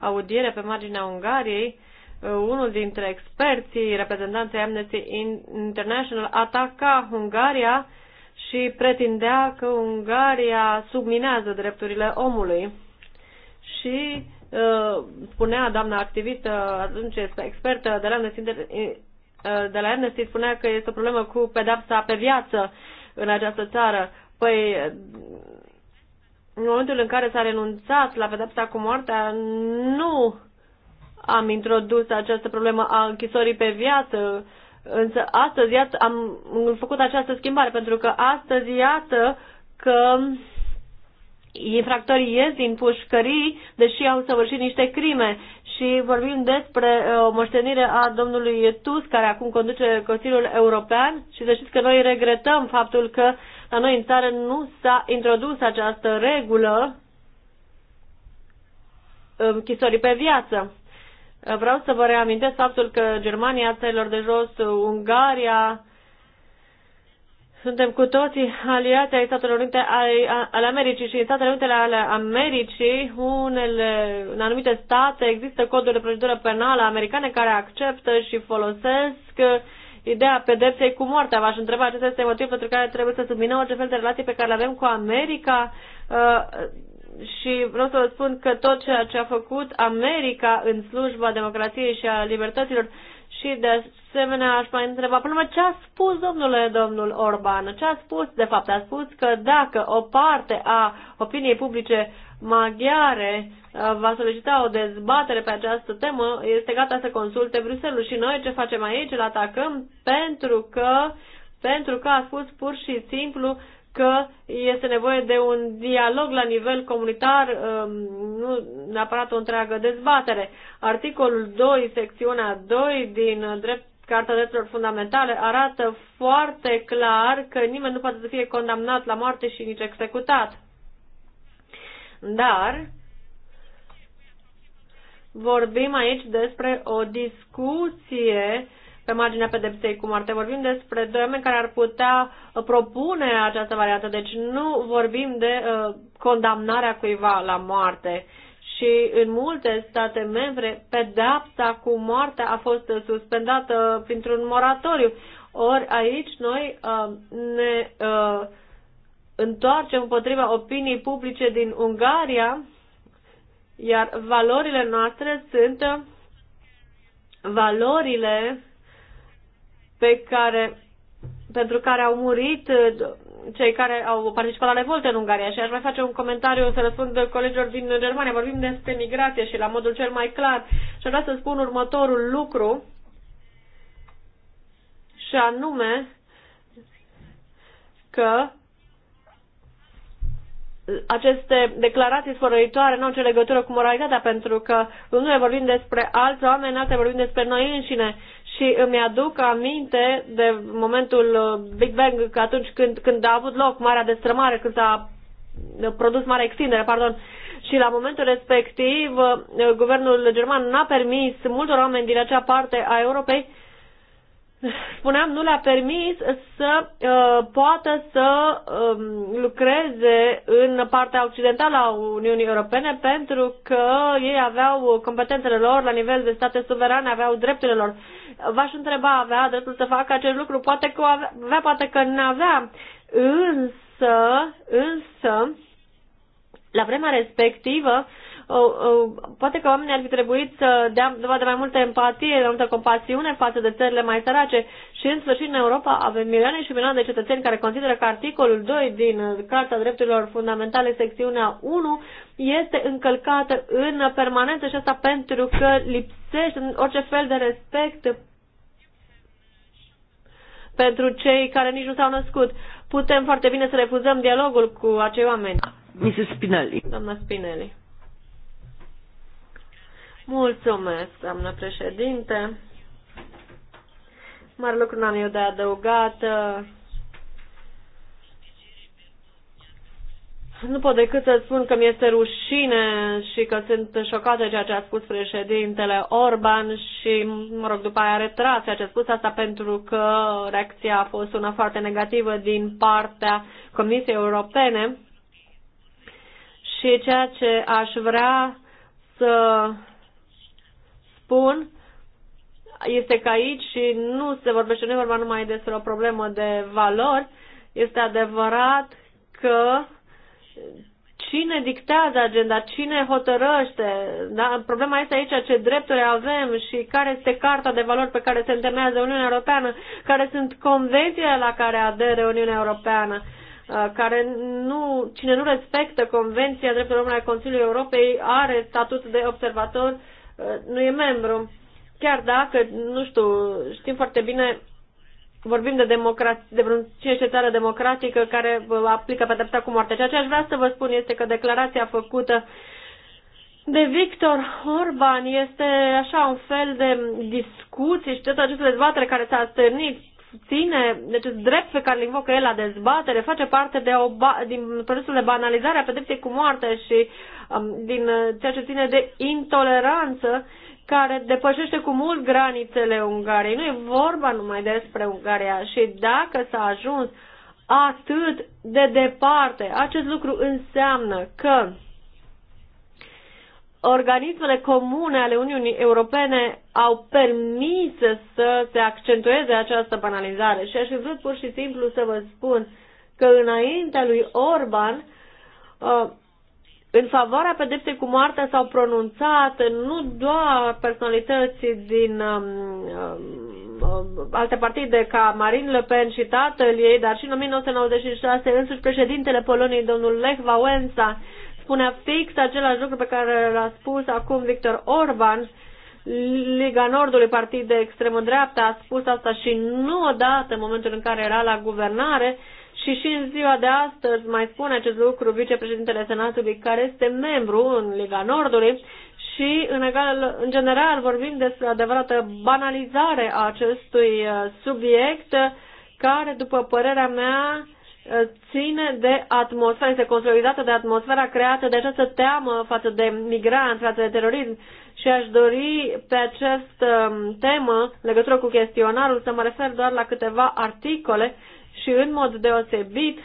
audiere pe marginea Ungariei, unul dintre experții, reprezentanții Amnesty International, ataca Ungaria și pretindea că Ungaria subminează drepturile omului. Și Uh, spunea doamna activistă, atunci expertă de la Amnesty, uh, de la Amnesty spunea că este o problemă cu pedapsa pe viață în această țară. Păi, în momentul în care s-a renunțat la pedapsa cu moartea, nu am introdus această problemă a închisorii pe viață, însă astăzi, iată, am făcut această schimbare, pentru că astăzi, iată, că infractorii ies din pușcării, deși au săvârșit niște crime. Și vorbim despre uh, o moștenire a domnului Tusk, care acum conduce Consiliul European și să știți că noi regretăm faptul că la noi în țară nu s-a introdus această regulă închisorii um, pe viață. Uh, vreau să vă reamintesc faptul că Germania, țărilor de jos, Ungaria, suntem cu toții aliate ai Statelor Unite ai, ale Americii și în Statele Unite ale Americii, unele, în anumite state, există coduri de procedură penală americane care acceptă și folosesc ideea pedepsei cu moartea. V-aș întreba acesta este motivul pentru care trebuie să subminăm orice fel de relații pe care le avem cu America uh, și vreau să vă spun că tot ceea ce a făcut America în slujba democrației și a libertăților uh, și de asemenea aș mai întreba, până ce a spus domnule domnul Orban? Ce a spus? De fapt, a spus că dacă o parte a opiniei publice maghiare uh, va solicita o dezbatere pe această temă, este gata să consulte Bruselul. Și noi ce facem aici? Îl atacăm pentru că pentru că a spus pur și simplu că este nevoie de un dialog la nivel comunitar, um, nu neapărat o întreagă dezbatere. Articolul 2, secțiunea 2 din drept Carta Drepturilor Fundamentale arată foarte clar că nimeni nu poate să fie condamnat la moarte și nici executat. Dar vorbim aici despre o discuție uh, pe marginea pedepsei cu moarte. Vorbim despre doi oameni care ar putea uh, propune această variantă, deci nu vorbim de uh, condamnarea cuiva la moarte. Și în multe state membre, pedapsa cu moartea a fost suspendată uh, printr-un moratoriu. Ori aici noi uh, ne uh, întoarcem împotriva opiniei publice din Ungaria, iar valorile noastre sunt uh, valorile pe care, pentru care au murit uh, cei care au participat la revolte în Ungaria și aș mai face un comentariu să răspund colegilor din Germania. Vorbim despre migrație și la modul cel mai clar și vreau să spun următorul lucru și anume că aceste declarații sfărăitoare nu au ce legătură cu moralitatea, pentru că nu unele vorbim despre alți oameni, alte vorbim despre noi înșine și îmi aduc aminte de momentul uh, Big Bang, că atunci când, când a avut loc marea destrămare, când s-a uh, produs marea extindere, pardon, și la momentul respectiv uh, guvernul german n-a permis multor oameni din acea parte a Europei spuneam, nu le-a permis să uh, poată să uh, lucreze în partea occidentală a Uniunii Europene pentru că ei aveau competențele lor la nivel de state suverane, aveau drepturile lor. V-aș întreba, avea dreptul să facă acest lucru? Poate că avea, poate că nu avea. Însă, însă, la vremea respectivă, uh, poate că oamenii ar fi trebuit să dea dovadă mai multă empatie, mai multă compasiune față de țările mai sărace și în sfârșit în Europa avem milioane și milioane de cetățeni care consideră că articolul 2 din uh, Carta Drepturilor Fundamentale, secțiunea 1, este încălcată în permanență și asta pentru că lipsește orice fel de respect pentru cei care nici nu s-au născut. Putem foarte bine să refuzăm dialogul cu acei oameni. Mrs. Spinelli. Doamna Spinelli. Mulțumesc, doamnă președinte. Mare lucru n-am eu de adăugat. Nu pot decât să spun că mi-este rușine și că sunt șocată ceea ce a spus președintele Orban și, mă rog, după aia retras ceea ce a spus asta pentru că reacția a fost una foarte negativă din partea Comisiei Europene. Și ceea ce aș vrea să spun este că aici și nu se vorbește, nu e vorba numai despre o problemă de valori, este adevărat că cine dictează agenda, cine hotărăște. Da? Problema este aici ce drepturi avem și care este carta de valori pe care se întemeiază Uniunea Europeană, care sunt convențiile la care adere Uniunea Europeană uh, care nu, cine nu respectă Convenția Drepturilor Omului a Consiliului Europei are statut de observator Uh, nu e membru. Chiar dacă, nu știu, știm foarte bine, vorbim de, democrație, de vreun cinci țară democratică care uh, aplică pedepsa cu moartea. Ceea ce aș vrea să vă spun este că declarația făcută de Victor Orban este așa un fel de discuție și tot acest dezbatere care s-a stârnit susține, deci drept pe care îl invocă el la dezbatere, face parte de o din procesul de banalizare a pedepsei cu moarte și um, din uh, ceea ce ține de intoleranță care depășește cu mult granițele Ungariei. Nu e vorba numai despre Ungaria și dacă s-a ajuns atât de departe, acest lucru înseamnă că organismele comune ale Uniunii Europene au permis să se accentueze această banalizare și aș fi vrut pur și simplu să vă spun că înaintea lui Orban, uh, în favoarea pedepsei cu moartea s-au pronunțat nu doar personalități din um, um, um, alte partide ca Marine Le Pen și tatăl ei, dar și în 1996 însuși președintele Poloniei, domnul Lech Wałęsa, spunea fix același lucru pe care l-a spus acum Victor Orban, Liga Nordului, partid de extremă dreapta, a spus asta și nu odată în momentul în care era la guvernare și și în ziua de astăzi mai spune acest lucru vicepreședintele Senatului, care este membru în Liga Nordului și, în, egal, în general, vorbim despre adevărată banalizare a acestui uh, subiect care, după părerea mea, ține de atmosfera, este consolidată de atmosfera creată de această teamă față de migranți, față de terorism și aș dori pe acest um, temă, legătură cu chestionarul, să mă refer doar la câteva articole și în mod deosebit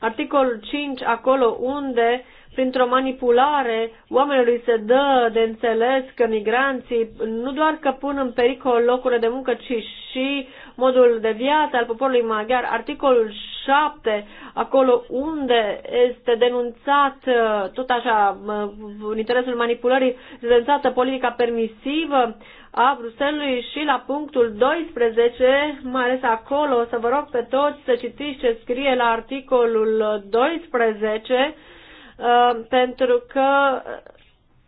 articolul 5, acolo unde printr-o manipulare oamenilor se dă de înțeles că migranții nu doar că pun în pericol locurile de muncă, ci și modul de viață al poporului maghiar, articolul 7, acolo unde este denunțat, uh, tot așa, uh, în interesul manipulării, denunțată politica permisivă a Bruselului și la punctul 12, mai ales acolo, să vă rog pe toți să citiți ce scrie la articolul 12, uh, pentru că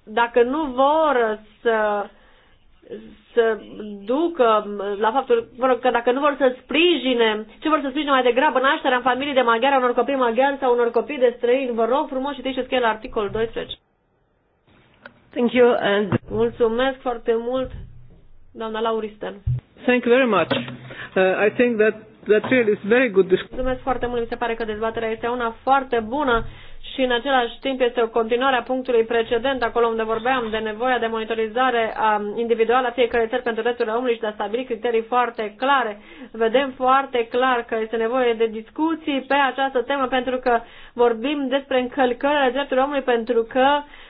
dacă nu vor să să ducă la faptul mă rog, că dacă nu vor să sprijine, ce vor să sprijine mai degrabă nașterea în familii de maghiari, unor copii maghiari sau unor copii de străini, vă rog frumos citiți ce la articolul 12. Thank you and... Mulțumesc foarte mult, doamna Lauristen. Thank you very much. Uh, I think that that really is very good discussion. Mulțumesc foarte mult, mi se pare că dezbaterea este una foarte bună și în același timp este o continuare a punctului precedent, acolo unde vorbeam de nevoia de monitorizare individuală a fiecărei țări pentru drepturile omului și de a stabili criterii foarte clare. Vedem foarte clar că este nevoie de discuții pe această temă pentru că vorbim despre încălcările drepturilor omului pentru că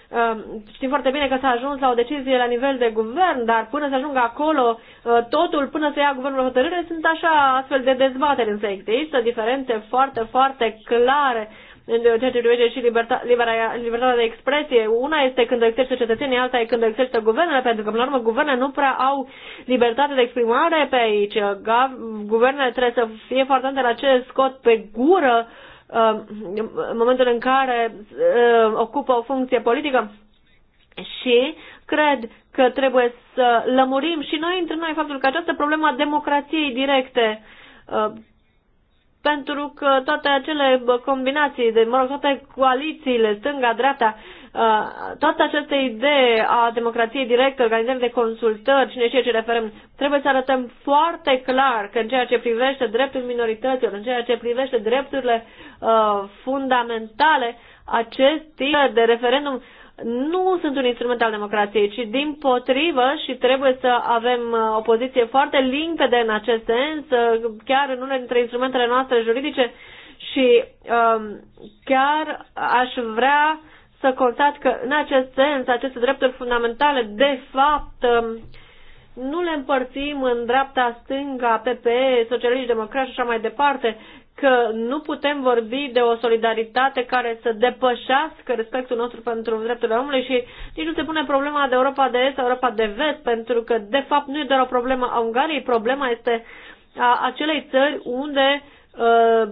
um, Știm foarte bine că s-a ajuns la o decizie la nivel de guvern, dar până să ajungă acolo, uh, totul, până să ia guvernul hotărâre, sunt așa astfel de dezbateri, însă există diferențe foarte, foarte clare în ceea ce privește și liberta, libera, libertatea de expresie. Una este când o exerce cetățenii, alta e când o exerce guvernele, pentru că, până la urmă, guvernele nu prea au libertate de exprimare pe aici. Guvernele trebuie să fie foarte la ce scot pe gură uh, în momentul în care uh, ocupă o funcție politică. Și cred că trebuie să lămurim și noi între noi faptul că această problemă a democrației directe uh, pentru că toate acele combinații, de, mă rog, toate coalițiile, stânga-dreapta, uh, toată această idee a democrației directe, organizări de consultări, cine știe ce referăm, trebuie să arătăm foarte clar că în ceea ce privește dreptul minorităților, în ceea ce privește drepturile uh, fundamentale, acest tip de referendum uh, nu sunt un instrument al democrației, ci din potrivă și trebuie să avem uh, o poziție foarte limpede în acest sens, uh, chiar în unele dintre instrumentele noastre juridice și um, chiar aș vrea să constat că în acest sens aceste drepturi fundamentale de fapt um, nu le împărțim în dreapta, stânga, PPE, socialiști, democrați și așa mai departe că nu putem vorbi de o solidaritate care să depășească respectul nostru pentru drepturile omului și nici nu se pune problema de Europa de Est Europa de Vest, pentru că, de fapt, nu e doar o problemă a Ungariei, problema este a acelei țări unde, uh,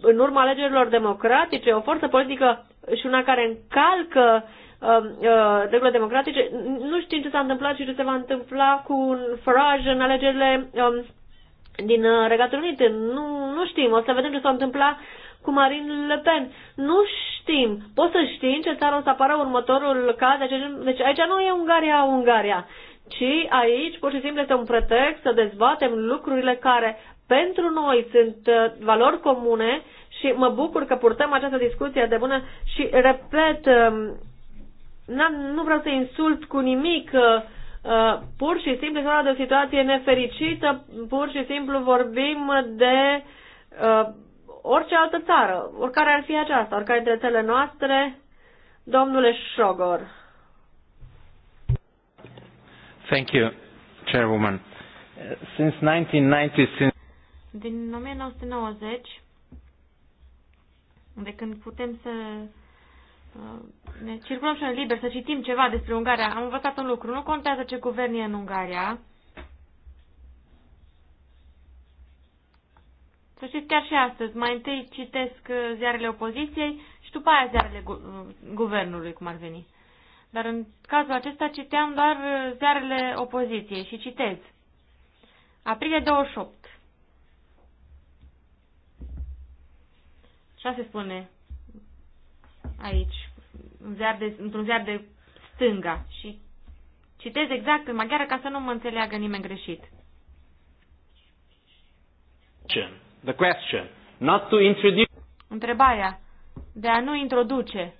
în urma alegerilor democratice, o forță politică și una care încalcă um, uh, regulile democratice, nu știm ce s-a întâmplat și ce se va întâmpla cu un faraj în alegerile um, din uh, Regatul Unit. Nu, nu știm, o să vedem ce s-a întâmplat cu Marine Le Pen. Nu știm. Poți să știi în ce țară o să apară următorul caz. Deci, deci aici nu e Ungaria, Ungaria. Ci aici pur și simplu este un pretext să dezbatem lucrurile care pentru noi sunt uh, valori comune și mă bucur că purtăm această discuție de bună și repet, um, nu vreau să insult cu nimic uh, Uh, pur și simplu este de o situație nefericită, pur și simplu vorbim de uh, orice altă țară, oricare ar fi aceasta, oricare dintre țările noastre, domnule Șogor. Thank you, Chairwoman. Since 1990, since... Din 1990, de când putem să Uh, ne circulăm și noi liber să citim ceva despre Ungaria. Am învățat un lucru. Nu contează ce guvern e în Ungaria. Să știți, chiar și astăzi, mai întâi citesc uh, ziarele opoziției și după aia ziarele gu uh, guvernului, cum ar veni. Dar în cazul acesta citeam doar ziarele opoziției și citez. Aprilie 28. Așa se spune aici, în ziar de, într-un ziar de stânga și citez exact în maghiară ca să nu mă înțeleagă nimeni greșit. The question, not to introduce... Întrebarea de a nu introduce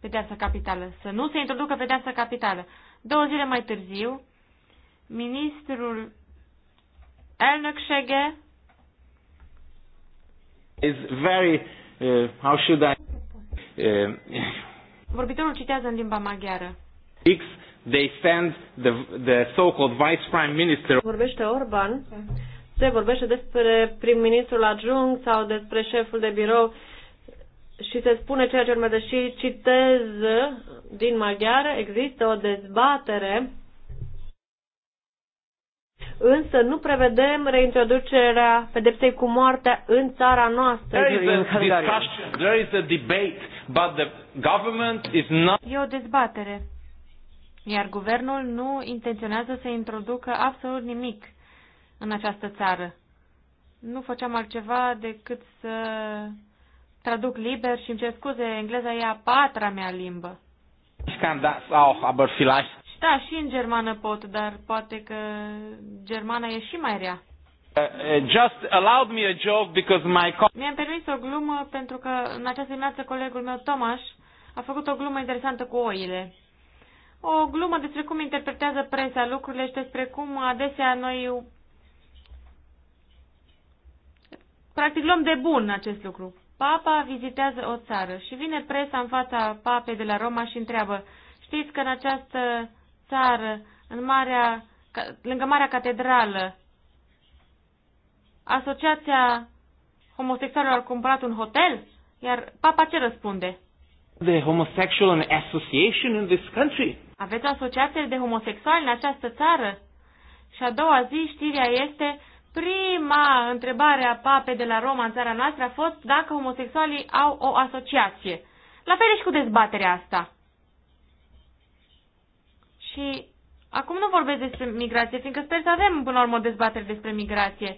pedeapsa capitală, să nu se introducă pedeapsa capitală. Două zile mai târziu, ministrul Elnöksége is very, uh, how should I... Eh, Vorbitorul citează în limba maghiară. X, they send the, the so-called vice prime minister. Vorbește Orban. Se vorbește despre prim-ministrul adjunct sau despre șeful de birou și se spune ceea ce urmează și citez din maghiară, există o dezbatere însă nu prevedem reintroducerea pedepsei cu moartea în țara noastră. There is a discussion, there is a debate but the government is not... E o dezbatere, iar guvernul nu intenționează să introducă absolut nimic în această țară. Nu făceam altceva decât să traduc liber și îmi cer scuze, engleza e a patra mea limbă. Da, și în germană pot, dar poate că germana e și mai rea. Uh, uh, just allowed me a joke because my Mi-am permis o glumă pentru că în această dimineață colegul meu Tomaș a făcut o glumă interesantă cu oile. O glumă despre cum interpretează presa lucrurile și despre cum adesea noi practic luăm de bun acest lucru. Papa vizitează o țară și vine presa în fața papei de la Roma și întreabă Știți că în această țară, în Marea, lângă Marea Catedrală, asociația homosexualilor a cumpărat un hotel? Iar papa ce răspunde? The homosexual association in this country. Aveți asociație de homosexuali în această țară? Și a doua zi știrea este prima întrebare a papei de la Roma în țara noastră a fost dacă homosexualii au o asociație. La fel și cu dezbaterea asta. Și acum nu vorbesc despre migrație, fiindcă sper să avem până la urmă dezbatere despre migrație.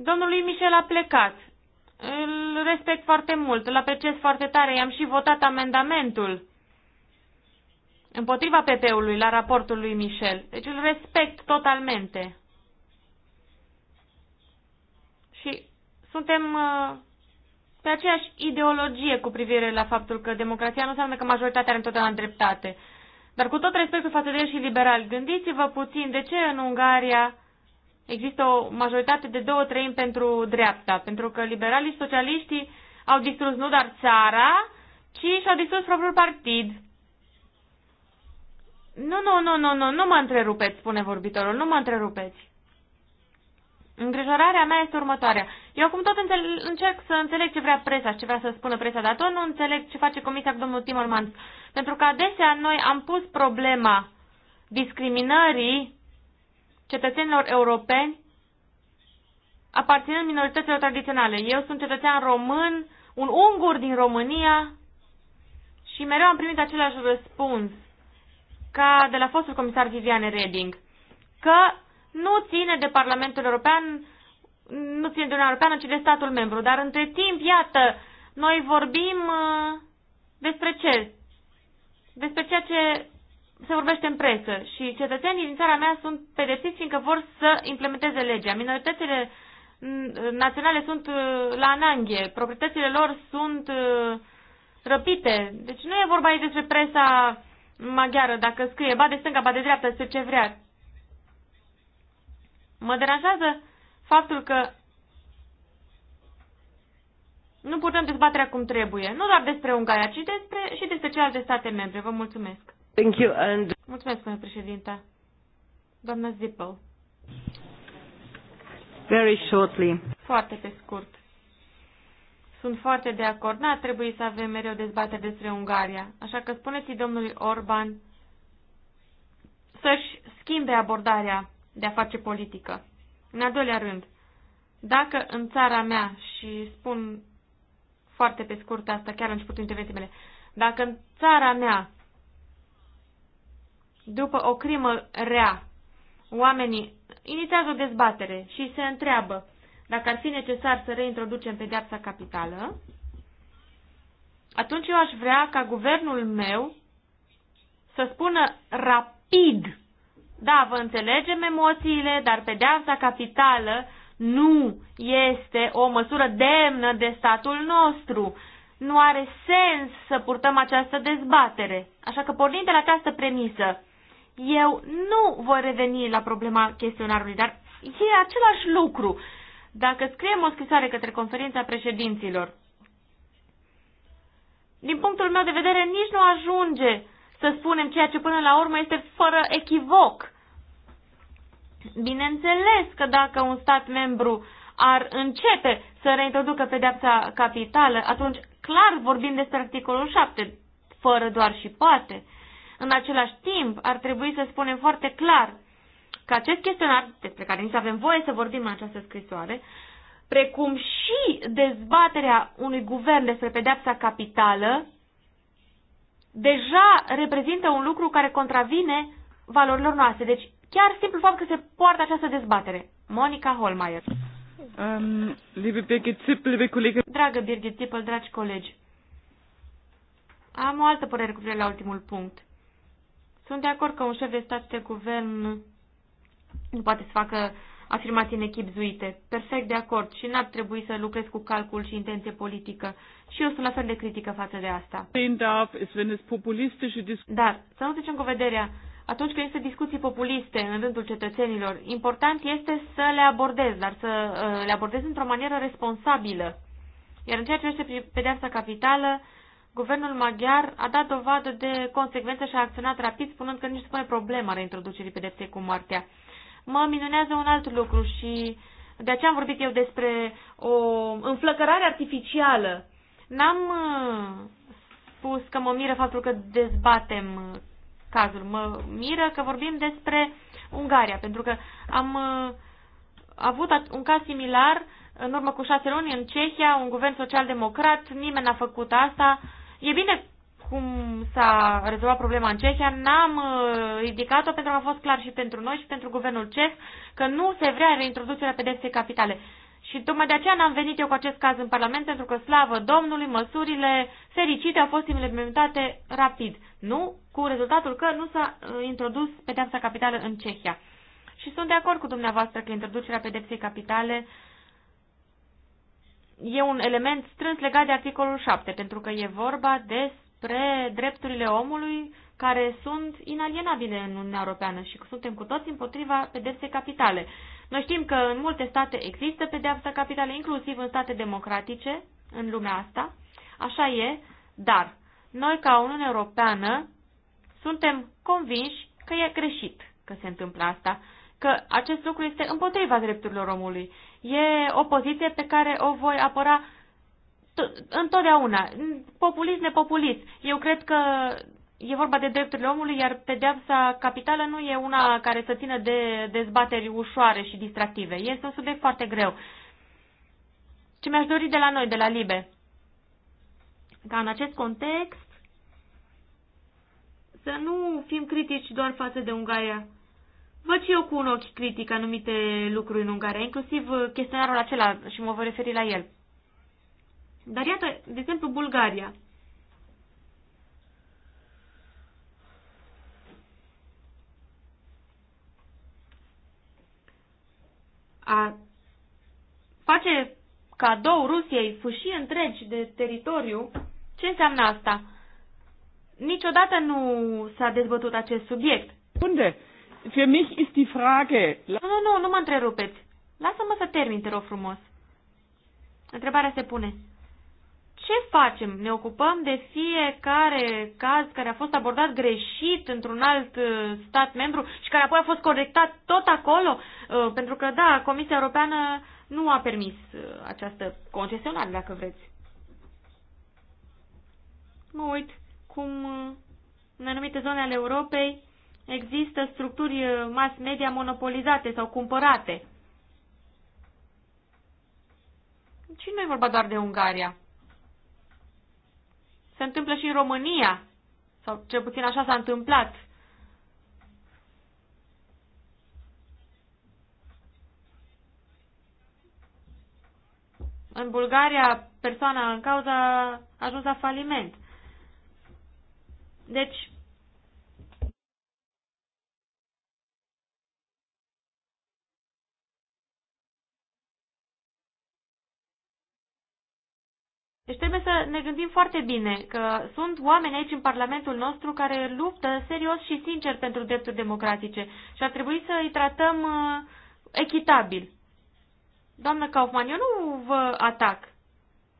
Domnului Michel a plecat. Îl respect foarte mult, îl apreciez foarte tare, i-am și votat amendamentul împotriva PP-ului la raportul lui Michel. Deci îl respect totalmente. Și suntem uh, pe aceeași ideologie cu privire la faptul că democrația nu înseamnă că majoritatea are întotdeauna dreptate. Dar cu tot respectul față de el și liberal, gândiți-vă puțin de ce în Ungaria există o majoritate de două treimi pentru dreapta, pentru că liberalii și socialiștii au distrus nu doar țara, ci și-au distrus propriul partid. Nu, nu, nu, nu, nu, nu mă întrerupeți, spune vorbitorul, nu mă întrerupeți. Îngrijorarea mea este următoarea. Eu acum tot încerc să înțeleg ce vrea presa și ce vrea să spună presa, dar tot nu înțeleg ce face comisia cu domnul Timorman. Pentru că adesea noi am pus problema discriminării cetățenilor europeni aparținând minorităților tradiționale. Eu sunt cetățean român, un ungur din România și mereu am primit același răspuns ca de la fostul comisar Viviane Reding, că nu ține de Parlamentul European, nu ține de Uniunea Europeană, ci de statul membru. Dar între timp, iată, noi vorbim uh, despre ce? Despre ceea ce se vorbește în presă și cetățenii din țara mea sunt pedepsiți fiindcă vor să implementeze legea. Minoritățile naționale sunt uh, la ananghe, proprietățile lor sunt uh, răpite. Deci nu e vorba aici despre presa maghiară, dacă scrie ba de stânga, ba de dreapta, despre ce vrea. Mă deranjează faptul că nu putem dezbaterea cum trebuie, nu doar despre Ungaria, ci despre, și despre celelalte state membre. Vă mulțumesc! Thank you and... Mulțumesc, domnule președinte. Doamna Zippel. Very shortly. Foarte pe scurt. Sunt foarte de acord. N-ar trebui să avem mereu dezbatere despre Ungaria. Așa că spuneți domnului Orban să-și schimbe abordarea de a face politică. În al doilea rând, dacă în țara mea, și spun foarte pe scurt asta, chiar în începutul intervenției mele, dacă în țara mea după o crimă rea, oamenii inițiază o dezbatere și se întreabă dacă ar fi necesar să reintroducem pedeapsa capitală, atunci eu aș vrea ca guvernul meu să spună rapid, da, vă înțelegem emoțiile, dar pedeapsa capitală nu este o măsură demnă de statul nostru. Nu are sens să purtăm această dezbatere. Așa că pornind de la această premisă, eu nu voi reveni la problema chestionarului, dar e același lucru. Dacă scriem o scrisoare către conferința președinților, din punctul meu de vedere, nici nu ajunge să spunem ceea ce până la urmă este fără echivoc. Bineînțeles că dacă un stat membru ar începe să reintroducă pedeapsa capitală, atunci clar vorbim despre articolul 7, fără doar și poate. În același timp, ar trebui să spunem foarte clar că acest chestionar, despre care nici avem voie să vorbim în această scrisoare, precum și dezbaterea unui guvern despre pedepsa capitală, deja reprezintă un lucru care contravine valorilor noastre. Deci, chiar simplu fapt că se poartă această dezbatere. Monica Holmeier. Um, liebe Birgit Zippel, liebe Dragă Birgit Zippel, dragi colegi, am o altă părere cu privire la ultimul punct. Sunt de acord că un șef de stat de guvern nu poate să facă afirmații zuite. Perfect de acord și n-ar trebui să lucrez cu calcul și intenție politică. Și eu sunt la fel de critică față de asta. Dar să nu trecem cu vederea atunci când este discuții populiste în rândul cetățenilor, important este să le abordez, dar să uh, le abordez într-o manieră responsabilă. Iar în ceea ce este pedeapsa capitală, guvernul maghiar a dat dovadă de consecvență și a acționat rapid, spunând că nici nu pune problema reintroducerii pedepsei cu moartea. Mă minunează un alt lucru și de aceea am vorbit eu despre o înflăcărare artificială. N-am uh, spus că mă miră faptul că dezbatem uh, cazul. Mă miră că vorbim despre Ungaria, pentru că am uh, avut un caz similar în urmă cu șase luni în Cehia, un guvern social-democrat, nimeni n-a făcut asta, E bine cum s-a rezolvat problema în Cehia, n-am uh, ridicat-o pentru că a fost clar și pentru noi și pentru guvernul ceh că nu se vrea reintroducerea pedepsei capitale. Și tocmai de aceea n-am venit eu cu acest caz în Parlament, pentru că, slavă Domnului, măsurile fericite au fost implementate rapid. Nu cu rezultatul că nu s-a uh, introdus pedeapsa capitală în Cehia. Și sunt de acord cu dumneavoastră că introducerea pedepsei capitale uh, e un element strâns legat de articolul 7, pentru că e vorba despre drepturile omului care sunt inalienabile în Uniunea Europeană și suntem cu toți împotriva pedepsei capitale. Noi știm că în multe state există pedepsa capitală, inclusiv în state democratice, în lumea asta. Așa e, dar noi ca Uniunea Europeană suntem convinși că e greșit că se întâmplă asta, că acest lucru este împotriva drepturilor omului E o poziție pe care o voi apăra întotdeauna. Populist, nepopulist. Eu cred că e vorba de drepturile omului, iar pedeapsa capitală nu e una care să țină de dezbateri ușoare și distractive. Este un subiect foarte greu. Ce mi-aș dori de la noi, de la Libe? Ca în acest context să nu fim critici doar față de Ungaria, văd și eu cu un ochi critic anumite lucruri în Ungaria, inclusiv uh, chestionarul acela și mă voi referi la el. Dar iată, de exemplu, Bulgaria. A face cadou Rusiei fâșii întregi de teritoriu, ce înseamnă asta? Niciodată nu s-a dezbătut acest subiect. Unde? für mich ist die Frage... Nu, nu, nu, nu mă întrerupeți. Lasă-mă să termin, te rog frumos. Întrebarea se pune. Ce facem? Ne ocupăm de fiecare caz care a fost abordat greșit într-un alt uh, stat membru și care apoi a fost corectat tot acolo? Uh, pentru că, da, Comisia Europeană nu a permis uh, această concesionare, dacă vreți. Mă uit cum în anumite zone ale Europei există structuri uh, mass media monopolizate sau cumpărate. Și nu e vorba doar de Ungaria. Se întâmplă și în România, sau cel puțin așa s-a întâmplat. În Bulgaria, persoana în cauză a ajuns la faliment. Deci, Deci trebuie să ne gândim foarte bine că sunt oameni aici în Parlamentul nostru care luptă serios și sincer pentru drepturi democratice și ar trebui să îi tratăm uh, echitabil. Doamnă Kaufman, eu nu vă atac.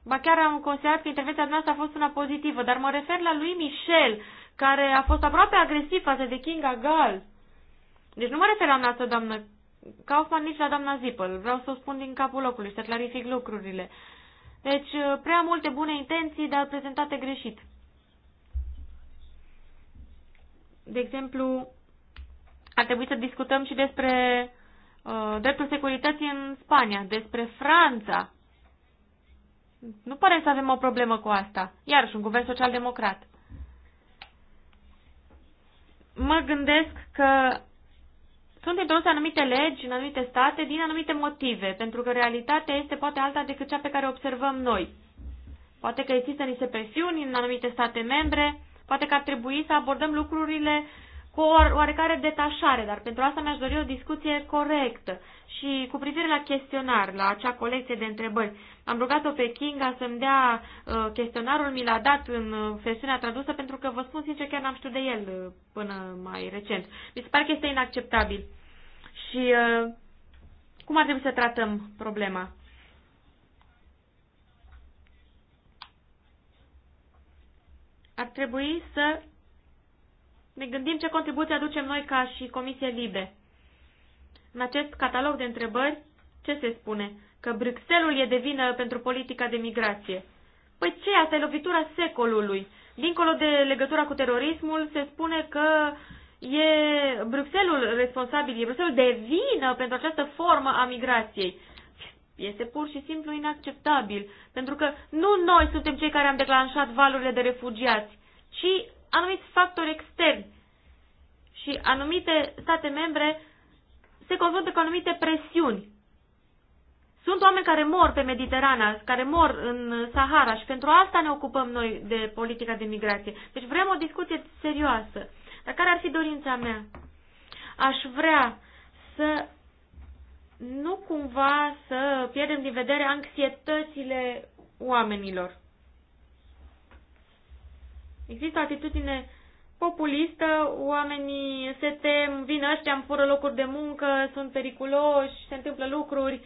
Ba chiar am considerat că intervenția noastră a fost una pozitivă, dar mă refer la lui Michel, care a fost aproape agresiv față de Kinga Gal. Deci nu mă refer la noastră, doamnă Kaufman, nici la doamna Zippel. Vreau să o spun din capul locului, să clarific lucrurile. Deci, uh, prea multe bune intenții, dar prezentate greșit. De exemplu, ar trebui să discutăm și despre uh, dreptul securității în Spania, despre Franța. Nu pare să avem o problemă cu asta. Iarăși, un guvern social-democrat. Mă gândesc că sunt introduse anumite legi în anumite state din anumite motive, pentru că realitatea este poate alta decât cea pe care o observăm noi. Poate că există niște presiuni în anumite state membre, poate că ar trebui să abordăm lucrurile cu o oarecare detașare, dar pentru asta mi-aș dori o discuție corectă. Și cu privire la chestionar, la acea colecție de întrebări, am rugat-o pe Kinga să-mi dea uh, chestionarul, mi l-a dat în uh, versiunea tradusă, pentru că vă spun sincer, chiar n-am știut de el uh, până mai recent. Mi se pare că este inacceptabil și uh, cum ar trebui să tratăm problema. Ar trebui să ne gândim ce contribuție aducem noi ca și Comisie Libe. În acest catalog de întrebări, ce se spune? Că Bruxelles e de vină pentru politica de migrație. Păi ce, asta e lovitura secolului. Dincolo de legătura cu terorismul, se spune că uh, E Bruxelul responsabil, e Bruxelul de vină pentru această formă a migrației. Este pur și simplu inacceptabil, pentru că nu noi suntem cei care am declanșat valurile de refugiați, ci anumiți factori externi. Și anumite state membre se confruntă cu anumite presiuni. Sunt oameni care mor pe Mediterana, care mor în Sahara și pentru asta ne ocupăm noi de politica de migrație. Deci vrem o discuție serioasă. Dar care ar fi dorința mea? Aș vrea să nu cumva să pierdem din vedere anxietățile oamenilor. Există o atitudine populistă, oamenii se tem, vin ăștia, îmi fură locuri de muncă, sunt periculoși, se întâmplă lucruri.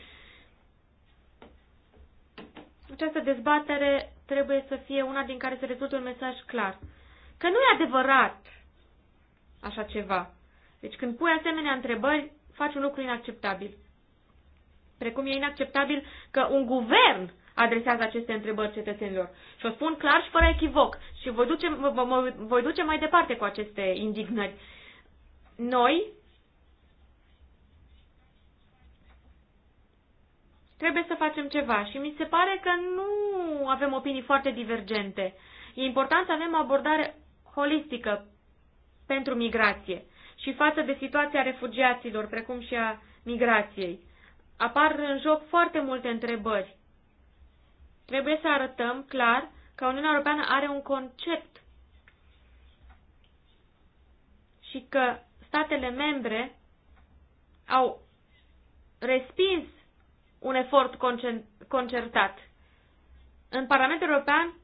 Această dezbatere trebuie să fie una din care se rezulte un mesaj clar. Că nu e adevărat așa ceva. Deci când pui asemenea întrebări, faci un lucru inacceptabil. Precum e inacceptabil că un guvern adresează aceste întrebări cetățenilor. Și o spun clar și fără echivoc. Și voi duce, voi duce mai departe cu aceste indignări. Noi trebuie să facem ceva și mi se pare că nu avem opinii foarte divergente. E important să avem o abordare holistică pentru migrație și față de situația refugiaților, precum și a migrației. Apar în joc foarte multe întrebări. Trebuie să arătăm clar că Uniunea Europeană are un concept și că statele membre au respins un efort concertat. În Parlamentul European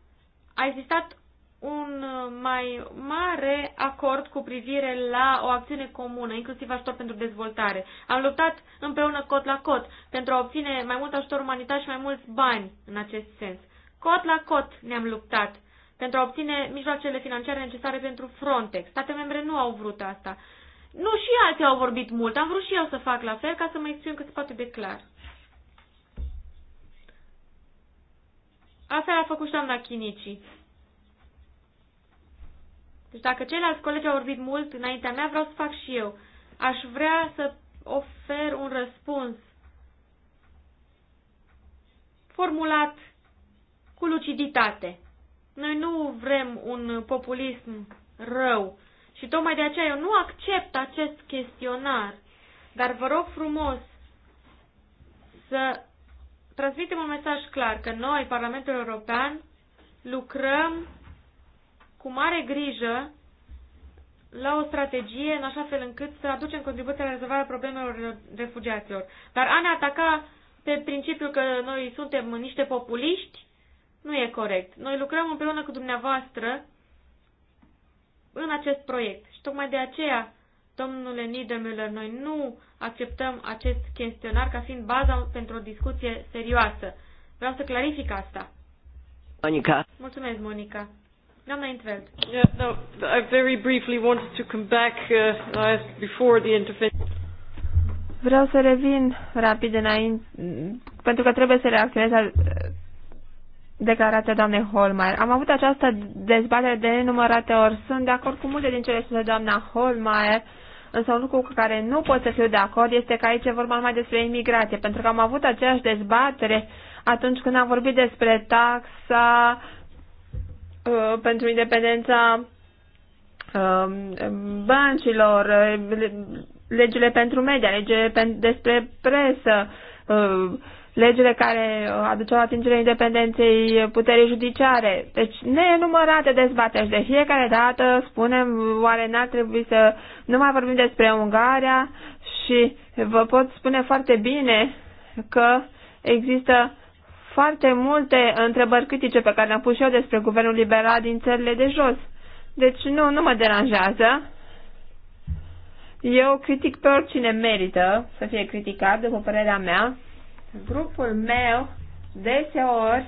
a existat un uh, mai mare acord cu privire la o acțiune comună, inclusiv ajutor pentru dezvoltare. Am luptat împreună cot la cot pentru a obține mai mult ajutor umanitar și mai mulți bani în acest sens. Cot la cot ne-am luptat pentru a obține mijloacele financiare necesare pentru Frontex. State membre nu au vrut asta. Nu, și alții au vorbit mult. Am vrut și eu să fac la fel ca să mă exprim cât se poate de clar. Asta a făcut și doamna Chinicii. Deci dacă ceilalți colegi au vorbit mult înaintea mea, vreau să fac și eu. Aș vrea să ofer un răspuns formulat cu luciditate. Noi nu vrem un populism rău și tocmai de aceea eu nu accept acest chestionar, dar vă rog frumos să transmitem un mesaj clar că noi, Parlamentul European, lucrăm cu mare grijă la o strategie în așa fel încât să aducem contribuția la rezolvarea problemelor refugiaților. Dar a ne ataca pe principiul că noi suntem niște populiști nu e corect. Noi lucrăm împreună cu dumneavoastră în acest proiect și tocmai de aceea, domnule Niedermüller, noi nu acceptăm acest chestionar ca fiind baza pentru o discuție serioasă. Vreau să clarific asta. Monica. Mulțumesc, Monica. I very briefly wanted to come back uh, before the intervention. Vreau să revin rapid înainte, pentru că trebuie să reacționez la uh, declarația doamnei Holmeier. Am avut această dezbatere de nenumărate ori. Sunt de acord cu multe din cele spuse doamna Holmeier, însă un lucru cu care nu pot să fiu de acord este că aici vorba mai despre imigrație, pentru că am avut aceeași dezbatere atunci când am vorbit despre taxa Uh, pentru independența uh, băncilor, uh, legile pentru media, legile despre presă, legile care aduceau atingere independenței puterii judiciare. Deci nenumărate dezbateri de fiecare dată spunem oare n-ar trebui să nu mai vorbim despre Ungaria și vă pot spune foarte bine că există foarte multe întrebări critice pe care le-am pus și eu despre guvernul liberal din țările de jos. Deci nu, nu mă deranjează. Eu critic pe oricine merită să fie criticat, după părerea mea. Grupul meu deseori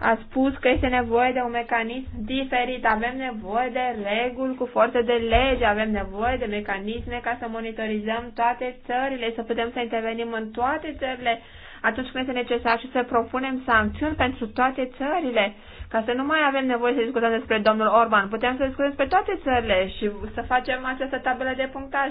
a spus că este nevoie de un mecanism diferit, avem nevoie de reguli cu forță de lege, avem nevoie de mecanisme ca să monitorizăm toate țările, să putem să intervenim în toate țările atunci când este necesar și să propunem sancțiuni pentru toate țările, ca să nu mai avem nevoie să discutăm despre domnul Orban. Putem să discutăm despre toate țările și să facem această tabelă de punctaj.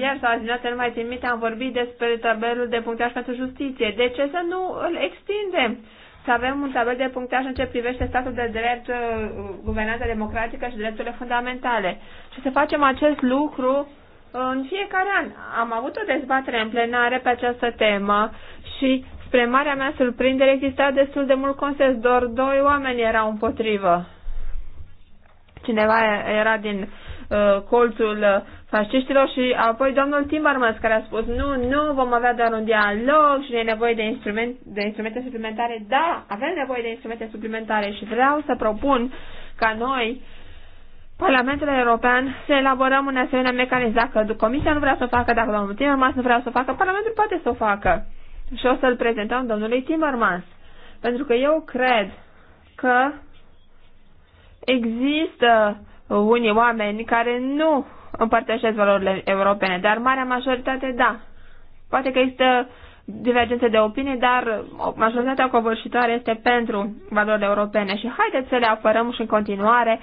Ieri sau azi dimineață, nu mai țin minte, am vorbit despre tabelul de punctaj pentru justiție. De ce să nu îl extindem? Să avem un tabel de punctaj în ce privește statul de drept, uh, guvernanța democratică și drepturile fundamentale. Și să facem acest lucru în fiecare an am avut o dezbatere în plenare pe această temă și, spre marea mea surprindere, exista destul de mult consens. Doar doi oameni erau împotrivă. Cineva era din uh, colțul fasciștilor și apoi domnul Timbermans care a spus nu, nu, vom avea doar un dialog și nu e nevoie de, instrument, de instrumente suplimentare. Da, avem nevoie de instrumente suplimentare și vreau să propun ca noi uh, Parlamentul European să elaborăm un asemenea mecanism. Dacă Comisia nu vrea să o facă, dacă domnul Timmermans nu vrea să o facă, Parlamentul poate să o facă. Și o să-l prezentăm domnului Timmermans. Pentru că eu cred că există unii oameni care nu împărtășesc valorile europene, dar marea majoritate da. Poate că există divergențe de opinie, dar majoritatea covârșitoare este pentru valorile europene și haideți să le apărăm și în continuare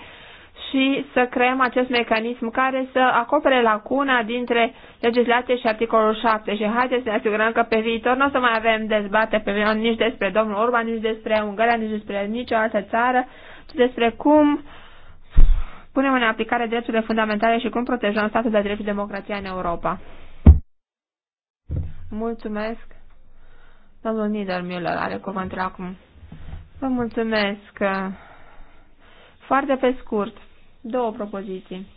și să creăm acest mecanism care să acopere lacuna dintre legislație și articolul 7 și haideți să ne asigurăm că pe viitor nu o să mai avem dezbate pe milion nici despre domnul Orban, nici despre Ungaria, nici despre nicio altă țară, ci despre cum punem în aplicare drepturile fundamentale și cum protejăm statul de drept și democrația în Europa. Mulțumesc. Domnul Niedermüller are cuvântul acum. Vă mulțumesc. Foarte pe scurt. Două propoziții.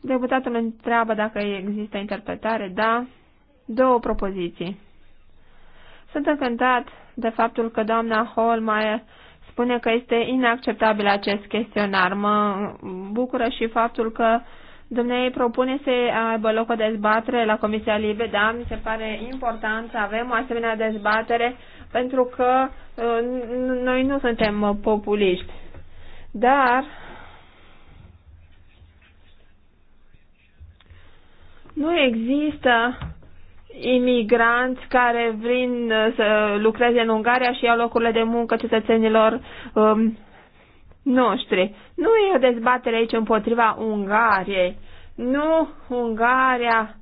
Deputatul întreabă dacă există interpretare. Da. Două propoziții. Sunt încântat de faptul că doamna Holmeier spune că este inacceptabil acest chestionar. Mă bucură și faptul că dumnei propune să aibă loc o dezbatere la Comisia Libe. Da, mi se pare important să avem o asemenea dezbatere pentru că uh, noi nu suntem uh, populiști. Dar nu există imigranți care vin uh, să lucreze în Ungaria și iau locurile de muncă cetățenilor um, noștri. Nu e o dezbatere aici împotriva Ungariei. Nu Ungaria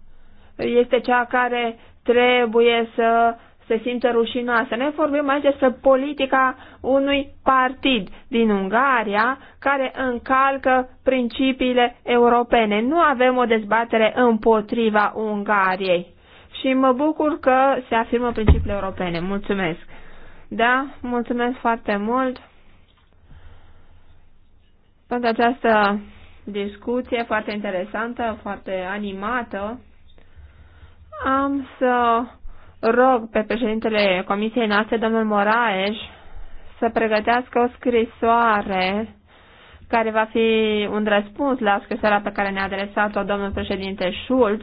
este cea care trebuie să se simtă rușinoasă. Noi vorbim aici despre politica unui partid din Ungaria care încalcă principiile europene. Nu avem o dezbatere împotriva Ungariei. Și mă bucur că se afirmă principiile europene. Mulțumesc. Da, mulțumesc foarte mult pentru această discuție foarte interesantă, foarte animată. Am să rog pe președintele Comisiei noastre, domnul Moraes, să pregătească o scrisoare care va fi un răspuns la scrisoarea pe care ne-a adresat-o domnul președinte Schulz,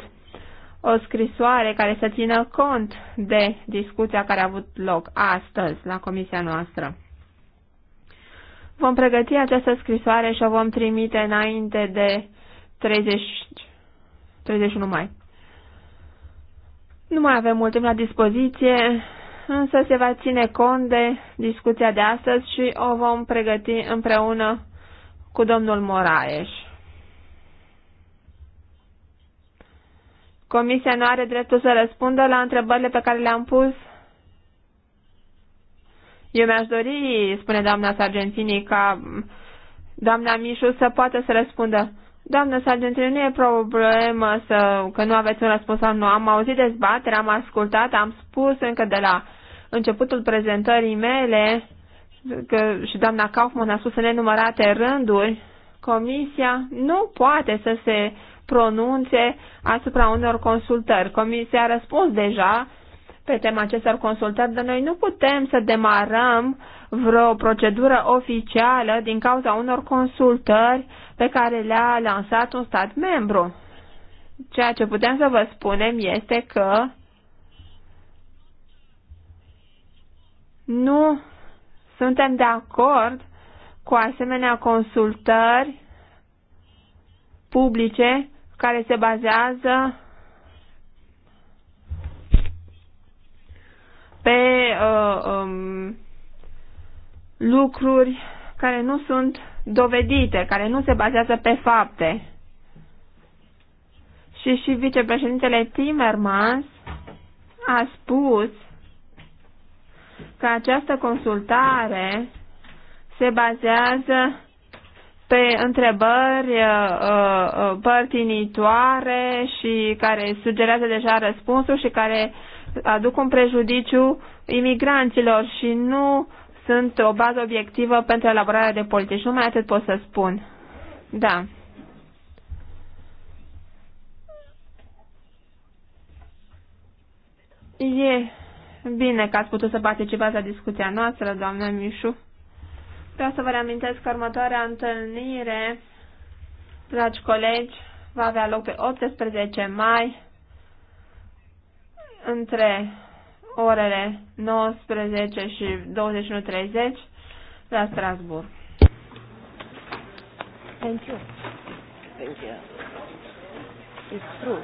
o scrisoare care să țină cont de discuția care a avut loc astăzi la comisia noastră. Vom pregăti această scrisoare și o vom trimite înainte de 30, 31 mai. Nu mai avem mult timp la dispoziție, însă se va ține cont de discuția de astăzi și o vom pregăti împreună cu domnul Moraes. Comisia nu are dreptul să răspundă la întrebările pe care le-am pus? Eu mi-aș dori, spune doamna Sargentini, ca doamna Mișu să poată să răspundă. Doamnă Sargentine, nu e problemă să, că nu aveți un răspuns sau nu. Am auzit dezbaterea, am ascultat, am spus încă de la începutul prezentării mele că și doamna Kaufman a spus în nenumărate rânduri, Comisia nu poate să se pronunțe asupra unor consultări. Comisia a răspuns deja pe tema acestor consultări, dar noi nu putem să demarăm uh, vreo procedură oficială din cauza unor consultări pe care le-a lansat un stat membru. Ceea ce putem să vă spunem este că nu suntem de acord cu asemenea consultări publice care se bazează pe uh, um, lucruri care nu sunt dovedite, care nu se bazează pe fapte. Și și vicepreședintele Timmermans a spus că această consultare se bazează pe întrebări uh, uh părtinitoare și care sugerează deja răspunsul și care aduc un prejudiciu imigranților și nu uh, sunt o bază obiectivă pentru elaborarea de politici. Numai atât pot să spun. Da. E bine că ați putut să participați la discuția noastră, doamnă Mișu. Vreau să vă reamintesc că următoarea întâlnire, dragi colegi, va avea loc pe 18 mai între orele 19 și 21.30 la Strasbourg. Thank you. Thank you. It's true.